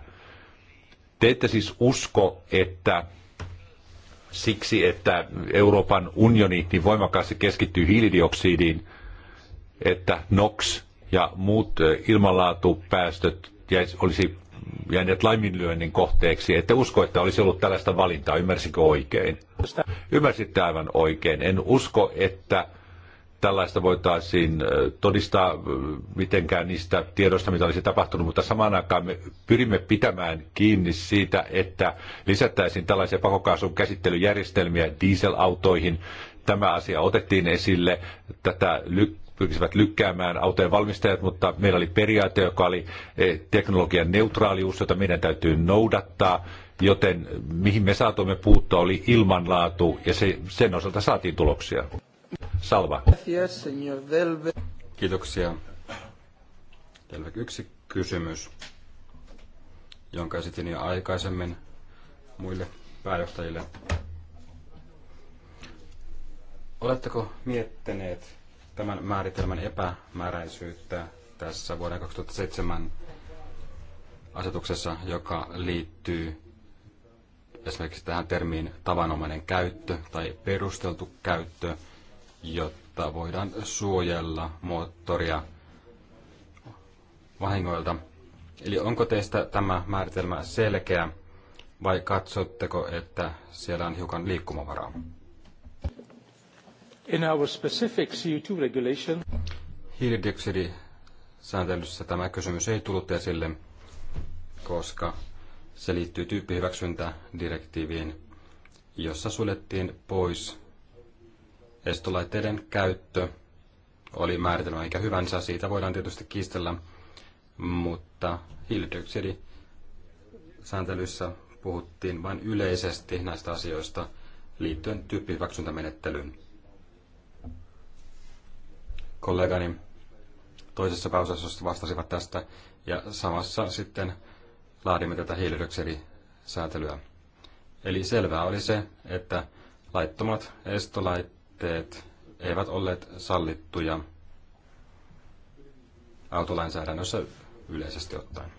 Te ette siis usko, että siksi, että Euroopan unioni niin voimakkaasti keskittyy hiilidioksidiin, että NOx ja muut ilmanlaatupäästöt olisi jääneet laiminlyönnin kohteeksi. Ette usko, että olisi ollut tällaista valintaa. Ymmärsikö oikein? Ymmärsitte aivan oikein. En usko, että tällaista voitaisiin todistaa mitenkään niistä tiedoista, mitä olisi tapahtunut, mutta samaan aikaan me pyrimme pitämään kiinni siitä, että lisättäisiin tällaisia pakokaasun käsittelyjärjestelmiä dieselautoihin. Tämä asia otettiin esille. Tätä lyk- pyrkisivät lykkäämään autojen valmistajat, mutta meillä oli periaate, joka oli eh, teknologian neutraalius, jota meidän täytyy noudattaa, joten mihin me saatoimme puuttua oli ilmanlaatu ja se, sen osalta saatiin tuloksia. Salva. Kiitoksia. Delvek yksi kysymys, jonka esitin jo aikaisemmin muille pääjohtajille. Oletteko miettineet tämän määritelmän epämääräisyyttä tässä vuoden 2007 asetuksessa, joka liittyy esimerkiksi tähän termiin tavanomainen käyttö tai perusteltu käyttö, jotta voidaan suojella moottoria vahingoilta. Eli onko teistä tämä määritelmä selkeä vai katsotteko, että siellä on hiukan liikkumavaraa? In our specific CO2 regulation... Hiilidioksidisääntelyssä tämä kysymys ei tullut esille, koska se liittyy tyyppihyväksyntädirektiiviin, jossa suljettiin pois estolaitteiden käyttö. Oli määritelmä mikä hyvänsä, siitä voidaan tietysti kiistellä, mutta hiilidioksidisääntelyssä puhuttiin vain yleisesti näistä asioista liittyen tyyppihyväksyntämenettelyyn kollegani toisessa pääosassa vastasivat tästä ja samassa sitten laadimme tätä hiilidioksidisäätelyä. Eli selvää oli se, että laittomat estolaitteet eivät olleet sallittuja autolainsäädännössä yleisesti ottaen.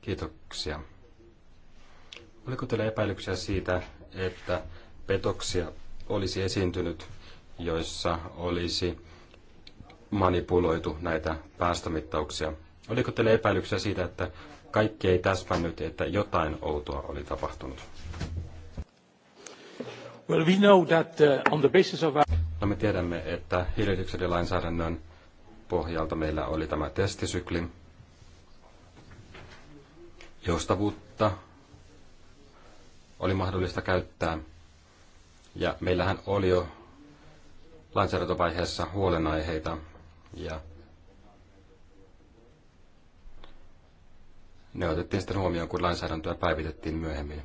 Kiitoksia. Oliko teillä epäilyksiä siitä, että petoksia olisi esiintynyt, joissa olisi manipuloitu näitä päästömittauksia. Oliko teillä epäilyksiä siitä, että kaikki ei täsmännyt, että jotain outoa oli tapahtunut? Well, we know that uh, on the basis of... No me tiedämme, että hiilidioksidilainsäädännön pohjalta meillä oli tämä testisykli. Joustavuutta oli mahdollista käyttää – ja meillähän oli jo lainsäädäntövaiheessa huolenaiheita ja ne otettiin sitten huomioon, kun lainsäädäntöä päivitettiin myöhemmin.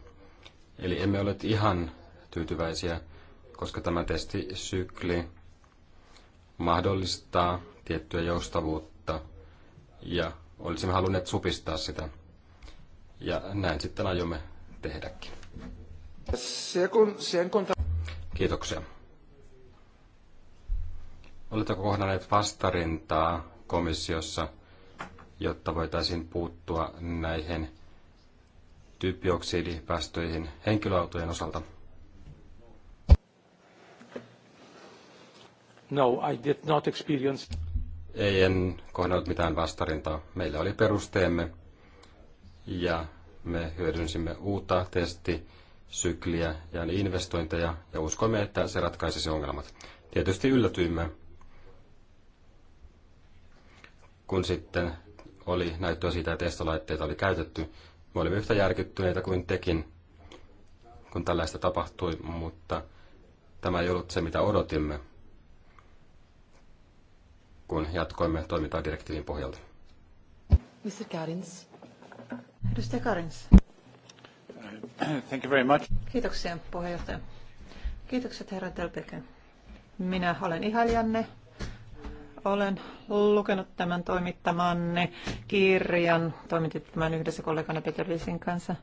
Eli emme ole ihan tyytyväisiä, koska tämä testisykli mahdollistaa tiettyä joustavuutta ja olisimme halunneet supistaa sitä. Ja näin sitten aiomme tehdäkin. Se kun, sen kun Kiitoksia. Oletteko kohdanneet vastarintaa komissiossa, jotta voitaisiin puuttua näihin typioksidipäästöihin henkilöautojen osalta? No, I did not experience. Ei en kohdannut mitään vastarintaa. Meillä oli perusteemme ja me hyödynsimme uutta testiä sykliä ja niin investointeja ja uskoimme, että se ratkaisisi ongelmat. Tietysti yllätyimme, kun sitten oli näyttöä siitä, että estolaitteita oli käytetty. Me olimme yhtä järkyttyneitä kuin tekin, kun tällaista tapahtui, mutta tämä ei ollut se, mitä odotimme, kun jatkoimme toimintaa direktiivin pohjalta. Mr. Karins. Edustaja Karins. Thank you very much. Kiitoksia puheenjohtaja. Kiitokset herra Telpeke. Minä olen ihailijanne. Olen lukenut tämän toimittamanne kirjan. Toimitit tämän yhdessä kollegana Peter Lisin kanssa.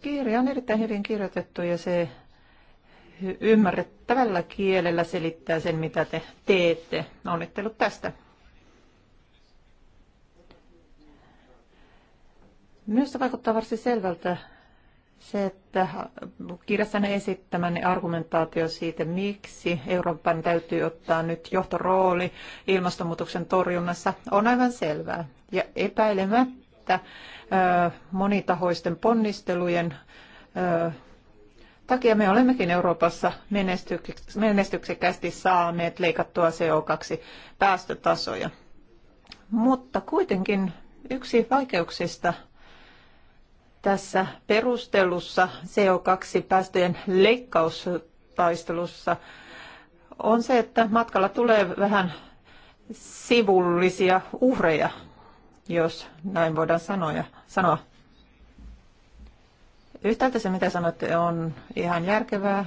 Kirja on erittäin hyvin kirjoitettu ja se ymmärrettävällä kielellä selittää sen, mitä te teette. Onnittelut tästä. Minusta vaikuttaa varsin selvältä se, että kirjassanne esittämänne argumentaatio siitä, miksi Euroopan täytyy ottaa nyt johtorooli ilmastonmuutoksen torjunnassa, on aivan selvää. Ja epäilemättä monitahoisten ponnistelujen takia me olemmekin Euroopassa menestyksekkäästi saaneet leikattua CO2-päästötasoja. Mutta kuitenkin yksi vaikeuksista – tässä perustelussa CO2-päästöjen leikkaustaistelussa on se, että matkalla tulee vähän sivullisia uhreja, jos näin voidaan sanoa. sanoa. Yhtäältä se, mitä sanoitte, on ihan järkevää.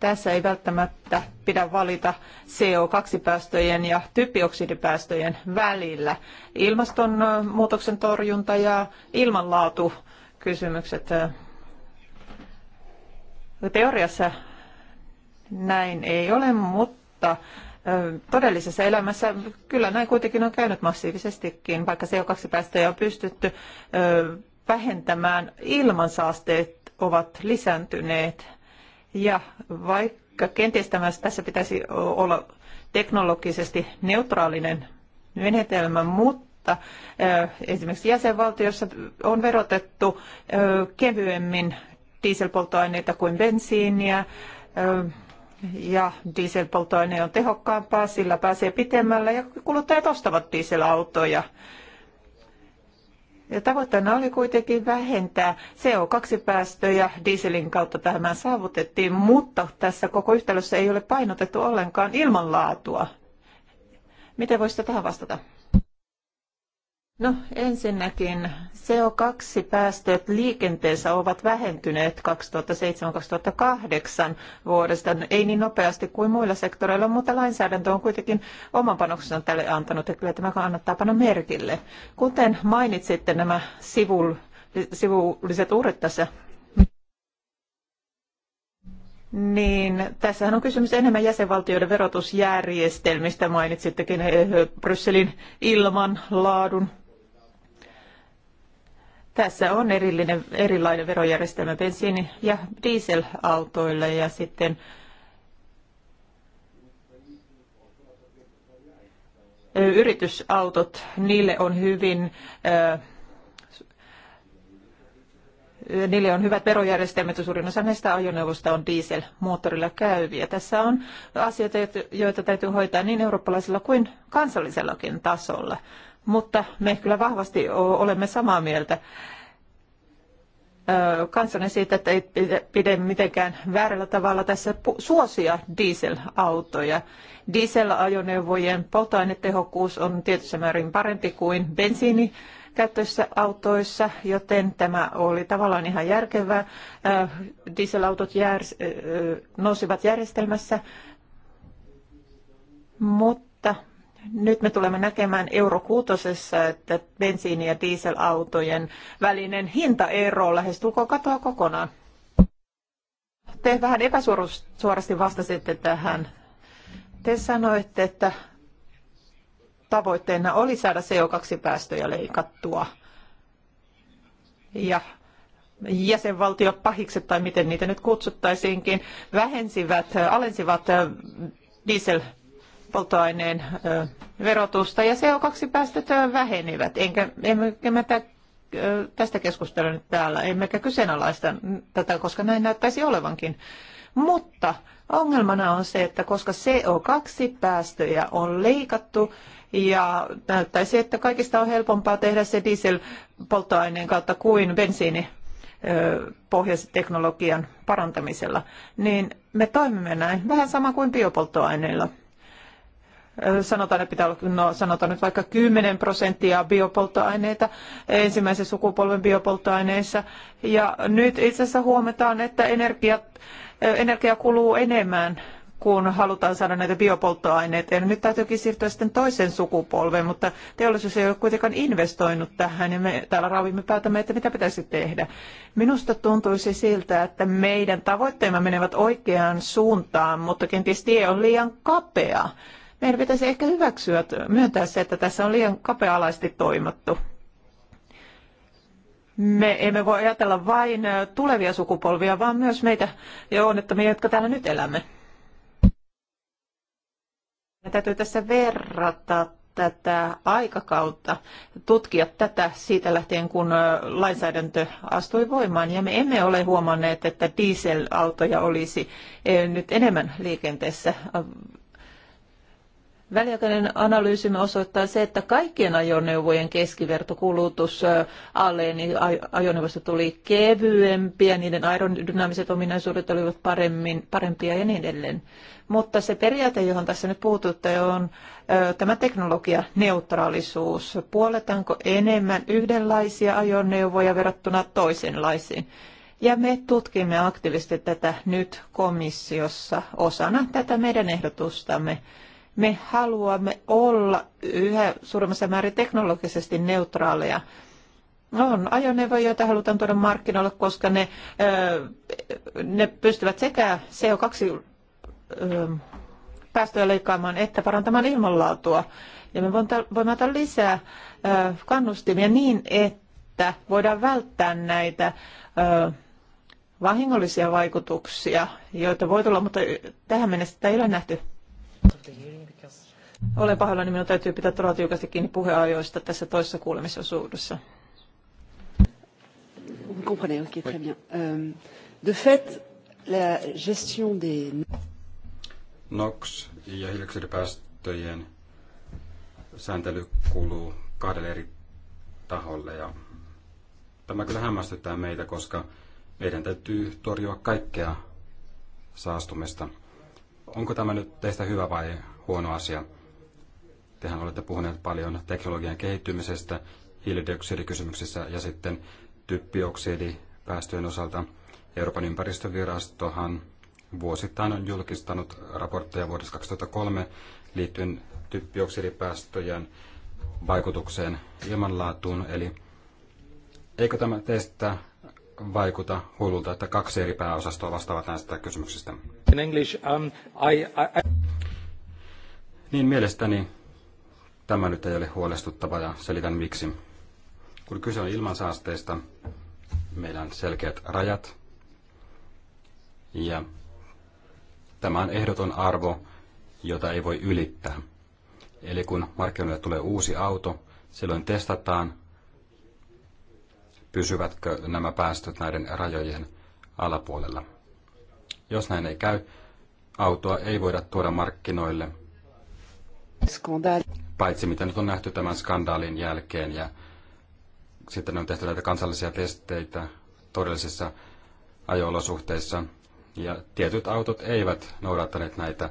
Tässä ei välttämättä pidä valita CO2-päästöjen ja typioksidipäästöjen välillä. Ilmastonmuutoksen torjunta ja ilmanlaatu kysymykset. Teoriassa näin ei ole, mutta todellisessa elämässä kyllä näin kuitenkin on käynyt massiivisestikin, vaikka CO2-päästöjä on pystytty vähentämään, ilmansaasteet ovat lisääntyneet. Ja vaikka kenties tässä pitäisi olla teknologisesti neutraalinen menetelmä, mutta että esimerkiksi jäsenvaltiossa on verotettu kevyemmin dieselpolttoaineita kuin bensiiniä ja dieselpolttoaine on tehokkaampaa, sillä pääsee pitemmällä ja kuluttajat ostavat dieselautoja. Ja tavoitteena oli kuitenkin vähentää CO2-päästöjä dieselin kautta tähän saavutettiin, mutta tässä koko yhtälössä ei ole painotettu ollenkaan ilmanlaatua. Miten voisitte tähän vastata? No ensinnäkin CO2-päästöt liikenteessä ovat vähentyneet 2007-2008 vuodesta, ei niin nopeasti kuin muilla sektoreilla, mutta lainsäädäntö on kuitenkin oman panoksensa tälle antanut ja kyllä tämä kannattaa panna merkille. Kuten mainitsitte nämä sivul, sivulliset uudet tässä niin, tässähän on kysymys enemmän jäsenvaltioiden verotusjärjestelmistä. Mainitsittekin Brysselin laadun. Tässä on erillinen, erilainen verojärjestelmä bensiini- ja dieselautoille ja sitten yritysautot, niille on hyvin Niille on hyvät verojärjestelmät ja suurin osa näistä ajoneuvoista on dieselmoottorilla käyviä. Tässä on asioita, joita täytyy hoitaa niin eurooppalaisella kuin kansallisellakin tasolla mutta me kyllä vahvasti olemme samaa mieltä kanssanne siitä, että ei pidä mitenkään väärällä tavalla tässä suosia dieselautoja. Dieselajoneuvojen polttoainetehokkuus on tietyssä määrin parempi kuin bensiini käyttöissä autoissa, joten tämä oli tavallaan ihan järkevää. Dieselautot jär, nousivat järjestelmässä, mutta nyt me tulemme näkemään euro kuutosessa, että bensiini- ja dieselautojen välinen hintaero lähestulkoon katoaa kokonaan. Te vähän epäsuorasti vastasitte tähän. Te sanoitte, että tavoitteena oli saada CO2-päästöjä leikattua. Ja jäsenvaltiot pahikset tai miten niitä nyt kutsuttaisiinkin, vähensivät, alensivat diesel polttoaineen verotusta ja CO2-päästöt vähenivät. Enkä, enkä mä tästä keskustella nyt täällä, emmekä kyseenalaista tätä, koska näin näyttäisi olevankin. Mutta ongelmana on se, että koska CO2-päästöjä on leikattu ja näyttäisi, että kaikista on helpompaa tehdä se dieselpolttoaineen kautta kuin bensiini teknologian parantamisella, niin me toimimme näin vähän sama kuin biopolttoaineilla sanotaan, että pitää olla, no sanotaan nyt vaikka 10 prosenttia biopolttoaineita ensimmäisen sukupolven biopolttoaineissa. Ja nyt itse asiassa huomataan, että energia, energia kuluu enemmän kun halutaan saada näitä biopolttoaineita. Ja nyt täytyykin siirtyä sitten toisen sukupolven, mutta teollisuus ei ole kuitenkaan investoinut tähän ja me täällä raavimme päätämme, että mitä pitäisi tehdä. Minusta tuntuisi siltä, että meidän tavoitteemme menevät oikeaan suuntaan, mutta kenties tie on liian kapea. Meidän pitäisi ehkä hyväksyä, myöntää se, että tässä on liian kapealaisesti toimittu. Me emme voi ajatella vain tulevia sukupolvia, vaan myös meitä ja onnettomia, jotka täällä nyt elämme. Me täytyy tässä verrata tätä aikakautta, tutkia tätä siitä lähtien, kun lainsäädäntö astui voimaan. Ja me emme ole huomanneet, että dieselautoja olisi nyt enemmän liikenteessä Väliaikainen analyysimme osoittaa se, että kaikkien ajoneuvojen keskivertokulutus aleni, niin ajoneuvosta tuli kevyempiä, niiden aerodynaamiset ominaisuudet olivat paremmin, parempia ja niin edelleen. Mutta se periaate, johon tässä nyt puututte, on tämä teknologianeutraalisuus. Puoletaanko enemmän yhdenlaisia ajoneuvoja verrattuna toisenlaisiin? ja me tutkimme aktiivisesti tätä nyt komissiossa osana tätä meidän ehdotustamme. Me haluamme olla yhä suuremmassa määrin teknologisesti neutraaleja. On ajoneuvoja, joita halutaan tuoda markkinoille, koska ne, ne pystyvät sekä CO2 päästöjä leikkaamaan että parantamaan ilmanlaatua. Ja me voimme antaa lisää kannustimia niin, että voidaan välttää näitä vahingollisia vaikutuksia, joita voi tulla, mutta tähän mennessä sitä ei ole nähty. Olen pahoillani, minun täytyy pitää todella tiukasti kiinni puheajoista tässä toisessa kuulemisosuudessa. comprenez, très bien. Euh, de fait, la gestion des... NOx ja hiilidioksidipäästöjen sääntely kuuluu kahdelle eri taholle ja tämä kyllä hämmästyttää meitä, koska meidän täytyy torjua kaikkea saastumista. Onko tämä nyt teistä hyvä vai huono asia? Tehän olette puhuneet paljon teknologian kehittymisestä hiilidioksidikysymyksissä ja sitten typpioksidipäästöjen osalta. Euroopan ympäristövirastohan vuosittain on julkistanut raportteja vuodesta 2003 liittyen typpioksidipäästöjen vaikutukseen ilmanlaatuun. Eli eikö tämä teistä vaikuta hullulta, että kaksi eri pääosastoa vastaavat näistä kysymyksistä? In English, um, I, I, I... Niin mielestäni Tämä nyt ei ole huolestuttava ja selitän miksi. Kun kyse on ilmansaasteista, meillä on selkeät rajat ja tämä on ehdoton arvo, jota ei voi ylittää. Eli kun markkinoille tulee uusi auto, silloin testataan, pysyvätkö nämä päästöt näiden rajojen alapuolella. Jos näin ei käy, autoa ei voida tuoda markkinoille. Skandaali paitsi mitä nyt on nähty tämän skandaalin jälkeen ja sitten on tehty näitä kansallisia testeitä todellisissa ajo-olosuhteissa ja tietyt autot eivät noudattaneet näitä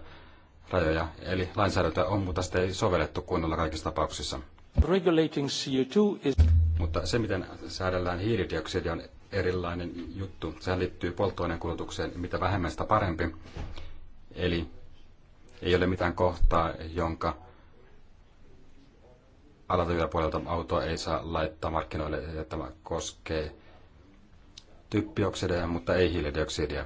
rajoja, eli lainsäädäntöä on, mutta sitä ei sovellettu kunnolla kaikissa tapauksissa. Regulating CO2 is... Mutta se, miten säädellään hiilidioksidia, on erilainen juttu. Sehän liittyy polttoaineen kulutukseen, mitä vähemmän sitä parempi. Eli ei ole mitään kohtaa, jonka alalta yläpuolelta autoa ei saa laittaa markkinoille, ja tämä koskee typpioksideja, mutta ei hiilidioksidia.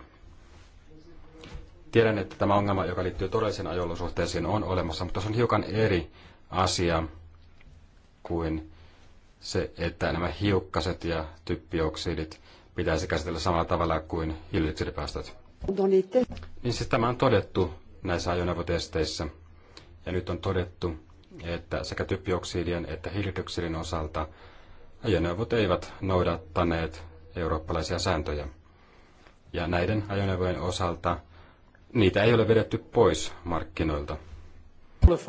Tiedän, että tämä ongelma, joka liittyy todellisiin ajolosuhteisiin, on olemassa, mutta se on hiukan eri asia kuin se, että nämä hiukkaset ja typpioksidit pitäisi käsitellä samalla tavalla kuin hiilidioksidipäästöt. Niin siis tämä on todettu näissä ajoneuvotesteissä. Ja nyt on todettu, että sekä typpioksidien että hiilidioksidin osalta ajoneuvot eivät noudattaneet eurooppalaisia sääntöjä. Ja näiden ajoneuvojen osalta niitä ei ole vedetty pois markkinoilta. Um,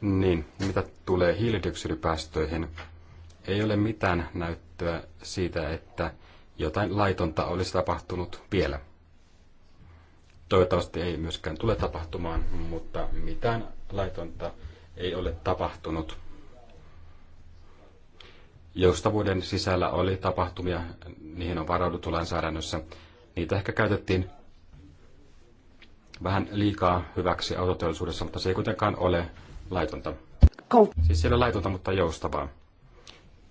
niin, mitä tulee hiilidioksidipäästöihin, ei ole mitään näyttöä siitä, että jotain laitonta olisi tapahtunut vielä. Toivottavasti ei myöskään tule tapahtumaan, mutta mitään laitonta ei ole tapahtunut. Joustavuuden sisällä oli tapahtumia, niihin on varauduttu lainsäädännössä. Niitä ehkä käytettiin vähän liikaa hyväksi autoteollisuudessa, mutta se ei kuitenkaan ole laitonta. Siis siellä laitonta, mutta joustavaa.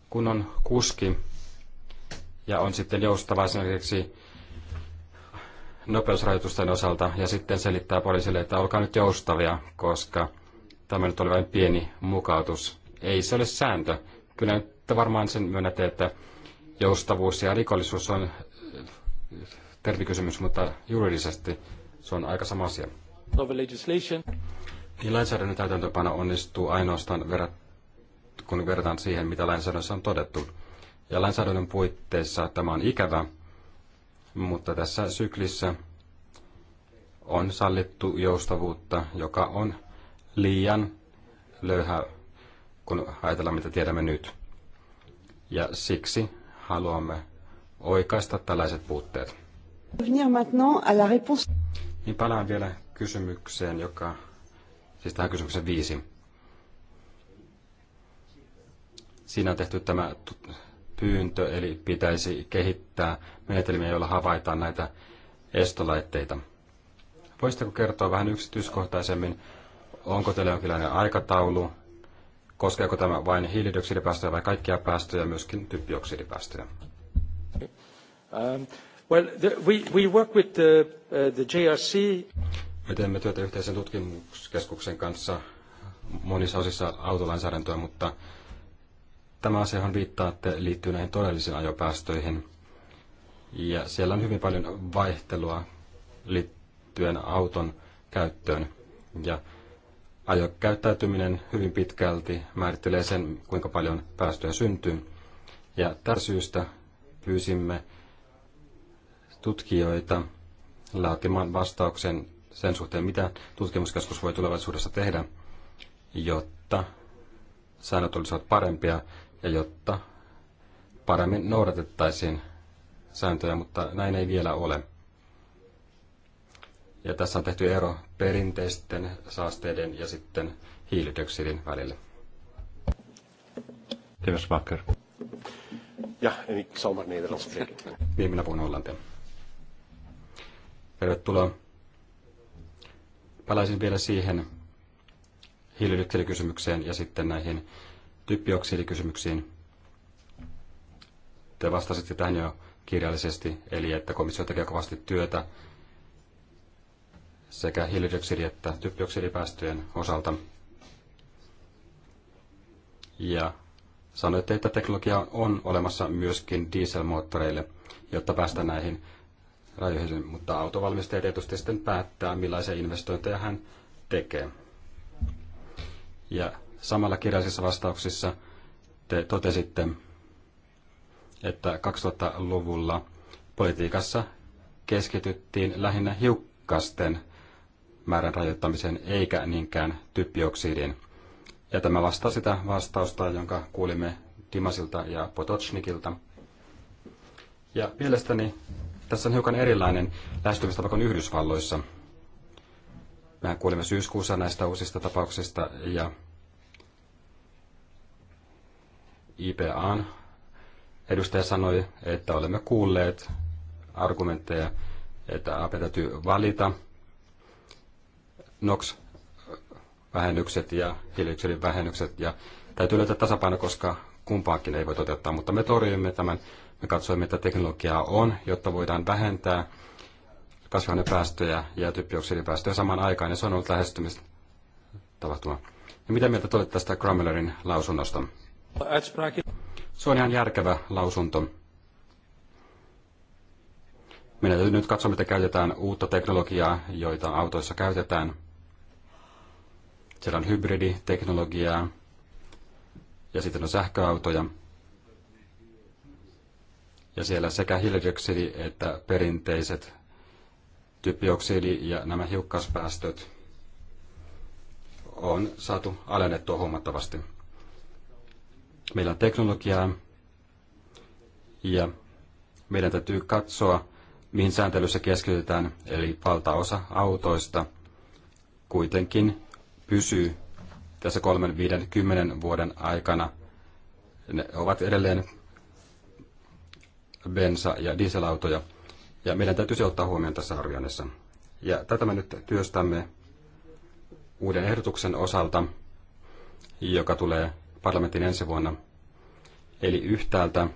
Kun on kuski ja on sitten joustava esimerkiksi nopeusrajoitusten osalta ja sitten selittää poliisille, että olkaa nyt joustavia, koska tämä nyt oli vain pieni mukautus. Ei se ole sääntö. Kyllä te varmaan sen myönnätte, että joustavuus ja rikollisuus on äh, termikysymys, mutta juridisesti se on aika sama asia. Niin lainsäädännön täytäntöpano onnistuu ainoastaan verrat, kun verrataan siihen, mitä lainsäädännössä on todettu. Ja lainsäädännön puitteissa tämä on ikävä, mutta tässä syklissä on sallittu joustavuutta, joka on liian löyhä, kun ajatellaan mitä tiedämme nyt. Ja siksi haluamme oikaista tällaiset puutteet. Niin palaan vielä kysymykseen, joka, siis tähän kysymykseen viisi. Siinä on tehty tämä pyyntö, eli pitäisi kehittää menetelmiä, joilla havaitaan näitä estolaitteita. Voisitteko kertoa vähän yksityiskohtaisemmin, onko teillä jonkinlainen aikataulu, koskeeko tämä vain hiilidioksidipäästöjä vai kaikkia päästöjä, myöskin typpioksidipäästöjä? Um, well, we, we work with the, uh, the JRC. Me teemme työtä yhteisen tutkimuskeskuksen kanssa monissa osissa autolainsäädäntöä, mutta Tämä asia, viittaa, että liittyy näihin todellisiin ajopäästöihin. Ja siellä on hyvin paljon vaihtelua liittyen auton käyttöön. Ja ajokäyttäytyminen hyvin pitkälti määrittelee sen, kuinka paljon päästöjä syntyy. Ja tästä syystä pyysimme tutkijoita laatimaan vastauksen sen suhteen, mitä tutkimuskeskus voi tulevaisuudessa tehdä, jotta säännöt olisivat parempia ja jotta paremmin noudatettaisiin sääntöjä, mutta näin ei vielä ole. Ja tässä on tehty ero perinteisten saasteiden ja sitten hiilidioksidin välillä. Timo Bakker. Ja, en ik zal maar puhun hollantia. Tervetuloa. Palaisin vielä siihen hiilidioksidikysymykseen ja sitten näihin typpioksidikysymyksiin. Te vastasitte tähän jo kirjallisesti, eli että komissio tekee kovasti työtä sekä hiilidioksidi- että typpioksidipäästöjen osalta. Ja sanoitte, että teknologia on olemassa myöskin dieselmoottoreille, jotta päästään näihin rajoihin, mutta autovalmistaja tietysti sitten päättää, millaisia investointeja hän tekee. Ja samalla kirjallisissa vastauksissa te totesitte, että 2000-luvulla politiikassa keskityttiin lähinnä hiukkasten määrän rajoittamiseen eikä niinkään typpioksidin. Ja tämä vastaa sitä vastausta, jonka kuulimme Dimasilta ja Potocnikilta. Ja mielestäni tässä on hiukan erilainen lähestymistapa kuin Yhdysvalloissa. Mehän kuulimme syyskuussa näistä uusista tapauksista ja IPAn edustaja sanoi, että olemme kuulleet argumentteja, että AP täytyy valita NOx-vähennykset ja hiilidioksidin vähennykset ja täytyy löytää tasapaino, koska kumpaakin ei voi toteuttaa, mutta me torjuimme tämän. Me katsoimme, että teknologiaa on, jotta voidaan vähentää kasvihuonepäästöjä ja typpioksidipäästöjä samaan aikaan, ja se on ollut lähestymistapahtuma. Ja mitä mieltä olet tästä Crammelerin lausunnosta? Se on ihan järkevä lausunto. Meidän täytyy nyt katsoa, mitä käytetään uutta teknologiaa, joita autoissa käytetään. Siellä on hybriditeknologiaa ja sitten on sähköautoja. Ja siellä sekä hiilidioksidi että perinteiset typioksidi ja nämä hiukkaspäästöt on saatu alennettua huomattavasti. Meillä on teknologiaa ja meidän täytyy katsoa, mihin sääntelyssä keskitytään, eli valtaosa autoista kuitenkin pysyy tässä kolmen, viiden, kymmenen vuoden aikana. Ne ovat edelleen bensa- ja dieselautoja, ja meidän täytyy se ottaa huomioon tässä arvioinnissa. Ja tätä me nyt työstämme uuden ehdotuksen osalta, joka tulee parlamentin ensi vuonna. Eli yhtäältä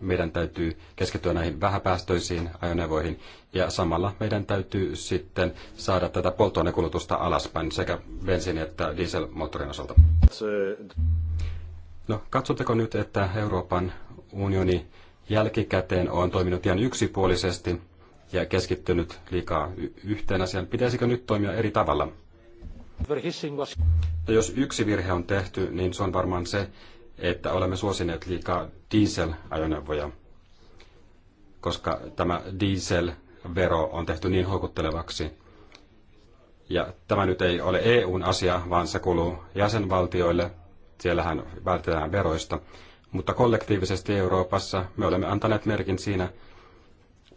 meidän täytyy keskittyä näihin vähäpäästöisiin ajoneuvoihin ja samalla meidän täytyy sitten saada tätä polttoainekulutusta alaspäin sekä bensiini- että dieselmoottorin osalta. No, katsotteko nyt, että Euroopan unioni jälkikäteen on toiminut ihan yksipuolisesti ja keskittynyt liikaa yhteen asiaan? Pitäisikö nyt toimia eri tavalla? jos yksi virhe on tehty, niin se on varmaan se, että olemme suosineet liikaa diesel-ajoneuvoja, koska tämä dieselvero on tehty niin houkuttelevaksi. Ja tämä nyt ei ole EUn asia, vaan se kuuluu jäsenvaltioille. Siellähän vältetään veroista. Mutta kollektiivisesti Euroopassa me olemme antaneet merkin siinä,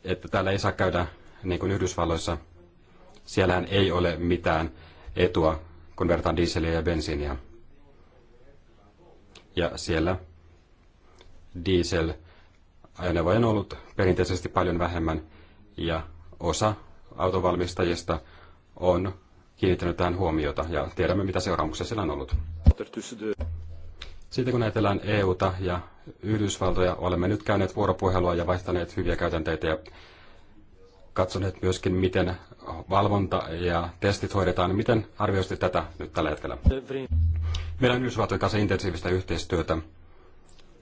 että täällä ei saa käydä niin kuin Yhdysvalloissa. Siellähän ei ole mitään etua, kun vertaan dieseliä ja bensiiniä. Ja siellä diesel ajoneuvo on ollut perinteisesti paljon vähemmän ja osa autovalmistajista on kiinnittänyt tähän huomiota ja tiedämme, mitä seuraamuksia sillä on ollut. Sitten kun ajatellaan EUta ja Yhdysvaltoja, olemme nyt käyneet vuoropuhelua ja vaihtaneet hyviä käytänteitä ja katsoneet myöskin, miten valvonta ja testit hoidetaan. Miten arvioisitte tätä nyt tällä hetkellä? Meillä on Yhdysvaltojen kanssa intensiivistä yhteistyötä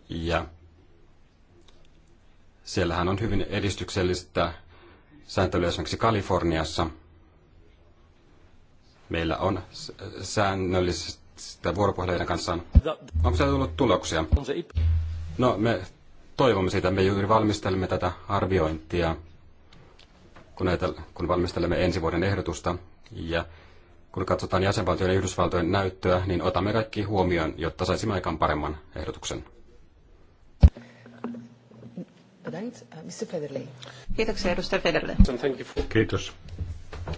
ja siellähän on hyvin edistyksellistä sääntelyä esimerkiksi Kaliforniassa. Meillä on säännöllistä vuoropuhelua kanssa. Onko siellä tullut tuloksia? No me toivomme siitä, me juuri valmistelemme tätä arviointia kun, näitä, kun valmistelemme ensi vuoden ehdotusta ja kun katsotaan jäsenvaltioiden ja Yhdysvaltojen näyttöä, niin otamme kaikki huomioon, jotta saisimme aikaan paremman ehdotuksen. Uh, Kiitoksia, edustaja Federle. Kiitos.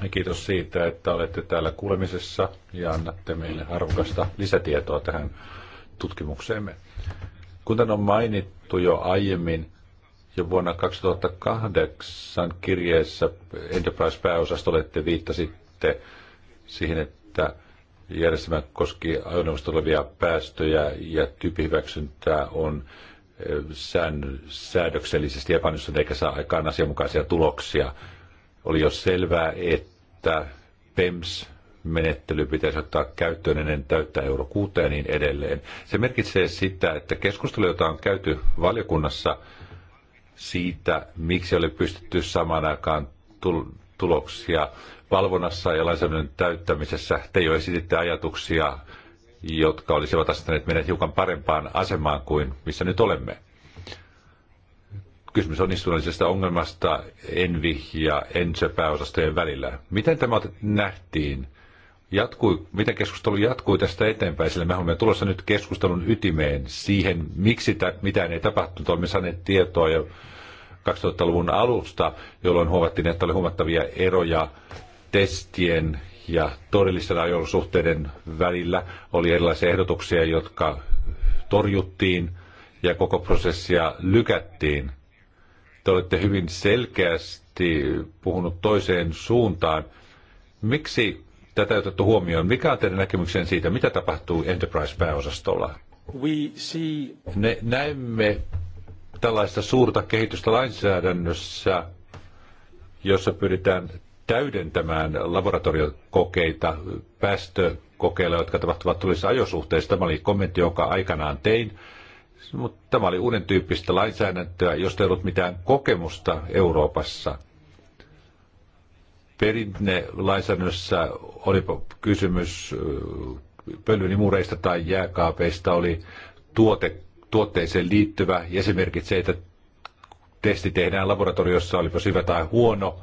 Ja kiitos siitä, että olette täällä kuulemisessa ja annatte meille arvokasta lisätietoa tähän tutkimukseemme. Kuten on mainittu jo aiemmin, jo vuonna 2008 kirjeessä Enterprise-pääosastolle te viittasitte siihen, että järjestelmä koski ajoneuvosta olevia päästöjä ja tyyppihyväksyntää on sään, säädöksellisesti epäonnistunut eikä saa aikaan asianmukaisia tuloksia. Oli jo selvää, että PEMS menettely pitäisi ottaa käyttöön ennen täyttää euro 6 ja niin edelleen. Se merkitsee sitä, että keskustelu, jota on käyty valiokunnassa, siitä, miksi oli pystytty samaan aikaan tuloksia valvonnassa ja lainsäädännön täyttämisessä. Te jo esititte ajatuksia, jotka olisivat asettaneet meidät hiukan parempaan asemaan kuin missä nyt olemme. Kysymys on istunnallisesta ongelmasta Envi ja Ensö pääosastojen välillä. Miten tämä nähtiin? jatkui, miten keskustelu jatkui tästä eteenpäin, sillä me olemme tulossa nyt keskustelun ytimeen siihen, miksi tä, mitään ei tapahtunut. Olemme saaneet tietoa jo 2000-luvun alusta, jolloin huomattiin, että oli huomattavia eroja testien ja todellisten ajolosuhteiden välillä. Oli erilaisia ehdotuksia, jotka torjuttiin ja koko prosessia lykättiin. Te olette hyvin selkeästi puhunut toiseen suuntaan. Miksi tätä ei otettu huomioon. Mikä on teidän näkemyksen siitä, mitä tapahtuu Enterprise-pääosastolla? We see... ne, näemme tällaista suurta kehitystä lainsäädännössä, jossa pyritään täydentämään laboratoriokokeita päästökokeilla, jotka tapahtuvat tulissa ajosuhteissa. Tämä oli kommentti, jonka aikanaan tein. Mutta tämä oli uuden tyyppistä lainsäädäntöä, josta ei ollut mitään kokemusta Euroopassa – perinnelainsäädännössä oli kysymys pölynimureista tai jääkaapeista, oli tuote, tuotteeseen liittyvä ja se merkitsee, että testi tehdään laboratoriossa, olipa hyvä tai huono.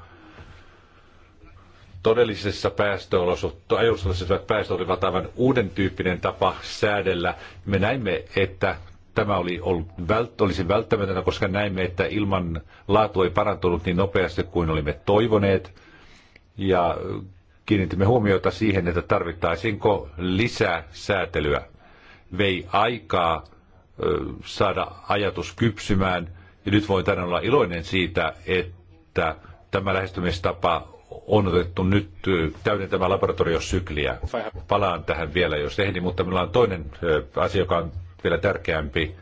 Todellisessa päästöolosuhteessa päästö olivat aivan uuden tyyppinen tapa säädellä. Me näimme, että tämä oli ollut, vält, olisi välttämätöntä, koska näimme, että ilman laatu ei parantunut niin nopeasti kuin olimme toivoneet ja kiinnitimme huomiota siihen, että tarvittaisinko lisää säätelyä. Vei aikaa saada ajatus kypsymään ja nyt voin tänään olla iloinen siitä, että tämä lähestymistapa on otettu nyt täydentämään laboratoriosykliä. Palaan tähän vielä, jos ehdi, mutta meillä on toinen asia, joka on vielä tärkeämpi.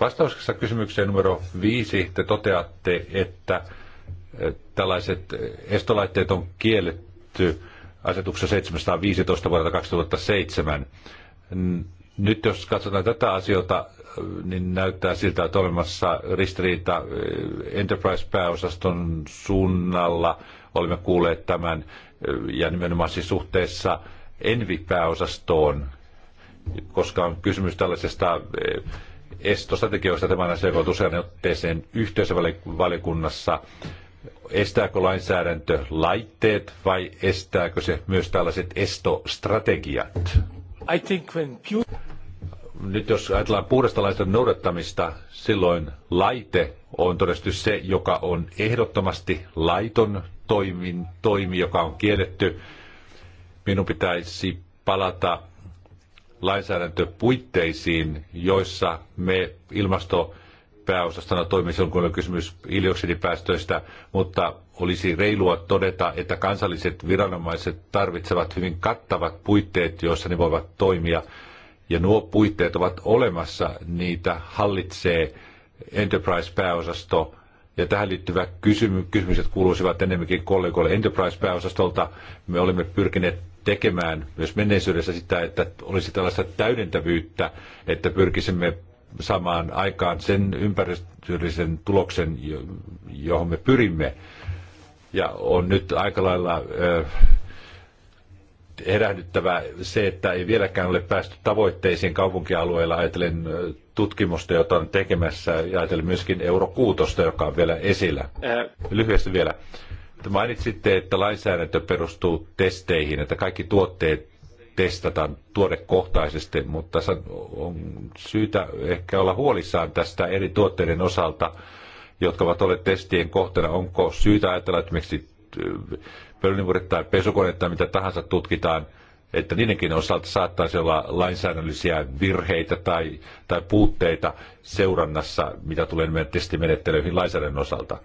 Vastauksessa kysymykseen numero viisi te toteatte, että Tällaiset estolaitteet on kielletty asetuksessa 715 vuodelta 2007. Nyt jos katsotaan tätä asiota, niin näyttää siltä, että olemassa ristiriita eh, Enterprise-pääosaston suunnalla. Olemme kuulleet tämän eh, ja nimenomaan siis suhteessa Envi-pääosastoon, koska on kysymys tällaisesta eh, estostrategioista tämän asian usein otteeseen yhteisövaliokunnassa estääkö lainsäädäntö laitteet vai estääkö se myös tällaiset estostrategiat? I think when pure... Nyt jos ajatellaan puhdasta lainsäädännön noudattamista, silloin laite on todennäköisesti se, joka on ehdottomasti laiton toimin, toimi, joka on kielletty. Minun pitäisi palata lainsäädäntöpuitteisiin, joissa me ilmasto pääosastana toimii silloin, kun on kysymys hiilioksidipäästöistä, mutta olisi reilua todeta, että kansalliset viranomaiset tarvitsevat hyvin kattavat puitteet, joissa ne voivat toimia. Ja nuo puitteet ovat olemassa, niitä hallitsee Enterprise-pääosasto. Ja tähän liittyvät kysymy- kysymykset kuuluisivat enemmänkin kollegoille Enterprise-pääosastolta. Me olemme pyrkineet tekemään myös menneisyydessä sitä, että olisi tällaista täydentävyyttä, että pyrkisimme samaan aikaan sen ympäristöllisen tuloksen, johon me pyrimme. Ja on nyt aika lailla herähdyttävä se, että ei vieläkään ole päästy tavoitteisiin kaupunkialueilla Ajattelen tutkimusta, jota on tekemässä ja ajattelen myöskin eurokuutosta, joka on vielä esillä. Ää... Lyhyesti vielä. Mainitsitte, että lainsäädäntö perustuu testeihin, että kaikki tuotteet testata tuotekohtaisesti, mutta on syytä ehkä olla huolissaan tästä eri tuotteiden osalta, jotka ovat olleet testien kohteena. Onko syytä ajatella, että esimerkiksi äh, pölynivuudet tai pesukoneet tai mitä tahansa tutkitaan, että niidenkin osalta saattaisi olla lainsäädännöllisiä virheitä tai, tai puutteita seurannassa, mitä tulee meidän testimenettelyihin lainsäädännön osalta.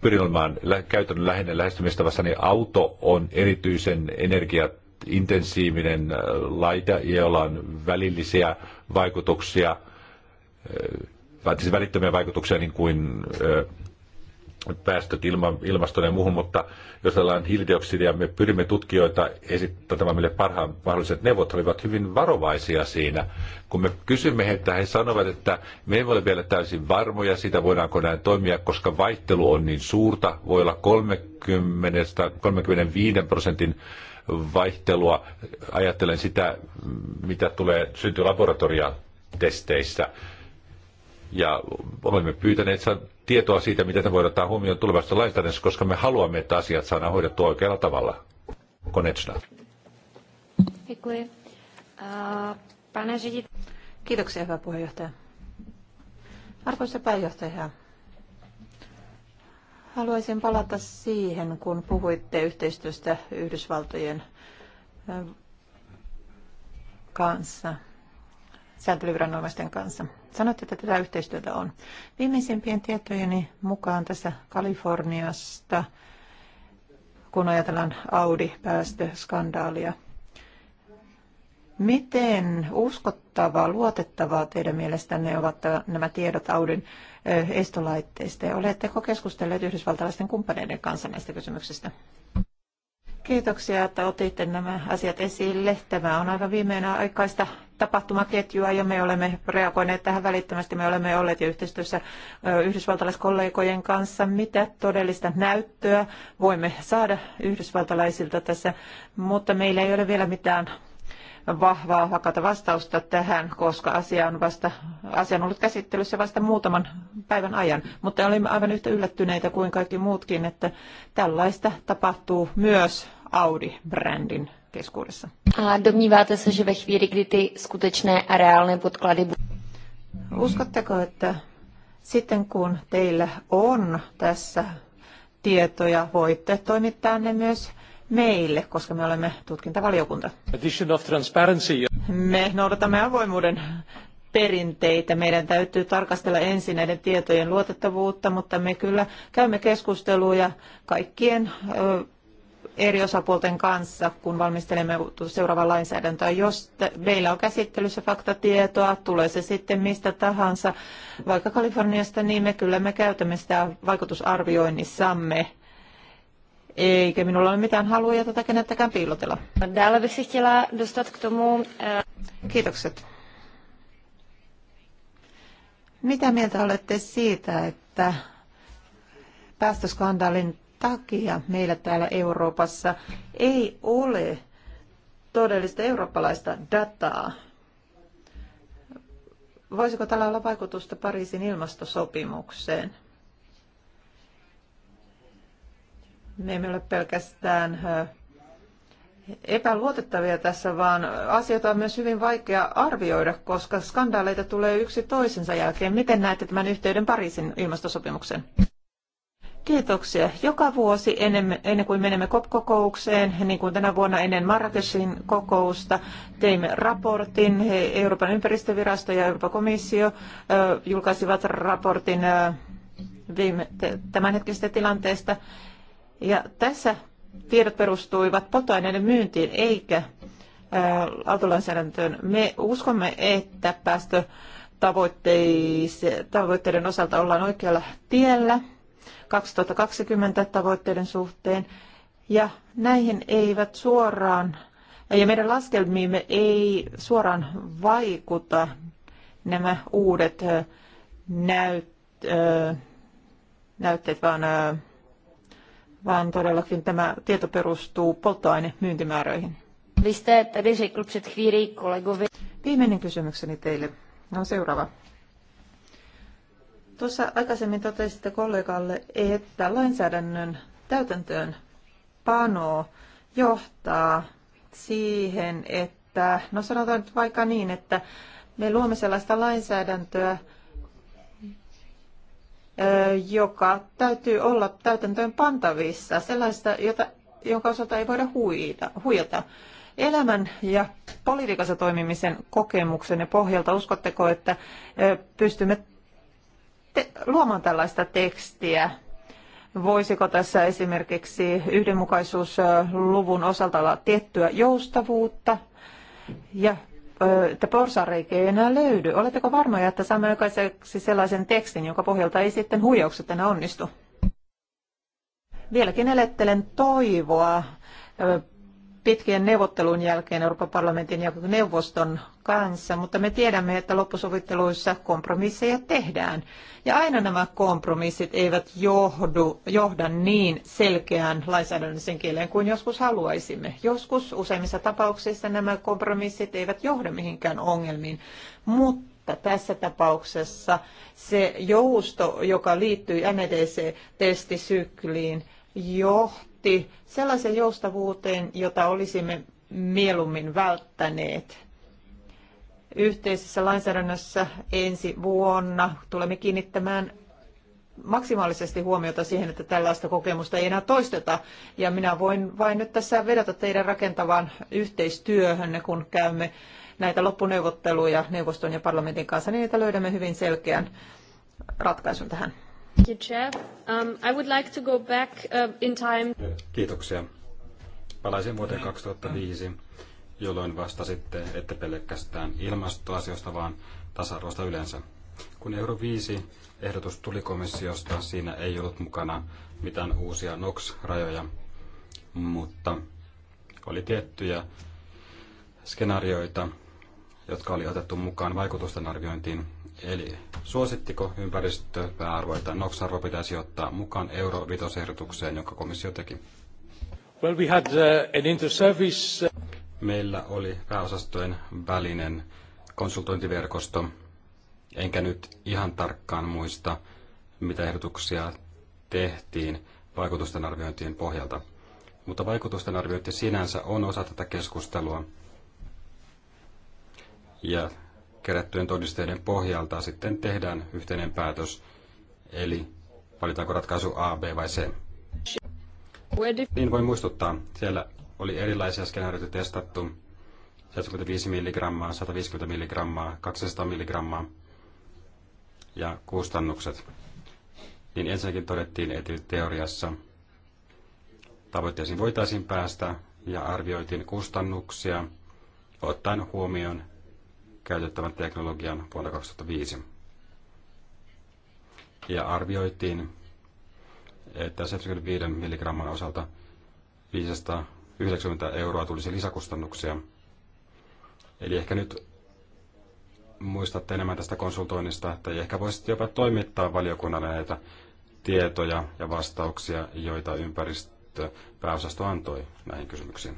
Pyrin olemaan käytännön lähinnä lähestymistavassa, niin auto on erityisen energia intensiivinen äh, laita, jolla on välillisiä vaikutuksia, äh, siis välittömiä vaikutuksia niin kuin äh, päästöt ilma, ilmastoon ja muuhun, mutta jos ollaan hiilidioksidia, me pyrimme tutkijoita esittämään meille parhaan mahdolliset neuvot, olivat hyvin varovaisia siinä. Kun me kysymme heitä, he sanovat, että me emme ole vielä täysin varmoja siitä, voidaanko näin toimia, koska vaihtelu on niin suurta, voi olla 30-35 prosentin vaihtelua. Ajattelen sitä, mitä tulee syntyä laboratoriatesteissä. Ja olemme pyytäneet tietoa siitä, miten tämä voidaan ottaa huomioon tulevasta lainsäädännössä, koska me haluamme, että asiat saadaan hoidettua oikealla tavalla. Konečna. Eh, Kiitoksia, hyvä puheenjohtaja. Arvoisa pääjohtaja, Haluaisin palata siihen, kun puhuitte yhteistyöstä Yhdysvaltojen kanssa, sääntelyviranomaisten kanssa. Sanoitte, että tätä yhteistyötä on. Viimeisimpien tietojeni mukaan tässä Kaliforniasta, kun ajatellaan Audi-päästöskandaalia, Miten uskottavaa, luotettavaa teidän mielestänne ovat nämä tiedot Audin estolaitteista. Ja oletteko keskustelleet yhdysvaltalaisten kumppaneiden kanssa näistä kysymyksistä? Kiitoksia, että otitte nämä asiat esille. Tämä on aivan viimeinen aikaista tapahtumaketjua ja me olemme reagoineet tähän välittömästi. Me olemme olleet jo yhteistyössä yhdysvaltalaiskollegojen kanssa. Mitä todellista näyttöä voimme saada yhdysvaltalaisilta tässä, mutta meillä ei ole vielä mitään vahvaa hakata vastausta tähän, koska asia on, vasta, asia on ollut käsittelyssä vasta muutaman päivän ajan. Mutta olimme aivan yhtä yllättyneitä kuin kaikki muutkin, että tällaista tapahtuu myös Audi-brändin keskuudessa. Domníváte se, že ve chvíli, kdy ty skutečné a reálné podklady... Uskotteko, että sitten kun teillä on tässä tietoja, voitte toimittaa ne myös meille, koska me olemme tutkintavaliokunta. Of transparency. Me noudatamme avoimuuden perinteitä. Meidän täytyy tarkastella ensin näiden tietojen luotettavuutta, mutta me kyllä käymme keskusteluja kaikkien eri osapuolten kanssa, kun valmistelemme seuraavaa lainsäädäntöä. Jos meillä on käsittelyssä faktatietoa, tulee se sitten mistä tahansa, vaikka Kaliforniasta, niin me kyllä me käytämme sitä vaikutusarvioinnissamme eikä minulla ole mitään haluja tätä kenettäkään piilotella. Täällä bych si chtěla dostat k tomu... Eh, Kiitokset. Mitä mieltä olette siitä, että päästöskandaalin takia meillä täällä Euroopassa ei ole todellista eurooppalaista dataa? Voisiko tällä olla vaikutusta Pariisin ilmastosopimukseen? Me emme ole pelkästään epäluotettavia tässä, vaan asioita on myös hyvin vaikea arvioida, koska skandaaleita tulee yksi toisensa jälkeen. Miten näette tämän yhteyden Pariisin ilmastosopimuksen? Kiitoksia. Joka vuosi ennen, kuin menemme COP-kokoukseen, niin kuin tänä vuonna ennen Marrakeshin kokousta, teimme raportin. Euroopan ympäristövirasto ja Euroopan komissio julkaisivat raportin viime, tämänhetkisestä tilanteesta. Ja tässä tiedot perustuivat potoaineiden myyntiin eikä autolainsäädäntöön. Me uskomme, että päästötavoitteiden osalta ollaan oikealla tiellä 2020 tavoitteiden suhteen. Ja näihin eivät suoraan, ja meidän laskelmiimme ei suoraan vaikuta nämä uudet näyt, näytteet, vaan vaan todellakin tämä tieto perustuu polttoainemyyntimääröihin. Viimeinen kysymykseni teille on seuraava. Tuossa aikaisemmin totesitte kollegalle, että lainsäädännön täytäntöön pano johtaa siihen, että, no sanotaan nyt vaikka niin, että me luomme sellaista lainsäädäntöä, joka täytyy olla täytäntöön pantavissa, sellaista, jota, jonka osalta ei voida huijata, huijata. Elämän ja politiikassa toimimisen kokemuksen ja pohjalta uskotteko, että pystymme te- luomaan tällaista tekstiä? Voisiko tässä esimerkiksi yhdenmukaisuusluvun osalta olla tiettyä joustavuutta? Ja että porsareikiä ei enää löydy. Oletteko varmoja, että saamme aikaiseksi sellaisen tekstin, jonka pohjalta ei sitten huijaukset enää onnistu? Vieläkin elettelen toivoa pitkien neuvottelun jälkeen Euroopan parlamentin ja neuvoston kanssa, mutta me tiedämme, että loppusovitteluissa kompromisseja tehdään. Ja aina nämä kompromissit eivät johdu, johda niin selkeään lainsäädännöllisen kieleen kuin joskus haluaisimme. Joskus useimmissa tapauksissa nämä kompromissit eivät johda mihinkään ongelmiin, mutta tässä tapauksessa se jousto, joka liittyy NEDC-testisykliin, johti johti sellaisen joustavuuteen, jota olisimme mieluummin välttäneet. Yhteisessä lainsäädännössä ensi vuonna tulemme kiinnittämään maksimaalisesti huomiota siihen, että tällaista kokemusta ei enää toisteta. Ja minä voin vain nyt tässä vedota teidän rakentavaan yhteistyöhönne, kun käymme näitä loppuneuvotteluja neuvoston ja parlamentin kanssa, niin että löydämme hyvin selkeän ratkaisun tähän. Kiitoksia. Palaisin vuoteen 2005, jolloin vastasitte, että pelkästään ilmastoasioista, vaan tasa-arvosta yleensä. Kun Euro 5 ehdotus tuli komissiosta, siinä ei ollut mukana mitään uusia NOx-rajoja, mutta oli tiettyjä skenaarioita, jotka oli otettu mukaan vaikutusten arviointiin Eli suosittiko ympäristöpääarvoita että NOx-arvo pitäisi ottaa mukaan euro ehdotukseen jonka komissio teki? Well, we had uh, an inter-service... Uh, Meillä oli pääosastojen välinen konsultointiverkosto, enkä nyt ihan tarkkaan muista, mitä ehdotuksia tehtiin vaikutusten arviointien pohjalta. Mutta vaikutusten arviointi sinänsä on osa tätä keskustelua. Ja kerättyjen todisteiden pohjalta sitten tehdään yhteinen päätös, eli valitaanko ratkaisu A, B vai C. Niin voi muistuttaa, siellä oli erilaisia skenaarioita testattu, 75 milligrammaa, 150 milligrammaa, 200 milligrammaa ja kustannukset. Niin ensinnäkin todettiin etyteoriassa tavoitteisiin voitaisiin päästä ja arvioitiin kustannuksia ottaen huomioon käytettävän teknologian vuonna 2005. Ja arvioitiin, että 75 milligramman osalta 590 euroa tulisi lisäkustannuksia. Eli ehkä nyt muistatte enemmän tästä konsultoinnista, että ehkä voisitte jopa toimittaa valiokunnalle näitä tietoja ja vastauksia, joita ympäristöpääosasto antoi näihin kysymyksiin.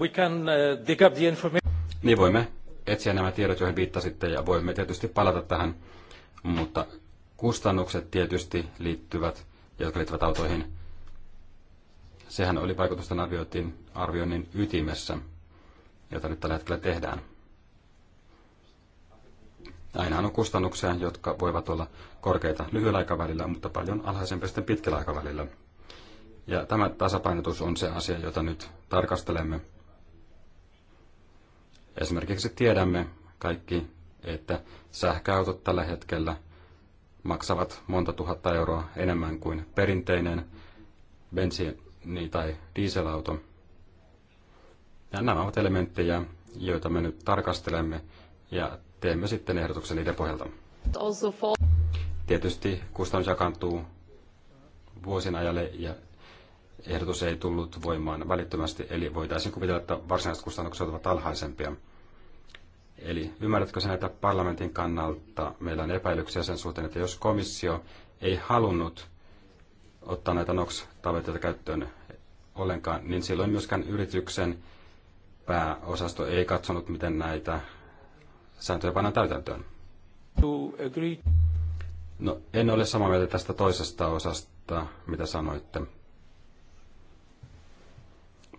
We can, uh, dig up the information. Niin voimme etsiä nämä tiedot, joihin viittasitte, ja voimme tietysti palata tähän, mutta kustannukset tietysti liittyvät, jotka liittyvät autoihin. Sehän oli vaikutusten arvioinnin, arvioinnin ytimessä, jota nyt tällä hetkellä tehdään. Ainahan on kustannuksia, jotka voivat olla korkeita lyhyellä aikavälillä, mutta paljon alhaisempia sitten pitkällä aikavälillä. Ja tämä tasapainotus on se asia, jota nyt tarkastelemme. Esimerkiksi tiedämme kaikki, että sähköautot tällä hetkellä maksavat monta tuhatta euroa enemmän kuin perinteinen bensiini- tai dieselauto. Ja nämä ovat elementtejä, joita me nyt tarkastelemme ja teemme sitten ehdotuksen niiden pohjalta. Tietysti kustannus jakantuu vuosina ajalle ja ehdotus ei tullut voimaan välittömästi, eli voitaisiin kuvitella, että varsinaiset kustannukset ovat alhaisempia. Eli ymmärrätkö sen, että parlamentin kannalta meillä on epäilyksiä sen suhteen, että jos komissio ei halunnut ottaa näitä NOx-tavoitteita käyttöön ollenkaan, niin silloin myöskään yrityksen pääosasto ei katsonut, miten näitä sääntöjä pannaan täytäntöön. No, en ole samaa mieltä tästä toisesta osasta, mitä sanoitte.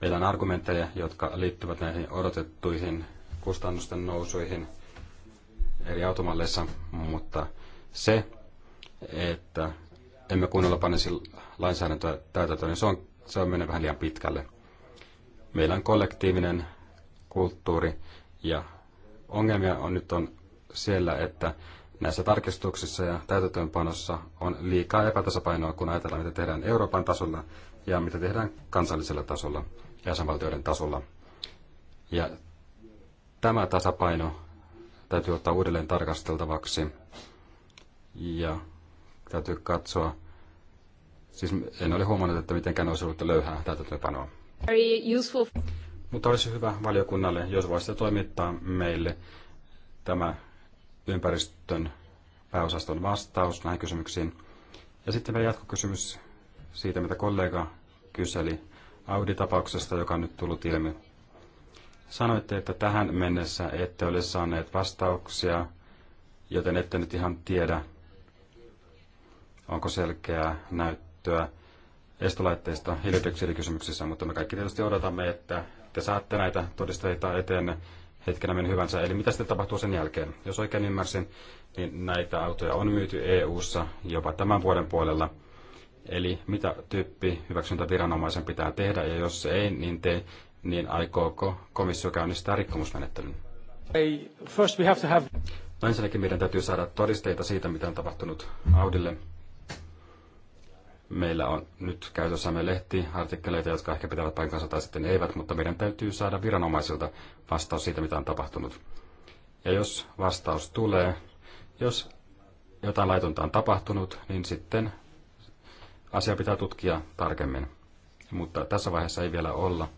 Meillä on argumentteja, jotka liittyvät näihin odotettuihin kustannusten nousuihin eri automalleissa, mutta se, että emme kunnolla panisi lainsäädäntöä täytäntöön, niin se on, se on mennyt vähän liian pitkälle. Meillä on kollektiivinen kulttuuri ja ongelmia on nyt on siellä, että näissä tarkistuksissa ja täytäntöönpanossa on liikaa epätasapainoa, kun ajatellaan, mitä tehdään Euroopan tasolla ja mitä tehdään kansallisella tasolla jäsenvaltioiden tasolla. Ja tämä tasapaino täytyy ottaa uudelleen tarkasteltavaksi ja täytyy katsoa, siis en ole huomannut, että mitenkään olisi ollut löyhää työpanoa. Mutta olisi hyvä valiokunnalle, jos voisitte toimittaa meille tämä ympäristön pääosaston vastaus näihin kysymyksiin. Ja sitten vielä jatkokysymys siitä, mitä kollega kyseli Audi-tapauksesta, joka on nyt tullut ilmi. Sanoitte, että tähän mennessä ette ole saaneet vastauksia, joten ette nyt ihan tiedä, onko selkeää näyttöä estolaitteista hiilidioksidikysymyksissä, mutta me kaikki tietysti odotamme, että te saatte näitä todisteita eteen hetkenä minun hyvänsä. Eli mitä sitten tapahtuu sen jälkeen? Jos oikein ymmärsin, niin näitä autoja on myyty EU-ssa jopa tämän vuoden puolella – Eli mitä tyyppi hyväksyntäviranomaisen pitää tehdä, ja jos se ei niin te niin aikooko komissio käynnistää rikkomusmenettelyn? Ei, first we have to have... No ensinnäkin meidän täytyy saada todisteita siitä, mitä on tapahtunut Audille. Meillä on nyt käytössämme lehtiartikkeleita, jotka ehkä pitävät paikkansa tai sitten eivät, mutta meidän täytyy saada viranomaisilta vastaus siitä, mitä on tapahtunut. Ja jos vastaus tulee, jos jotain laitonta on tapahtunut, niin sitten asia pitää tutkia tarkemmin. Mutta tässä vaiheessa ei vielä olla,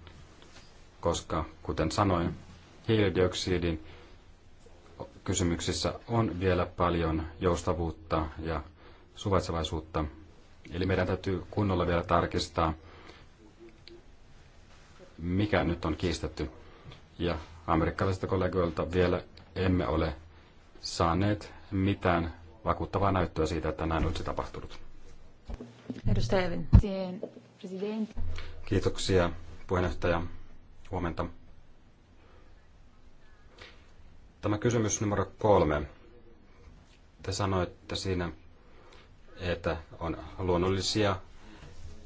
koska kuten sanoin, hiilidioksidin kysymyksissä on vielä paljon joustavuutta ja suvaitsevaisuutta. Eli meidän täytyy kunnolla vielä tarkistaa, mikä nyt on kiistetty. Ja amerikkalaisilta kollegoilta vielä emme ole saaneet mitään vakuuttavaa näyttöä siitä, että näin olisi tapahtunut. Edustaja Evin. Kiitoksia puheenjohtaja. Huomenta. Tämä kysymys numero kolme. Te sanoitte siinä, että on luonnollisia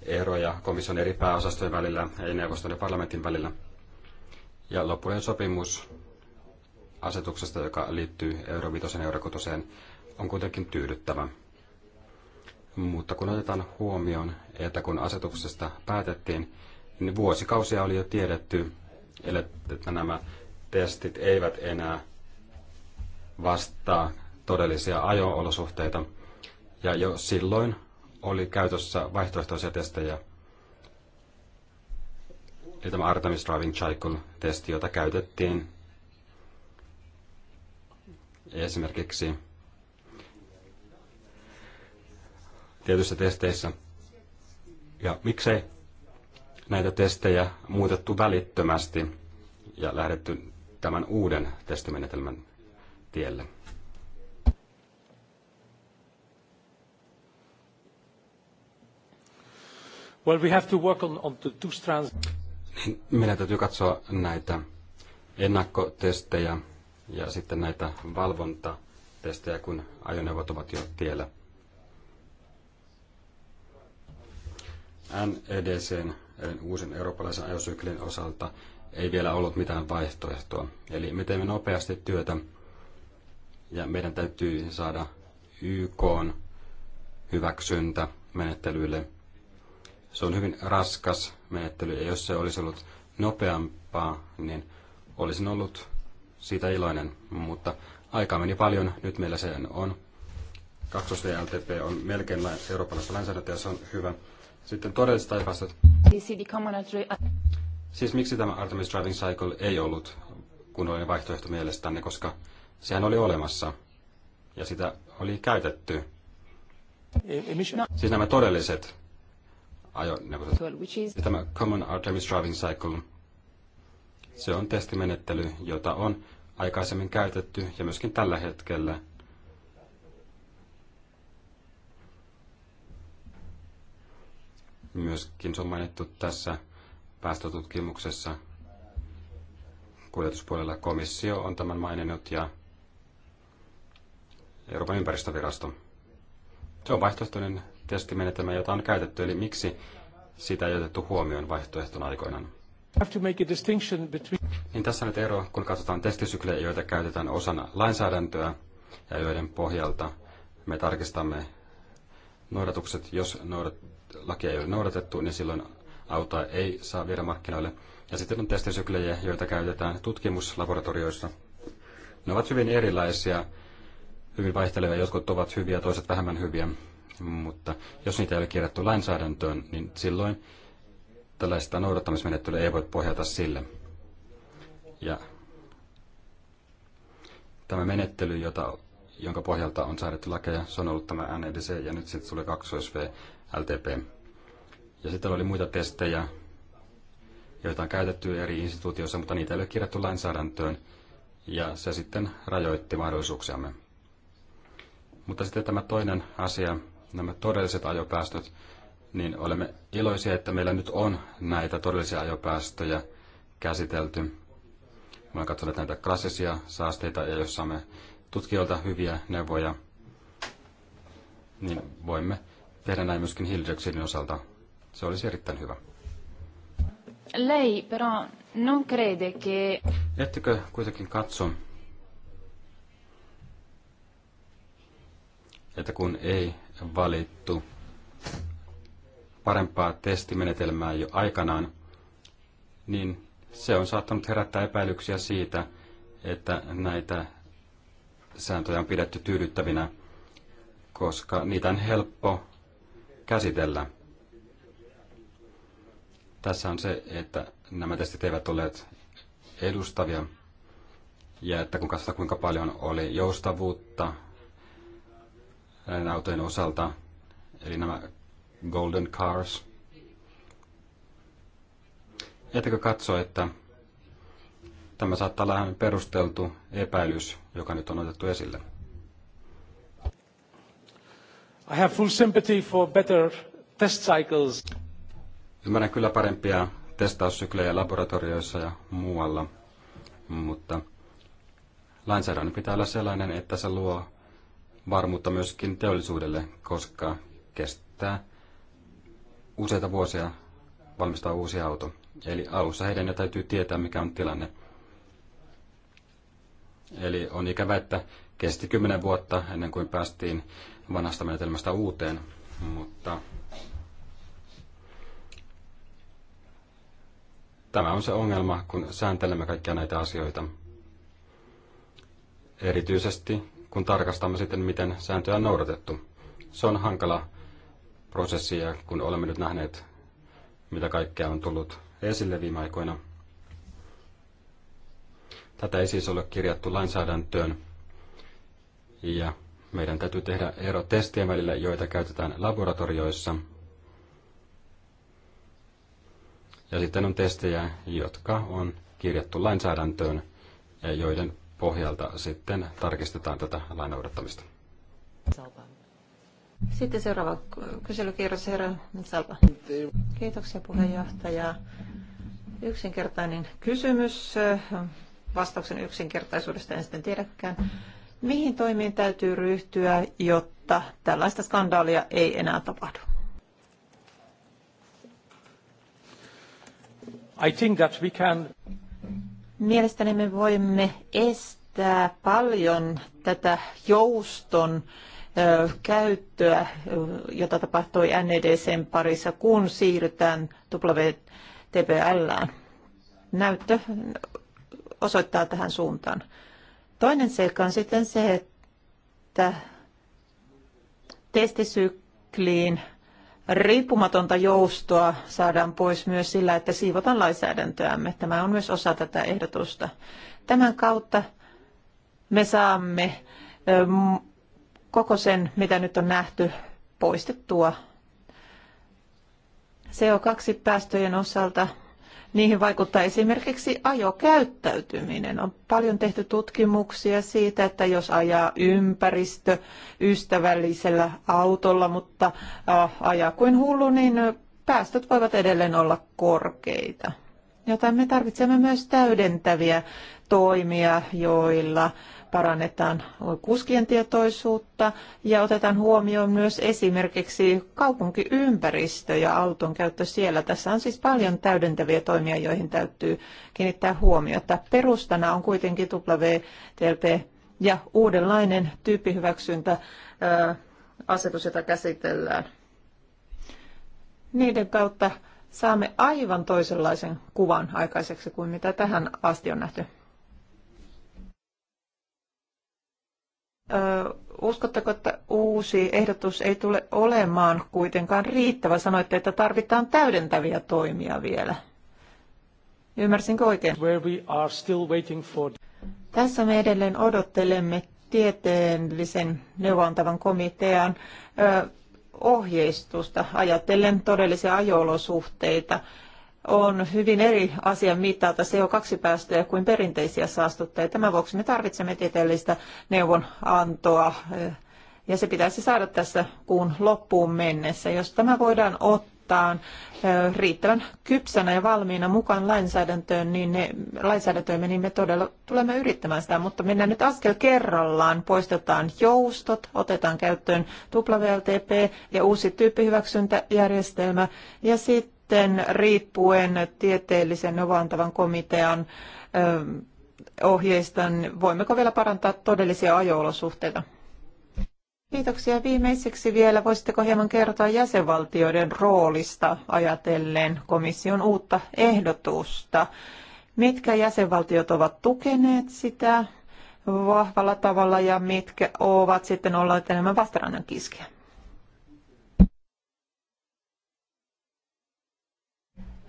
eroja komission eri pääosastojen välillä, ei neuvoston ja parlamentin välillä. Ja lopullinen sopimus asetuksesta, joka liittyy Euroviitosen 5 ja on kuitenkin tyydyttävä. Mutta kun otetaan huomioon, että kun asetuksesta päätettiin, niin vuosikausia oli jo tiedetty, että nämä testit eivät enää vastaa todellisia ajo-olosuhteita. Ja jo silloin oli käytössä vaihtoehtoisia testejä. Eli tämä Artemis Driving Cycle-testi, jota käytettiin esimerkiksi tietyissä testeissä. Ja miksei näitä testejä muutettu välittömästi ja lähdetty tämän uuden testimenetelmän tielle? Well, we have to work on, on the two strands. Niin, meidän täytyy katsoa näitä ennakkotestejä ja sitten näitä valvontatestejä, kun ajoneuvot ovat jo tiellä. NEDCn, e eli uusin eurooppalaisen ajosyklin osalta, ei vielä ollut mitään vaihtoehtoa. Eli me teemme nopeasti työtä ja meidän täytyy saada YK hyväksyntä menettelyille. Se on hyvin raskas menettely ja jos se olisi ollut nopeampaa, niin olisin ollut siitä iloinen, mutta aikaa meni paljon, nyt meillä se on. 2 on melkein eurooppalaisessa lainsäädäntöä ja se on hyvä. Sitten todelliset epästä. Siis miksi tämä Artemis Driving Cycle ei ollut kunnollinen vaihtoehto mielestänne, koska sehän oli olemassa ja sitä oli käytetty. No. Siis nämä todelliset ajoneuvot. Siis tämä Common Artemis Driving Cycle, se on testimenettely, jota on aikaisemmin käytetty ja myöskin tällä hetkellä – Myöskin se on mainittu tässä päästötutkimuksessa kuljetuspuolella. Komissio on tämän maininnut ja Euroopan ympäristövirasto. Se on vaihtoehtoinen testimenetelmä, jota on käytetty, eli miksi sitä ei otettu huomioon vaihtoehtona aikoinaan? Between... Niin tässä on nyt ero, kun katsotaan testisyklejä, joita käytetään osana lainsäädäntöä ja joiden pohjalta me tarkistamme noudatukset, jos noudat, lakia ei ole noudatettu, niin silloin autoa ei saa viedä markkinoille. Ja sitten on testisyklejä, joita käytetään tutkimuslaboratorioissa. Ne ovat hyvin erilaisia, hyvin vaihtelevia. Jotkut ovat hyviä, toiset vähemmän hyviä. Mutta jos niitä ei ole kirjattu lainsäädäntöön, niin silloin tällaista noudattamismenettelyä ei voi pohjata sille. Ja tämä menettely, jota, jonka pohjalta on säädetty lakeja, se on ollut tämä NEDC ja nyt sitten tulee 2V LTP. Ja sitten oli muita testejä, joita on käytetty eri instituutioissa, mutta niitä ei ole kirjattu lainsäädäntöön, ja se sitten rajoitti mahdollisuuksiamme. Mutta sitten tämä toinen asia, nämä todelliset ajopäästöt, niin olemme iloisia, että meillä nyt on näitä todellisia ajopäästöjä käsitelty. Me olemme katsoneet näitä klassisia saasteita, ja jos saamme tutkijoilta hyviä neuvoja, niin voimme tehdä näin myöskin hiilidioksidin osalta. Se olisi erittäin hyvä. Lei però non crede che... Ettekö kuitenkin katso, että kun ei valittu parempaa testimenetelmää jo aikanaan, niin se on saattanut herättää epäilyksiä siitä, että näitä sääntöjä on pidetty tyydyttävinä, koska niitä on helppo käsitellä. Tässä on se, että nämä testit eivät olleet edustavia ja että kun katsotaan kuinka paljon oli joustavuutta näiden autojen osalta, eli nämä golden cars, ettekö katso, että tämä saattaa olla perusteltu epäilys, joka nyt on otettu esille? I have full sympathy for better test cycles. Ymmärrän kyllä parempia testaussyklejä laboratorioissa ja muualla, mutta lainsäädännön pitää olla sellainen, että se luo varmuutta myöskin teollisuudelle, koska kestää useita vuosia valmistaa uusi auto. Eli alussa heidän jo täytyy tietää, mikä on tilanne. Eli on ikävä, että kesti kymmenen vuotta ennen kuin päästiin vanhasta menetelmästä uuteen, mutta tämä on se ongelma, kun sääntelemme kaikkia näitä asioita. Erityisesti kun tarkastamme sitten, miten sääntöjä on noudatettu. Se on hankala prosessi ja kun olemme nyt nähneet, mitä kaikkea on tullut esille viime aikoina. Tätä ei siis ole kirjattu lainsäädäntöön ja meidän täytyy tehdä ero testien välillä, joita käytetään laboratorioissa. Ja sitten on testejä, jotka on kirjattu lainsäädäntöön ja joiden pohjalta sitten tarkistetaan tätä lainaudattamista. Sitten seuraava kyselykierros, herra Salva. Kiitoksia puheenjohtaja. Yksinkertainen kysymys. Vastauksen yksinkertaisuudesta en sitten tiedäkään. Mihin toimiin täytyy ryhtyä, jotta tällaista skandaalia ei enää tapahdu? I think that we can... Mielestäni me voimme estää paljon tätä jouston käyttöä, jota tapahtui NEDCn parissa, kun siirrytään WTPLään. Näyttö osoittaa tähän suuntaan. Toinen seikka on sitten se, että testisykliin riippumatonta joustoa saadaan pois myös sillä, että siivotaan lainsäädäntöämme. Tämä on myös osa tätä ehdotusta. Tämän kautta me saamme koko sen, mitä nyt on nähty, poistettua CO2-päästöjen osalta Niihin vaikuttaa esimerkiksi ajokäyttäytyminen. On paljon tehty tutkimuksia siitä, että jos ajaa ympäristö ystävällisellä autolla, mutta äh, ajaa kuin hullu, niin äh, päästöt voivat edelleen olla korkeita. Joten me tarvitsemme myös täydentäviä toimia, joilla parannetaan kuskien tietoisuutta ja otetaan huomioon myös esimerkiksi kaupunkiympäristö ja auton käyttö siellä. Tässä on siis paljon täydentäviä toimia, joihin täytyy kiinnittää huomiota. Perustana on kuitenkin WTLP ja uudenlainen tyyppihyväksyntä asetus, jota käsitellään. Niiden kautta saamme aivan toisenlaisen kuvan aikaiseksi kuin mitä tähän asti on nähty. uskotteko, että uusi ehdotus ei tule olemaan kuitenkaan riittävä? Sanoitte, että tarvitaan täydentäviä toimia vielä. Ymmärsinkö oikein? Where we are still waiting for... Tässä me edelleen odottelemme tieteellisen neuvontavan komitean ohjeistusta ajatellen todellisia ajolosuhteita on hyvin eri asian mitata CO2-päästöjä kuin perinteisiä saastuttajia. Tämän vuoksi me tarvitsemme tieteellistä neuvonantoa eh, ja se pitäisi saada tässä kuun loppuun mennessä. Jos tämä voidaan ottaa eh, riittävän kypsänä ja valmiina mukaan lainsäädäntöön, niin ne, lainsäädäntöömme, niin me todella tulemme yrittämään sitä, mutta mennään nyt askel kerrallaan, poistetaan joustot, otetaan käyttöön WLTP ja uusi tyyppihyväksyntäjärjestelmä ja sitten sitten riippuen tieteellisen novantavan komitean ohjeista, voimmeko vielä parantaa todellisia ajoolosuhteita? Kiitoksia. Viimeiseksi vielä voisitteko hieman kertoa jäsenvaltioiden roolista ajatellen komission uutta ehdotusta? Mitkä jäsenvaltiot ovat tukeneet sitä vahvalla tavalla ja mitkä ovat sitten olleet enemmän vastarannan kiskiä?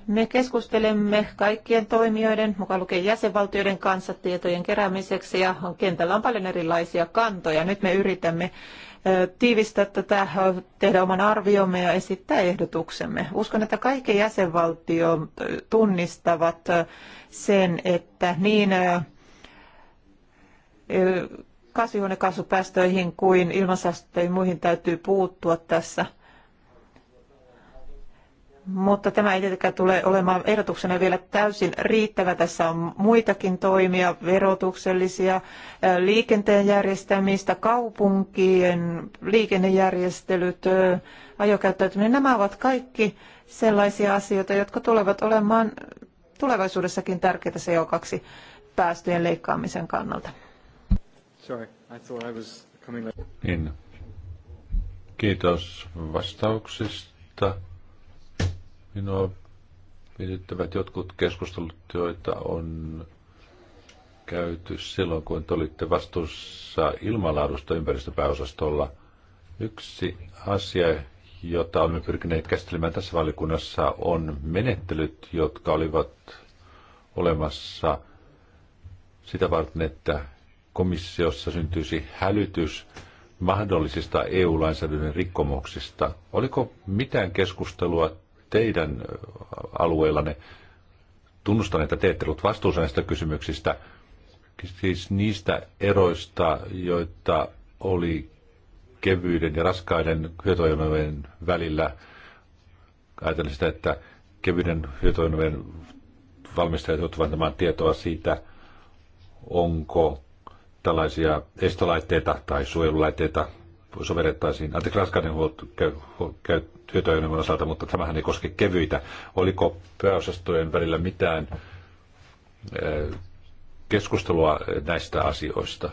Me keskustelemme kaikkien toimijoiden, mukaan lukien jäsenvaltioiden kanssa tietojen keräämiseksi ja kentällä on paljon erilaisia kantoja. Nyt me yritämme tiivistää tätä, tehdä oman arviomme ja esittää ehdotuksemme. Uskon, että kaikki jäsenvaltio tunnistavat sen, että niin kasvihuonekaasupäästöihin kuin ilmansaastutteihin muihin täytyy puuttua tässä – mutta tämä ei tietenkään tule olemaan ehdotuksena vielä täysin riittävä. Tässä on muitakin toimia, verotuksellisia, liikenteen järjestämistä, kaupunkien liikennejärjestelyt, ajokäyttäytyminen. Nämä ovat kaikki sellaisia asioita, jotka tulevat olemaan tulevaisuudessakin tärkeitä CO2 päästöjen leikkaamisen kannalta. Sorry, I I was coming... Niin. Kiitos vastauksista. Minua mietittävät jotkut keskustelut, joita on käyty silloin, kun te olitte vastuussa ilmanlaadusta ympäristöpääosastolla. Yksi asia, jota olemme pyrkineet käsittelemään tässä valikunnassa, on menettelyt, jotka olivat olemassa sitä varten, että komissiossa syntyisi hälytys mahdollisista EU-lainsäädännön rikkomuksista. Oliko mitään keskustelua teidän alueellanne tunnustan, että te ette ollut vastuussa näistä kysymyksistä, siis niistä eroista, joita oli kevyiden ja raskaiden hyötyajoneuvojen välillä. Ajattelin sitä, että kevyiden hyötyajoneuvojen valmistajat joutuvat antamaan tietoa siitä, onko tällaisia estolaitteita tai suojelulaitteita sovellettaisiin antikraskaiden hyötyajoneuvon osalta, mutta tämähän ei koske kevyitä. Oliko pääosastojen välillä mitään keskustelua näistä asioista?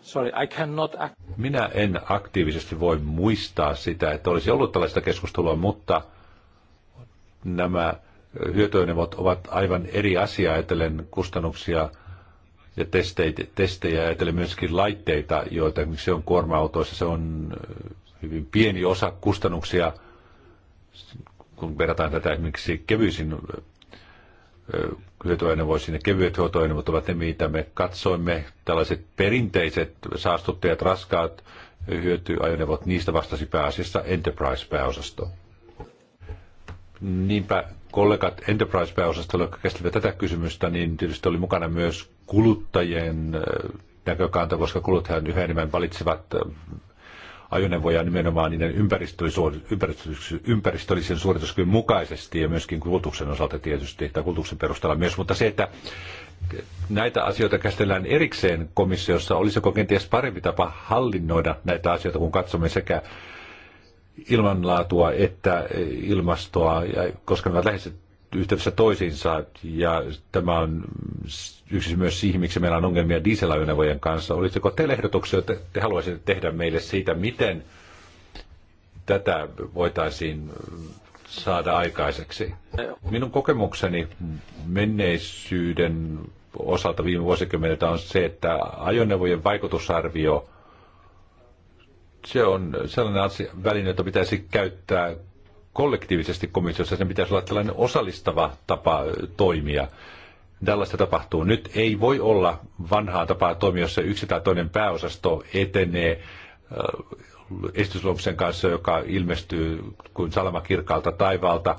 Sorry, I cannot act. Minä en aktiivisesti voi muistaa sitä, että olisi ollut tällaista keskustelua, mutta nämä hyötyönevot ovat aivan eri asia ajatellen kustannuksia – ja testeitä, testejä ajatellen myöskin laitteita, joita se on kuorma-autoissa. Se on äh, hyvin pieni osa kustannuksia, kun verrataan tätä esimerkiksi kevyisin äh, hyötyaineivoihin sinne kevyet hyötyainevot ovat ne, mitä me katsoimme. Tällaiset perinteiset saastuttajat, raskaat hyötyajoneuvot, niistä vastasi pääasiassa Enterprise-pääosasto. Niinpä kollegat Enterprise-pääosastolla, jotka käsittelivät tätä kysymystä, niin tietysti oli mukana myös kuluttajien äh, näkökanta, koska kuluttajat yhä enemmän valitsevat äh, ajoneuvoja nimenomaan niiden ympäristöllisen suorituskyvyn mukaisesti ja myöskin kulutuksen osalta tietysti, tai kulutuksen perusteella myös, mutta se, että näitä asioita käsitellään erikseen komissiossa, olisiko kenties parempi tapa hallinnoida näitä asioita, kun katsomme sekä ilmanlaatua että ilmastoa, ja koska ne ovat lähes yhteydessä toisiinsa, ja tämä on yksi myös siihen, miksi meillä on ongelmia dieselajoneuvojen kanssa. Olisiko teille ehdotuksia, että te haluaisitte tehdä meille siitä, miten tätä voitaisiin saada aikaiseksi? Minun kokemukseni menneisyyden osalta viime vuosikymmeneltä on se, että ajoneuvojen vaikutusarvio – se on sellainen asia, väline, jota pitäisi käyttää kollektiivisesti komissiossa. Sen pitäisi olla tällainen osallistava tapa toimia. Tällaista tapahtuu. Nyt ei voi olla vanhaa tapaa toimia, jossa yksi tai toinen pääosasto etenee äh, esitysluomuksen kanssa, joka ilmestyy kuin salama kirkaalta taivaalta.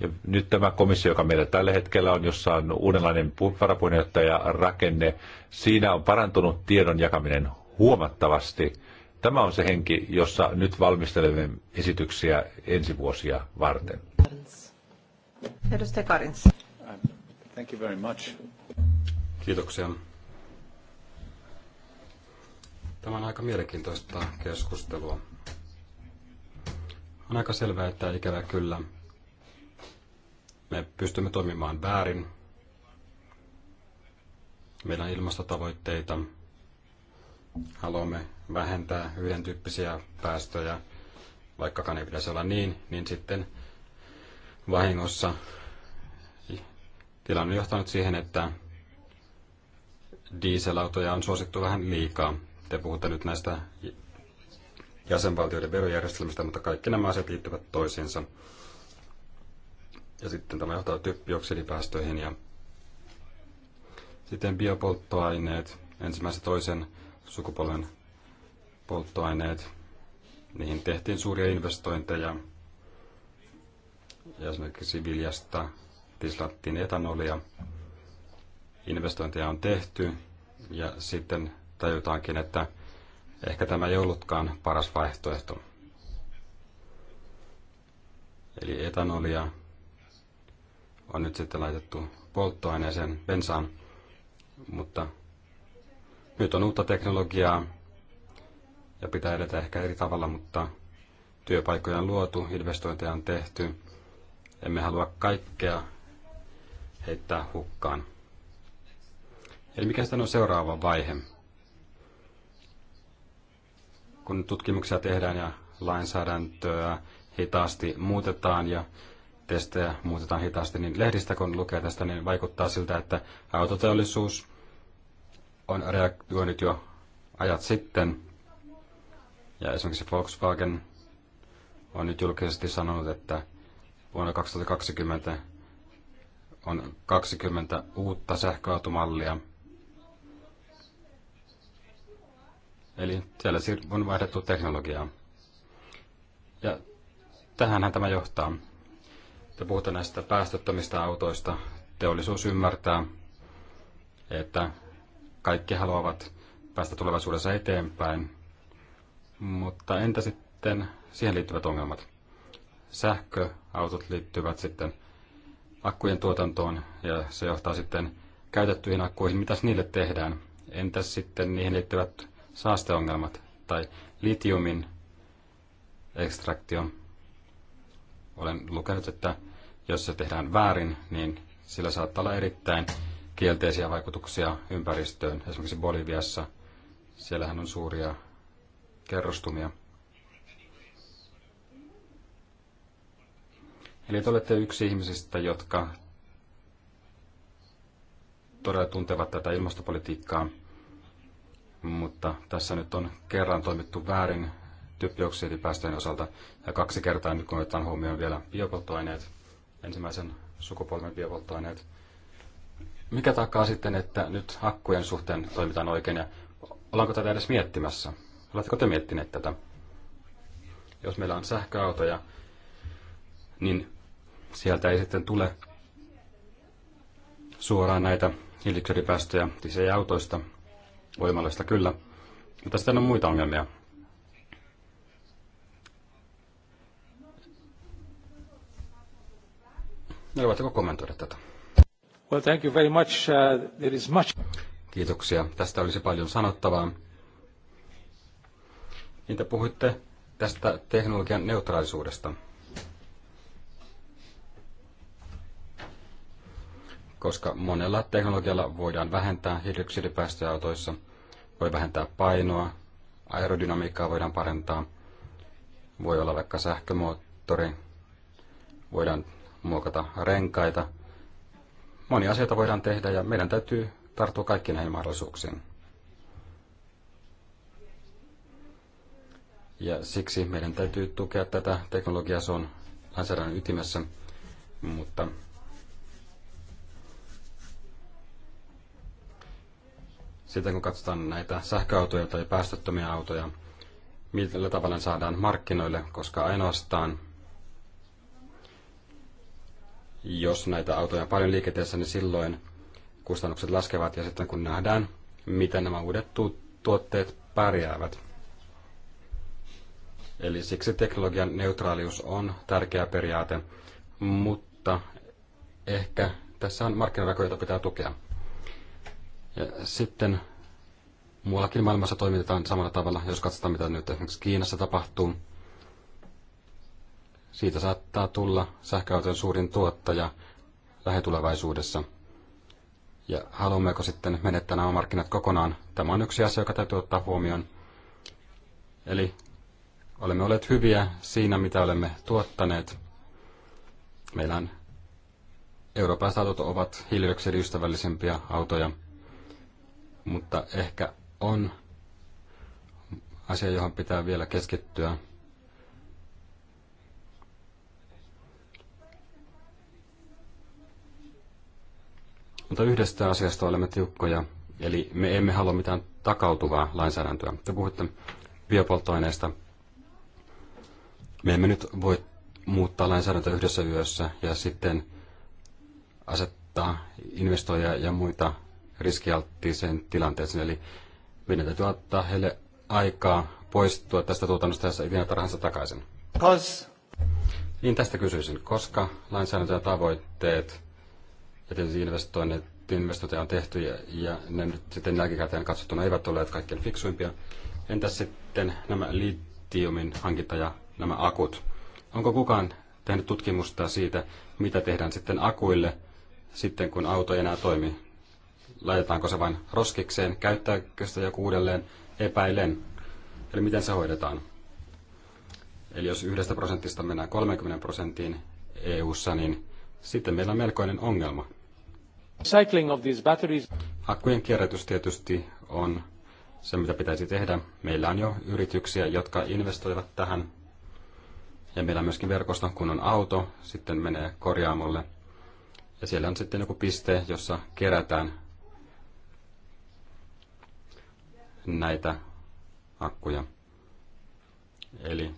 Ja nyt tämä komissio, joka meillä tällä hetkellä on, jossa on uudenlainen varapuheenjohtaja rakenne, siinä on parantunut tiedon jakaminen huomattavasti – Tämä on se henki, jossa nyt valmistelemme esityksiä ensi vuosia varten. Edustaja Karins. Thank you very much. Kiitoksia. Tämä on aika mielenkiintoista keskustelua. On aika selvää, että ikävä kyllä me pystymme toimimaan väärin. Meillä on ilmastotavoitteita, haluamme vähentää yhden tyyppisiä päästöjä, vaikkakaan ei pitäisi olla niin, niin sitten vahingossa tilanne on johtanut siihen, että dieselautoja on suosittu vähän liikaa. Te puhutte nyt näistä jäsenvaltioiden verojärjestelmistä, mutta kaikki nämä asiat liittyvät toisiinsa. Ja sitten tämä johtaa typpioksidipäästöihin ja sitten biopolttoaineet, ensimmäisen toisen sukupolven polttoaineet. Niihin tehtiin suuria investointeja. Ja esimerkiksi viljasta tislattiin etanolia. Investointeja on tehty ja sitten tajutaankin, että ehkä tämä ei ollutkaan paras vaihtoehto. Eli etanolia on nyt sitten laitettu polttoaineeseen, bensaan, mutta nyt on uutta teknologiaa ja pitää edetä ehkä eri tavalla, mutta työpaikkoja on luotu, investointeja on tehty. Emme halua kaikkea heittää hukkaan. Eli mikä sitten on seuraava vaihe? Kun tutkimuksia tehdään ja lainsäädäntöä hitaasti muutetaan ja testejä muutetaan hitaasti, niin lehdistä kun lukee tästä, niin vaikuttaa siltä, että autoteollisuus on reagoinut jo ajat sitten. Ja esimerkiksi Volkswagen on nyt julkisesti sanonut, että vuonna 2020 on 20 uutta sähköautomallia. Eli siellä on vaihdettu teknologiaa. Ja tähänhän tämä johtaa. Te puhutte näistä päästöttömistä autoista. Teollisuus ymmärtää, että kaikki haluavat päästä tulevaisuudessa eteenpäin. Mutta entä sitten siihen liittyvät ongelmat? Sähköautot liittyvät sitten akkujen tuotantoon ja se johtaa sitten käytettyihin akkuihin. Mitäs niille tehdään? Entäs sitten niihin liittyvät saasteongelmat tai litiumin ekstraktio? Olen lukenut, että jos se tehdään väärin, niin sillä saattaa olla erittäin kielteisiä vaikutuksia ympäristöön. Esimerkiksi Boliviassa, siellähän on suuria kerrostumia. Eli te olette yksi ihmisistä, jotka todella tuntevat tätä ilmastopolitiikkaa, mutta tässä nyt on kerran toimittu väärin typpioksidipäästöjen osalta ja kaksi kertaa nyt kun otetaan huomioon vielä biopolttoaineet, ensimmäisen sukupolven biopolttoaineet – mikä takaa sitten, että nyt hakkujen suhteen toimitaan oikein ja ollaanko tätä edes miettimässä? Oletteko te miettineet tätä? Jos meillä on sähköautoja, niin sieltä ei sitten tule suoraan näitä hiilidioksidipäästöjä, siis ei autoista, voimaloista kyllä, mutta sitten on muita ongelmia. No, voitteko kommentoida tätä? Well, thank you very much. Uh, is much... Kiitoksia. Tästä olisi paljon sanottavaa. Niitä puhuitte tästä teknologian neutraalisuudesta. Koska monella teknologialla voidaan vähentää hiilidioksidipäästöjä autoissa, voi vähentää painoa, aerodynamiikkaa voidaan parantaa, voi olla vaikka sähkömoottori, voidaan muokata renkaita – Monia asioita voidaan tehdä ja meidän täytyy tarttua kaikkiin näihin mahdollisuuksiin. Ja siksi meidän täytyy tukea tätä teknologiaa, se on lainsäädännön ytimessä, mutta sitten kun katsotaan näitä sähköautoja tai päästöttömiä autoja, millä tavalla saadaan markkinoille, koska ainoastaan jos näitä autoja on paljon liikenteessä, niin silloin kustannukset laskevat ja sitten kun nähdään, miten nämä uudet tuotteet pärjäävät. Eli siksi teknologian neutraalius on tärkeä periaate, mutta ehkä tässä on markkinarako, jota pitää tukea. Ja sitten muuallakin maailmassa toimitetaan samalla tavalla, jos katsotaan mitä nyt esimerkiksi Kiinassa tapahtuu – siitä saattaa tulla sähköauton suurin tuottaja lähetulevaisuudessa. Ja haluammeko sitten menettää nämä markkinat kokonaan? Tämä on yksi asia, joka täytyy ottaa huomioon. Eli olemme olleet hyviä siinä, mitä olemme tuottaneet. Meillä on Euroopan autot ovat hiilidioksidiystävällisempiä autoja, mutta ehkä on asia, johon pitää vielä keskittyä. Mutta yhdestä asiasta olemme tiukkoja, eli me emme halua mitään takautuvaa lainsäädäntöä. Te puhutte biopolttoaineista. Me emme nyt voi muuttaa lainsäädäntöä yhdessä yössä ja sitten asettaa investoijia ja muita riskialttiiseen tilanteeseen. Eli meidän täytyy ottaa heille aikaa poistua tästä tuotannosta ja vielä tarhansa takaisin. Kos. Niin tästä kysyisin, koska lainsäädäntö ja tavoitteet että tietysti investoinnit, investointeja on tehty ja, ja ne nyt sitten jälkikäteen katsottuna eivät ole kaikkein fiksuimpia. Entäs sitten nämä litiumin hankinta ja nämä akut? Onko kukaan tehnyt tutkimusta siitä, mitä tehdään sitten akuille sitten, kun auto ei enää toimi? Laitetaanko se vain roskikseen? Käyttääkö sitä joku uudelleen? Epäilen. Eli miten se hoidetaan? Eli jos yhdestä prosentista mennään 30 prosenttiin EU-ssa, niin sitten meillä on melkoinen ongelma. Cycling of these batteries. Akkujen kierrätys tietysti on se, mitä pitäisi tehdä. Meillä on jo yrityksiä, jotka investoivat tähän. Ja meillä on myöskin verkosto, kun on auto, sitten menee korjaamolle. Ja siellä on sitten joku piste, jossa kerätään näitä akkuja. Eli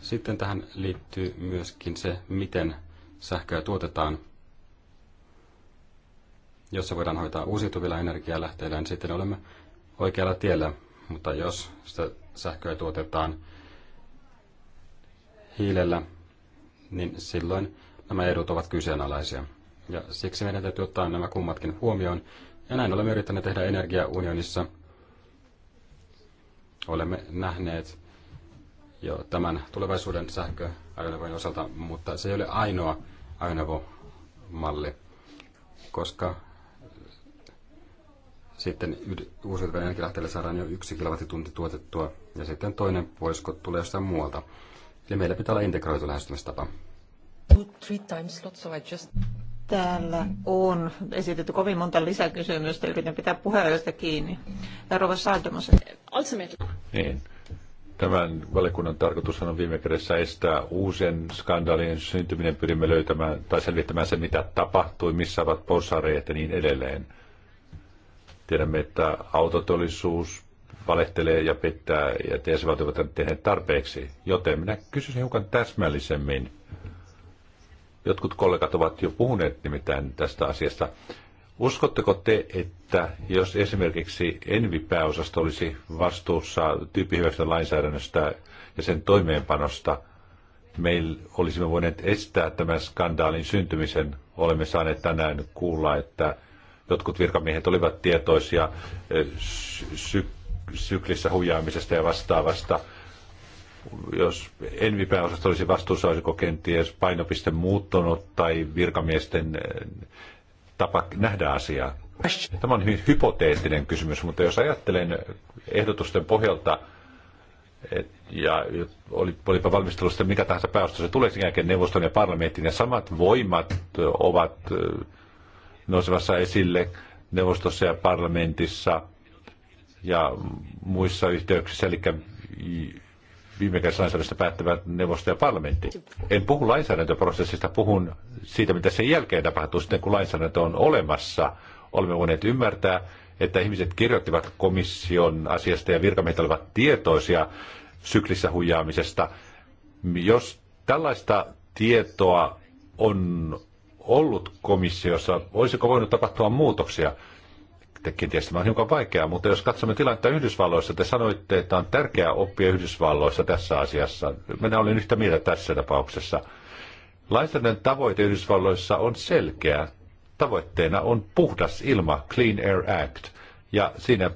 sitten tähän liittyy myöskin se, miten sähköä tuotetaan jos se voidaan hoitaa uusiutuvilla energialähteillä, niin sitten olemme oikealla tiellä. Mutta jos sitä sähköä tuotetaan hiilellä, niin silloin nämä edut ovat kyseenalaisia. Ja siksi meidän täytyy ottaa nämä kummatkin huomioon. Ja näin olemme yrittäneet tehdä energiaunionissa. Olemme nähneet jo tämän tulevaisuuden sähköajoneuvojen osalta, mutta se ei ole ainoa ajoneuvomalli, koska sitten uusiutuvien energialähteillä saadaan jo yksi kilowattitunti tuotettua ja sitten toinen poisko tulee jostain muualta. Eli meillä pitää olla integroitu lähestymistapa. Täällä on esitetty kovin monta lisäkysymystä. Yritän pitää puheenjohtajasta kiinni. Rova Saldemos. Niin. Tämän valiokunnan tarkoitus on viime kädessä estää uusien skandaalien syntyminen. Pyrimme löytämään tai selvittämään se, mitä tapahtui, missä ovat porsareet ja niin edelleen. Tiedämme, että autotollisuus valehtelee ja pettää ja jäsenvaltiot ovat tehneet tarpeeksi. Joten minä kysyisin hiukan täsmällisemmin. Jotkut kollegat ovat jo puhuneet nimittäin tästä asiasta. Uskotteko te, että jos esimerkiksi Envi-pääosasto olisi vastuussa tyyppihyvästä lainsäädännöstä ja sen toimeenpanosta, meillä olisimme voineet estää tämän skandaalin syntymisen? Olemme saaneet tänään kuulla, että jotkut virkamiehet olivat tietoisia eh, sy- syklissä huijaamisesta ja vastaavasta. Jos envipääosasta olisi vastuussa, olisiko kenties painopiste muuttunut tai virkamiesten eh, tapa nähdä asiaa? Tämä on hyvin hypoteettinen kysymys, mutta jos ajattelen ehdotusten pohjalta, et, ja oli, olipa valmistelusta mikä tahansa se tulee sen jälkeen neuvoston ja parlamentin, ja samat voimat eh, ovat nousevassa esille neuvostossa ja parlamentissa ja muissa yhteyksissä, eli viime kädessä lainsäädännöstä päättävät neuvosto ja parlamentti. En puhu lainsäädäntöprosessista, puhun siitä, mitä sen jälkeen tapahtuu sitten, kun lainsäädäntö on olemassa. Olemme voineet ymmärtää, että ihmiset kirjoittivat komission asiasta ja virkamiehet olivat tietoisia syklissä huijaamisesta. Jos tällaista tietoa on ollut komissiossa, olisiko voinut tapahtua muutoksia? Kenties tämä on hiukan vaikeaa, mutta jos katsomme tilannetta Yhdysvalloissa, te sanoitte, että on tärkeää oppia Yhdysvalloissa tässä asiassa. Minä olen yhtä mieltä tässä tapauksessa. Lainsäädännön tavoite Yhdysvalloissa on selkeä. Tavoitteena on puhdas ilma, Clean Air Act, ja siinä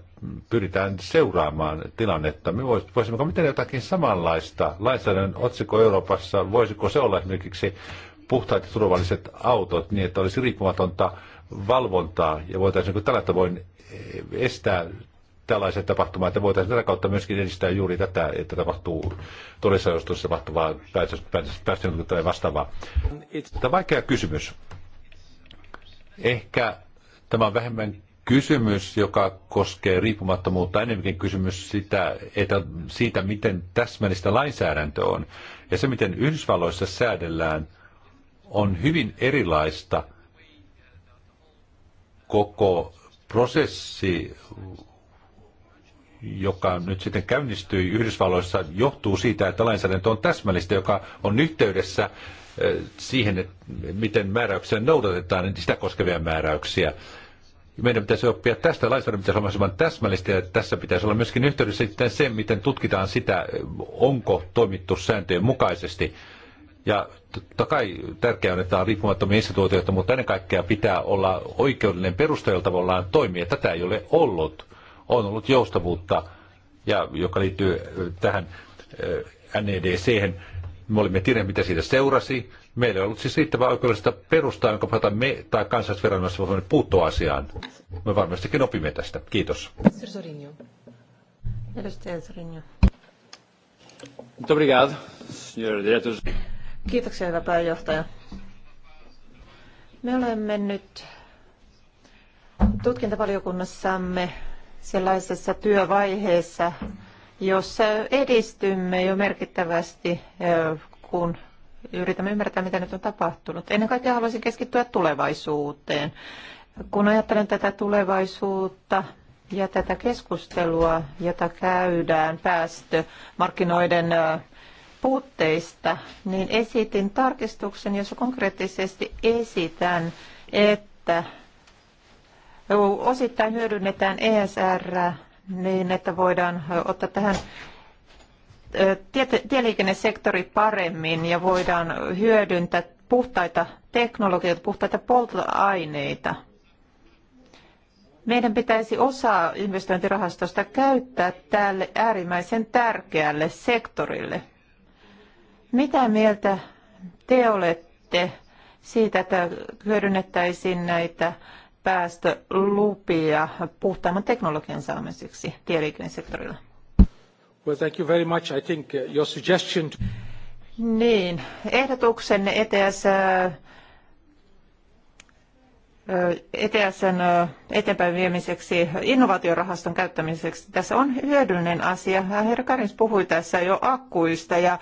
pyritään seuraamaan tilannetta. Me voisimmeko miten jotakin samanlaista lainsäädännön otsikko Euroopassa, voisiko se olla esimerkiksi puhtaat ja turvalliset autot niin, että olisi riippumatonta valvontaa ja voitaisiin niin tällä tavoin estää tällaiset tapahtumat, että voitaisiin tätä kautta myöskin edistää juuri tätä, että tapahtuu todellisuudessa tapahtuvaa päästöjuttua tai vastaavaa. Tämä on vaikea kysymys. Ehkä tämä on vähemmän kysymys, joka koskee riippumattomuutta, enemmänkin kysymys sitä, että siitä, miten täsmällistä lainsäädäntö on. Ja se, miten Yhdysvalloissa säädellään – on hyvin erilaista koko prosessi, joka nyt sitten käynnistyi Yhdysvalloissa, johtuu siitä, että lainsäädäntö on täsmällistä, joka on yhteydessä eh, siihen, että miten määräyksiä noudatetaan, niin sitä koskevia määräyksiä. Meidän pitäisi oppia tästä, lainsäädäntö pitäisi olla mahdollisimman täsmällistä ja tässä pitäisi olla myöskin yhteydessä sitten se, miten tutkitaan sitä, onko toimittu sääntöjen mukaisesti. Ja totta kai tärkeää on, että on riippumattomia instituutioita, mutta ennen kaikkea pitää olla oikeudellinen perusta, jolla tavallaan toimia. Tätä ei ole ollut. On ollut joustavuutta, ja, joka liittyy tähän NEDC. hen, Me olimme tiedä, mitä siitä seurasi. Meillä ei ollut siis riittävää oikeudellista perustaa, jonka pohjalta me tai kansallisviranomaiset voimme puuttua asiaan. Me varmastikin opimme tästä. Kiitos. Edustaja Sorinio. Muito obrigado, senhor diretor. Kiitoksia, hyvä pääjohtaja. Me olemme nyt tutkintavaliokunnassamme sellaisessa työvaiheessa, jossa edistymme jo merkittävästi, kun yritämme ymmärtää, mitä nyt on tapahtunut. Ennen kaikkea haluaisin keskittyä tulevaisuuteen. Kun ajattelen tätä tulevaisuutta ja tätä keskustelua, jota käydään päästömarkkinoiden puutteista, niin esitin tarkistuksen, jossa konkreettisesti esitän, että osittain hyödynnetään ESR niin, että voidaan ottaa tähän tieliikennesektori paremmin ja voidaan hyödyntää puhtaita teknologioita, puhtaita polttoaineita. Meidän pitäisi osa investointirahastosta käyttää tälle äärimmäisen tärkeälle sektorille. Mitä mieltä te olette siitä, että hyödynnettäisiin näitä päästölupia puhtaamman teknologian saamiseksi tieliikennesektorilla? Well, thank you very much. I think uh, your suggestion... Niin, ehdotuksenne ETS ETSn eteenpäin viemiseksi, innovaatiorahaston käyttämiseksi. Tässä on hyödyllinen asia. Herra Karins puhui tässä jo akkuista ja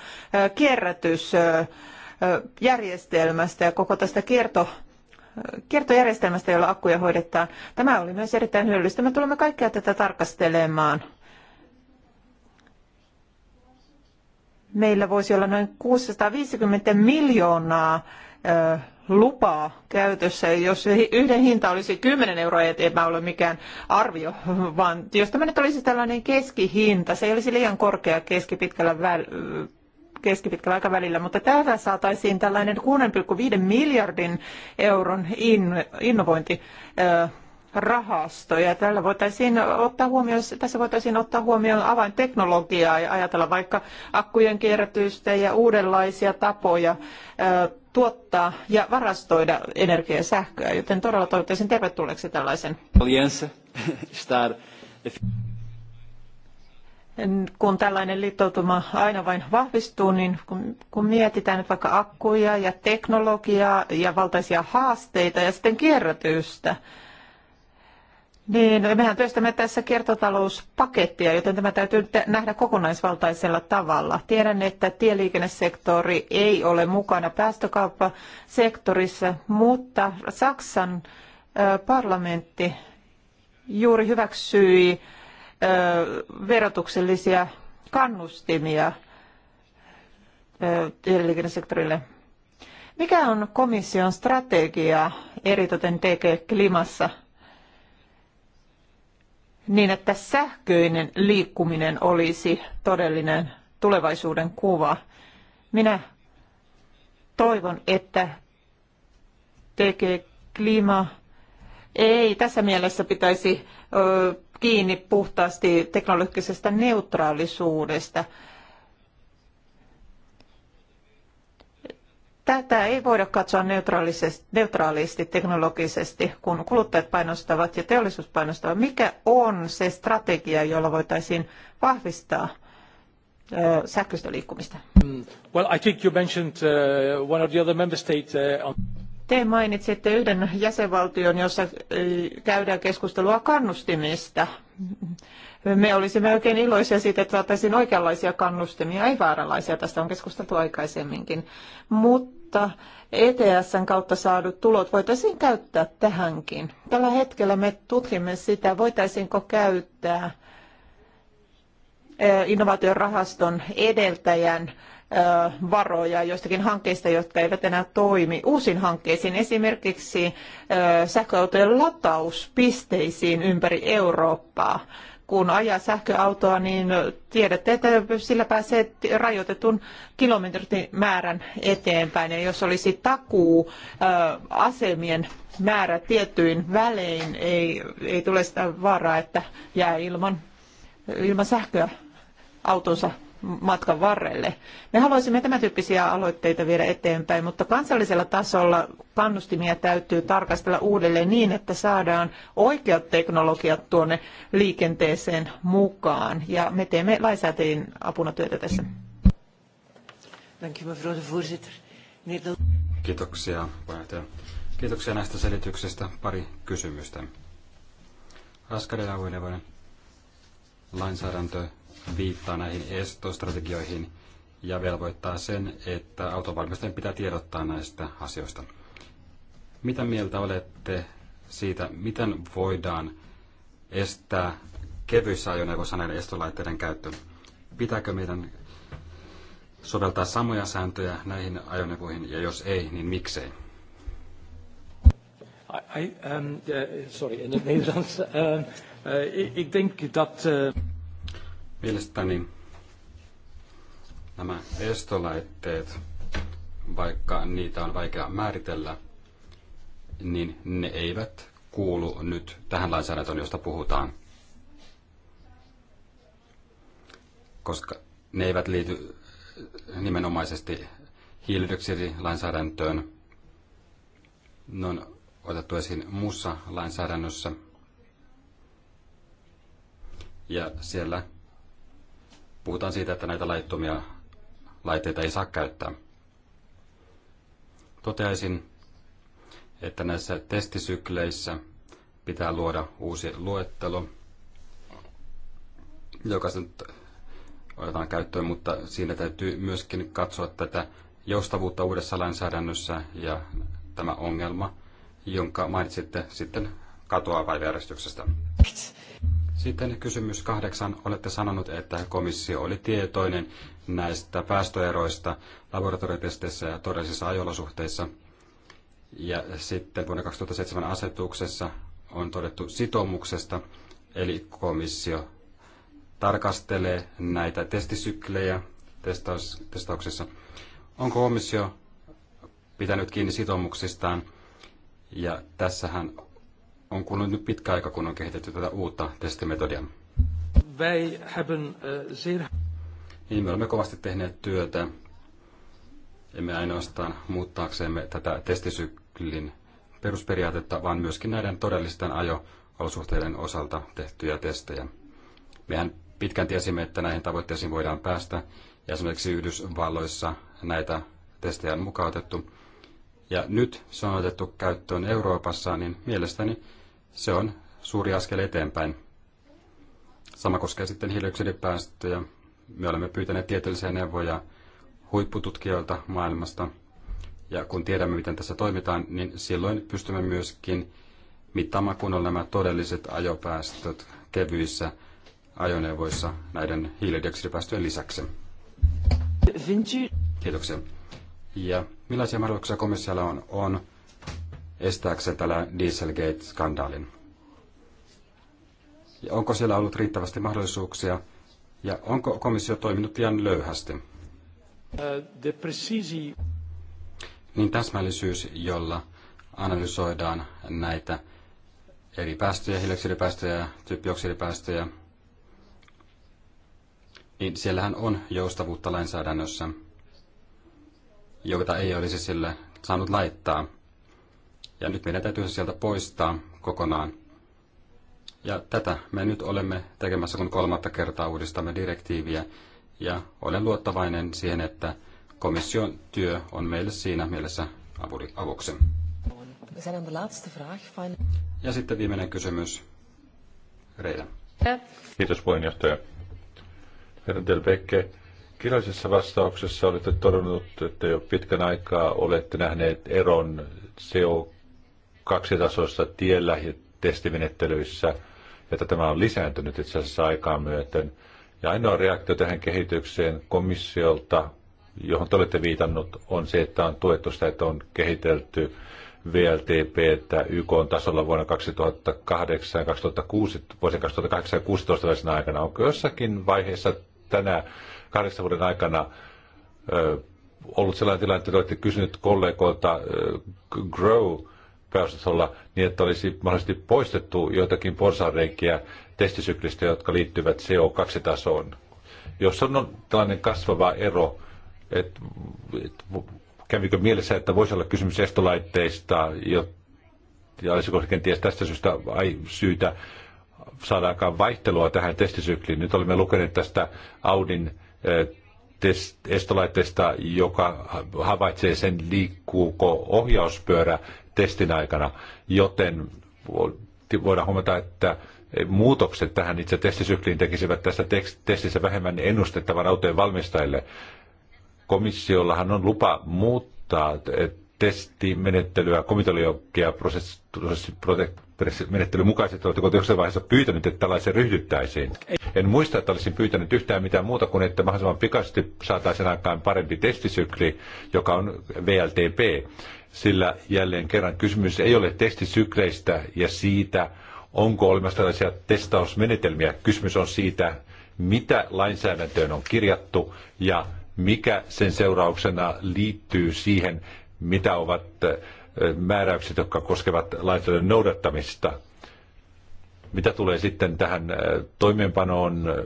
kierrätysjärjestelmästä ja koko tästä kierto kiertojärjestelmästä, jolla akkuja hoidetaan. Tämä oli myös erittäin hyödyllistä. Me tulemme kaikkea tätä tarkastelemaan. Meillä voisi olla noin 650 miljoonaa lupaa käytössä. Jos yhden hinta olisi 10 euroa, ei tämä ole mikään arvio, vaan jos tämä nyt olisi tällainen keskihinta, se ei olisi liian korkea keskipitkällä väl- keskipitkällä aikavälillä, mutta täällä saataisiin tällainen 6,5 miljardin euron in, innovointi rahasto ja tällä voitaisiin ottaa huomioon, tässä voitaisiin ottaa huomioon avainteknologiaa ja ajatella vaikka akkujen kierrätystä ja uudenlaisia tapoja tuottaa ja varastoida energiaa ja sähköä, joten todella toivottaisin tervetulleeksi tällaisen. Kun tällainen liittoutuma aina vain vahvistuu, niin kun, kun mietitään nyt vaikka akkuja ja teknologiaa ja valtaisia haasteita ja sitten kierrätystä, niin, mehän työstämme tässä kiertotalouspakettia, joten tämä täytyy nähdä kokonaisvaltaisella tavalla. Tiedän, että tieliikennesektori ei ole mukana päästökauppasektorissa, mutta Saksan parlamentti juuri hyväksyi verotuksellisia kannustimia tieliikennesektorille. Mikä on komission strategia eritoten tekee Klimassa – niin, että sähköinen liikkuminen olisi todellinen tulevaisuuden kuva. Minä toivon, että tekee klima ei tässä mielessä pitäisi ö, kiinni puhtaasti teknologisesta neutraalisuudesta. Tätä ei voida katsoa neutraalisti teknologisesti, kun kuluttajat painostavat ja teollisuus painostavat. Mikä on se strategia, jolla voitaisiin vahvistaa sähköistä liikkumista? Mm, well, I think you mentioned uh, one of the other member states uh, on... Te mainitsitte yhden jäsenvaltion, jossa käydään keskustelua kannustimista. Me olisimme oikein iloisia siitä, että saataisiin oikeanlaisia kannustimia, ei vääränlaisia. Tästä on keskusteltu aikaisemminkin. Mutta mutta ETSn kautta saadut tulot voitaisiin käyttää tähänkin. Tällä hetkellä me tutkimme sitä, voitaisiinko käyttää eh, innovaatiorahaston edeltäjän eh, varoja joistakin hankkeista, jotka eivät enää toimi, uusiin hankkeisiin, esimerkiksi eh, sähköautojen latauspisteisiin ympäri Eurooppaa kun ajaa sähköautoa, niin tiedätte, että sillä pääsee rajoitetun kilometrimäärän eteenpäin. Ja jos olisi takuu asemien määrä tiettyin välein, ei, ei tule sitä vaaraa, että jää ilman, ilman sähköä autonsa matkan varrelle. Me haluaisimme tämän tyyppisiä aloitteita viedä eteenpäin, mutta kansallisella tasolla kannustimia täytyy tarkastella uudelleen niin, että saadaan oikeat teknologiat tuonne liikenteeseen mukaan. Ja me teemme lainsäätäjien apuna työtä tässä. Kiitoksia, puheenjohtaja. Kiitoksia näistä selityksistä. Pari kysymystä. Raskaiden lainsäädäntö viittaa näihin estostrategioihin ja velvoittaa sen, että autovalmistajien pitää tiedottaa näistä asioista. Mitä mieltä olette siitä, miten voidaan estää kevyissä ajoneuvoissa näiden estolaitteiden käyttö? Pitääkö meidän soveltaa samoja sääntöjä näihin ajoneuvoihin, ja jos ei, niin miksei? I, I, um, uh, sorry, in het Nederlands. Um, uh, uh, ik denk dat... Uh... Mielestäni nämä estolaitteet, vaikka niitä on vaikea määritellä, niin ne eivät kuulu nyt tähän lainsäädäntöön, josta puhutaan. Koska ne eivät liity nimenomaisesti hiilidioksidilainsäädäntöön. Ne on otettu esiin muussa lainsäädännössä. Ja siellä Puhutaan siitä, että näitä laittomia laitteita ei saa käyttää. Toteaisin, että näissä testisykleissä pitää luoda uusi luettelo, joka sen otetaan käyttöön, mutta siinä täytyy myöskin katsoa tätä joustavuutta uudessa lainsäädännössä ja tämä ongelma, jonka mainitsitte, sitten katoaa päiväjärjestyksestä. Sitten kysymys kahdeksan. Olette sanonut, että komissio oli tietoinen näistä päästöeroista laboratoriotesteissä ja todellisissa ajolosuhteissa. Ja sitten vuonna 2007 asetuksessa on todettu sitoumuksesta, eli komissio tarkastelee näitä testisyklejä testaus, testauksessa. Onko komissio pitänyt kiinni sitoumuksistaan? Ja tässähän on kulunut nyt pitkä aika, kun on kehitetty tätä uutta testimetodia. Wij hebben eh, zeer... Niin, me olemme kovasti tehneet työtä, emme ainoastaan muuttaaksemme tätä testisyklin perusperiaatetta, vaan myöskin näiden todellisten ajo-olosuhteiden osalta tehtyjä testejä. Mehän pitkään tiesimme, että näihin tavoitteisiin voidaan päästä, ja esimerkiksi Yhdysvalloissa näitä testejä on mukautettu. Ja nyt se on otettu käyttöön Euroopassa, niin mielestäni se on suuri askel eteenpäin. Sama koskee sitten hiilioksidipäästöjä. Me olemme pyytäneet tieteellisiä neuvoja huippututkijoilta maailmasta. Ja kun tiedämme, miten tässä toimitaan, niin silloin pystymme myöskin mittaamaan kunnolla nämä todelliset ajopäästöt kevyissä ajoneuvoissa näiden hiilidioksidipäästöjen lisäksi. Kiitoksia. Ja millaisia mahdollisuuksia komissiolla on, on estääkseen tällä Dieselgate-skandaalin? Ja onko siellä ollut riittävästi mahdollisuuksia ja onko komissio toiminut liian löyhästi? niin täsmällisyys, jolla analysoidaan näitä eri päästöjä, hiilidioksidipäästöjä ja typpioksidipäästöjä, niin siellähän on joustavuutta lainsäädännössä, jota ei olisi sille saanut laittaa – ja nyt meidän täytyy se sieltä poistaa kokonaan. Ja tätä me nyt olemme tekemässä, kun kolmatta kertaa uudistamme direktiiviä. Ja olen luottavainen siihen, että komission työ on meille siinä mielessä avuksi. Ja sitten viimeinen kysymys. Reila. Kiitos puheenjohtaja. Herra Delbecke, kirjallisessa vastauksessa olette todennut, että jo pitkän aikaa olette nähneet eron CO kaksitasoissa tiellä ja testimenettelyissä, että tämä on lisääntynyt itse asiassa aikaa myöten. Ja ainoa reaktio tähän kehitykseen komissiolta, johon te olette viitannut, on se, että on tuettu sitä, että on kehitelty VLTP, että YK on tasolla vuonna 2008 2006, vuosien 2008 ja 2016 aikana. Onko jossakin vaiheessa tänä kahdeksan vuoden aikana ö, ollut sellainen tilanne, että olette kysynyt kollegoilta ö, Grow pääosastolla niin, että olisi mahdollisesti poistettu joitakin porsanreikiä testisyklistä, jotka liittyvät CO2-tasoon. Jos on tällainen kasvava ero, että et, kävikö mielessä, että voisi olla kysymys estolaitteista, jo, ja olisiko se kenties tästä syystä ai, syytä saada aikaan vaihtelua tähän testisykliin. Nyt olemme lukeneet tästä Audin e, test, estolaitteesta, joka havaitsee sen, liikkuuko ohjauspyörä testin aikana, joten voidaan huomata, että muutokset tähän itse testisykliin tekisivät tässä testissä vähemmän ennustettavan autojen valmistajille. Komissiollahan on lupa muuttaa testimenettelyä komitologia menettelyn mukaisesti, oletteko te jossain vaiheessa pyytänyt, että tällaisen ryhdyttäisiin? En muista, että olisin pyytänyt yhtään mitään muuta kuin, että mahdollisimman pikaisesti saataisiin aikaan parempi testisykli, joka on VLTP. Sillä jälleen kerran kysymys ei ole testisykleistä ja siitä, onko olemassa tällaisia testausmenetelmiä. Kysymys on siitä, mitä lainsäädäntöön on kirjattu ja mikä sen seurauksena liittyy siihen, mitä ovat määräykset, jotka koskevat lainsäädännön noudattamista. Mitä tulee sitten tähän äh, toimeenpanoon, äh,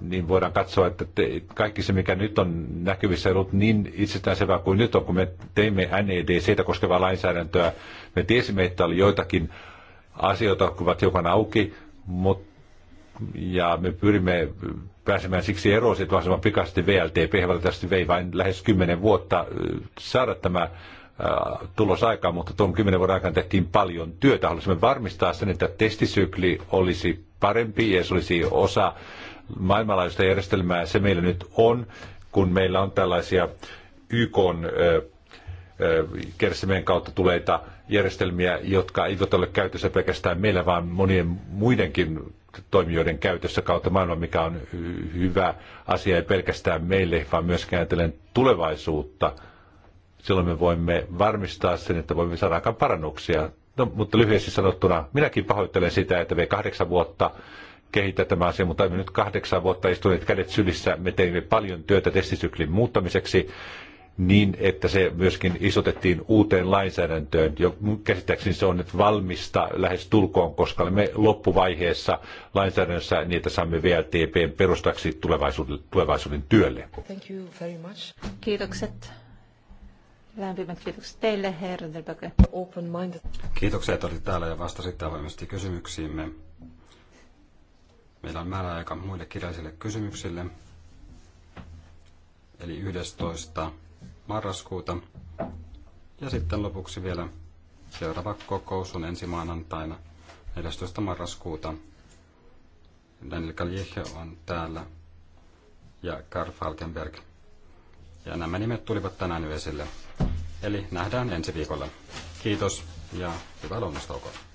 niin voidaan katsoa, että te, kaikki se, mikä nyt on näkyvissä ollut niin itsestäänselvää kuin nyt on, kun me teimme siitä e koskevaa lainsäädäntöä, me tiesimme, että oli joitakin asioita, jotka ovat hiukan auki, mutta ja me pyrimme pääsemään siksi eroon siitä mahdollisimman pikaisesti VLTP, valitettavasti vei vain lähes kymmenen vuotta äh, saada tämä äh, tulos aikaan, mutta tuon kymmenen vuoden aikana tehtiin paljon työtä. Haluaisimme varmistaa sen, että testisykli olisi parempi ja se olisi osa maailmanlaajuista järjestelmää. Se meillä nyt on, kun meillä on tällaisia YK kersimien kautta tuleita järjestelmiä, jotka eivät ole käytössä pelkästään meillä, vaan monien muidenkin toimijoiden käytössä kautta maailman, mikä on hyvä asia ei pelkästään meille, vaan myös ajatellen tulevaisuutta. Silloin me voimme varmistaa sen, että voimme saada aika parannuksia. No, mutta lyhyesti sanottuna, minäkin pahoittelen sitä, että me kahdeksan vuotta kehittää tämä asia, mutta emme nyt kahdeksan vuotta istuneet kädet sylissä. Me teimme paljon työtä testisyklin muuttamiseksi niin, että se myöskin isotettiin uuteen lainsäädäntöön. Jo käsittääkseni se on nyt valmista lähes tulkoon, koska me loppuvaiheessa lainsäädännössä niitä saamme vielä VLTPn perustaksi tulevaisuuden, tulevaisuuden työlle. Thank you very much. Kiitokset. Lämpimät kiitokset teille, herra Delbeke. Kiitoksia, että olitte täällä ja vastasitte avoimesti kysymyksiimme. Meillä on määräaika muille kirjallisille kysymyksille eli 11 marraskuuta. Ja sitten lopuksi vielä seuraava kokous on ensi maanantaina 14. marraskuuta. Daniel Kaljehe on täällä ja Karl Falkenberg. Ja nämä nimet tulivat tänään yö esille. Eli nähdään ensi viikolla. Kiitos ja hyvää lounastaukoa.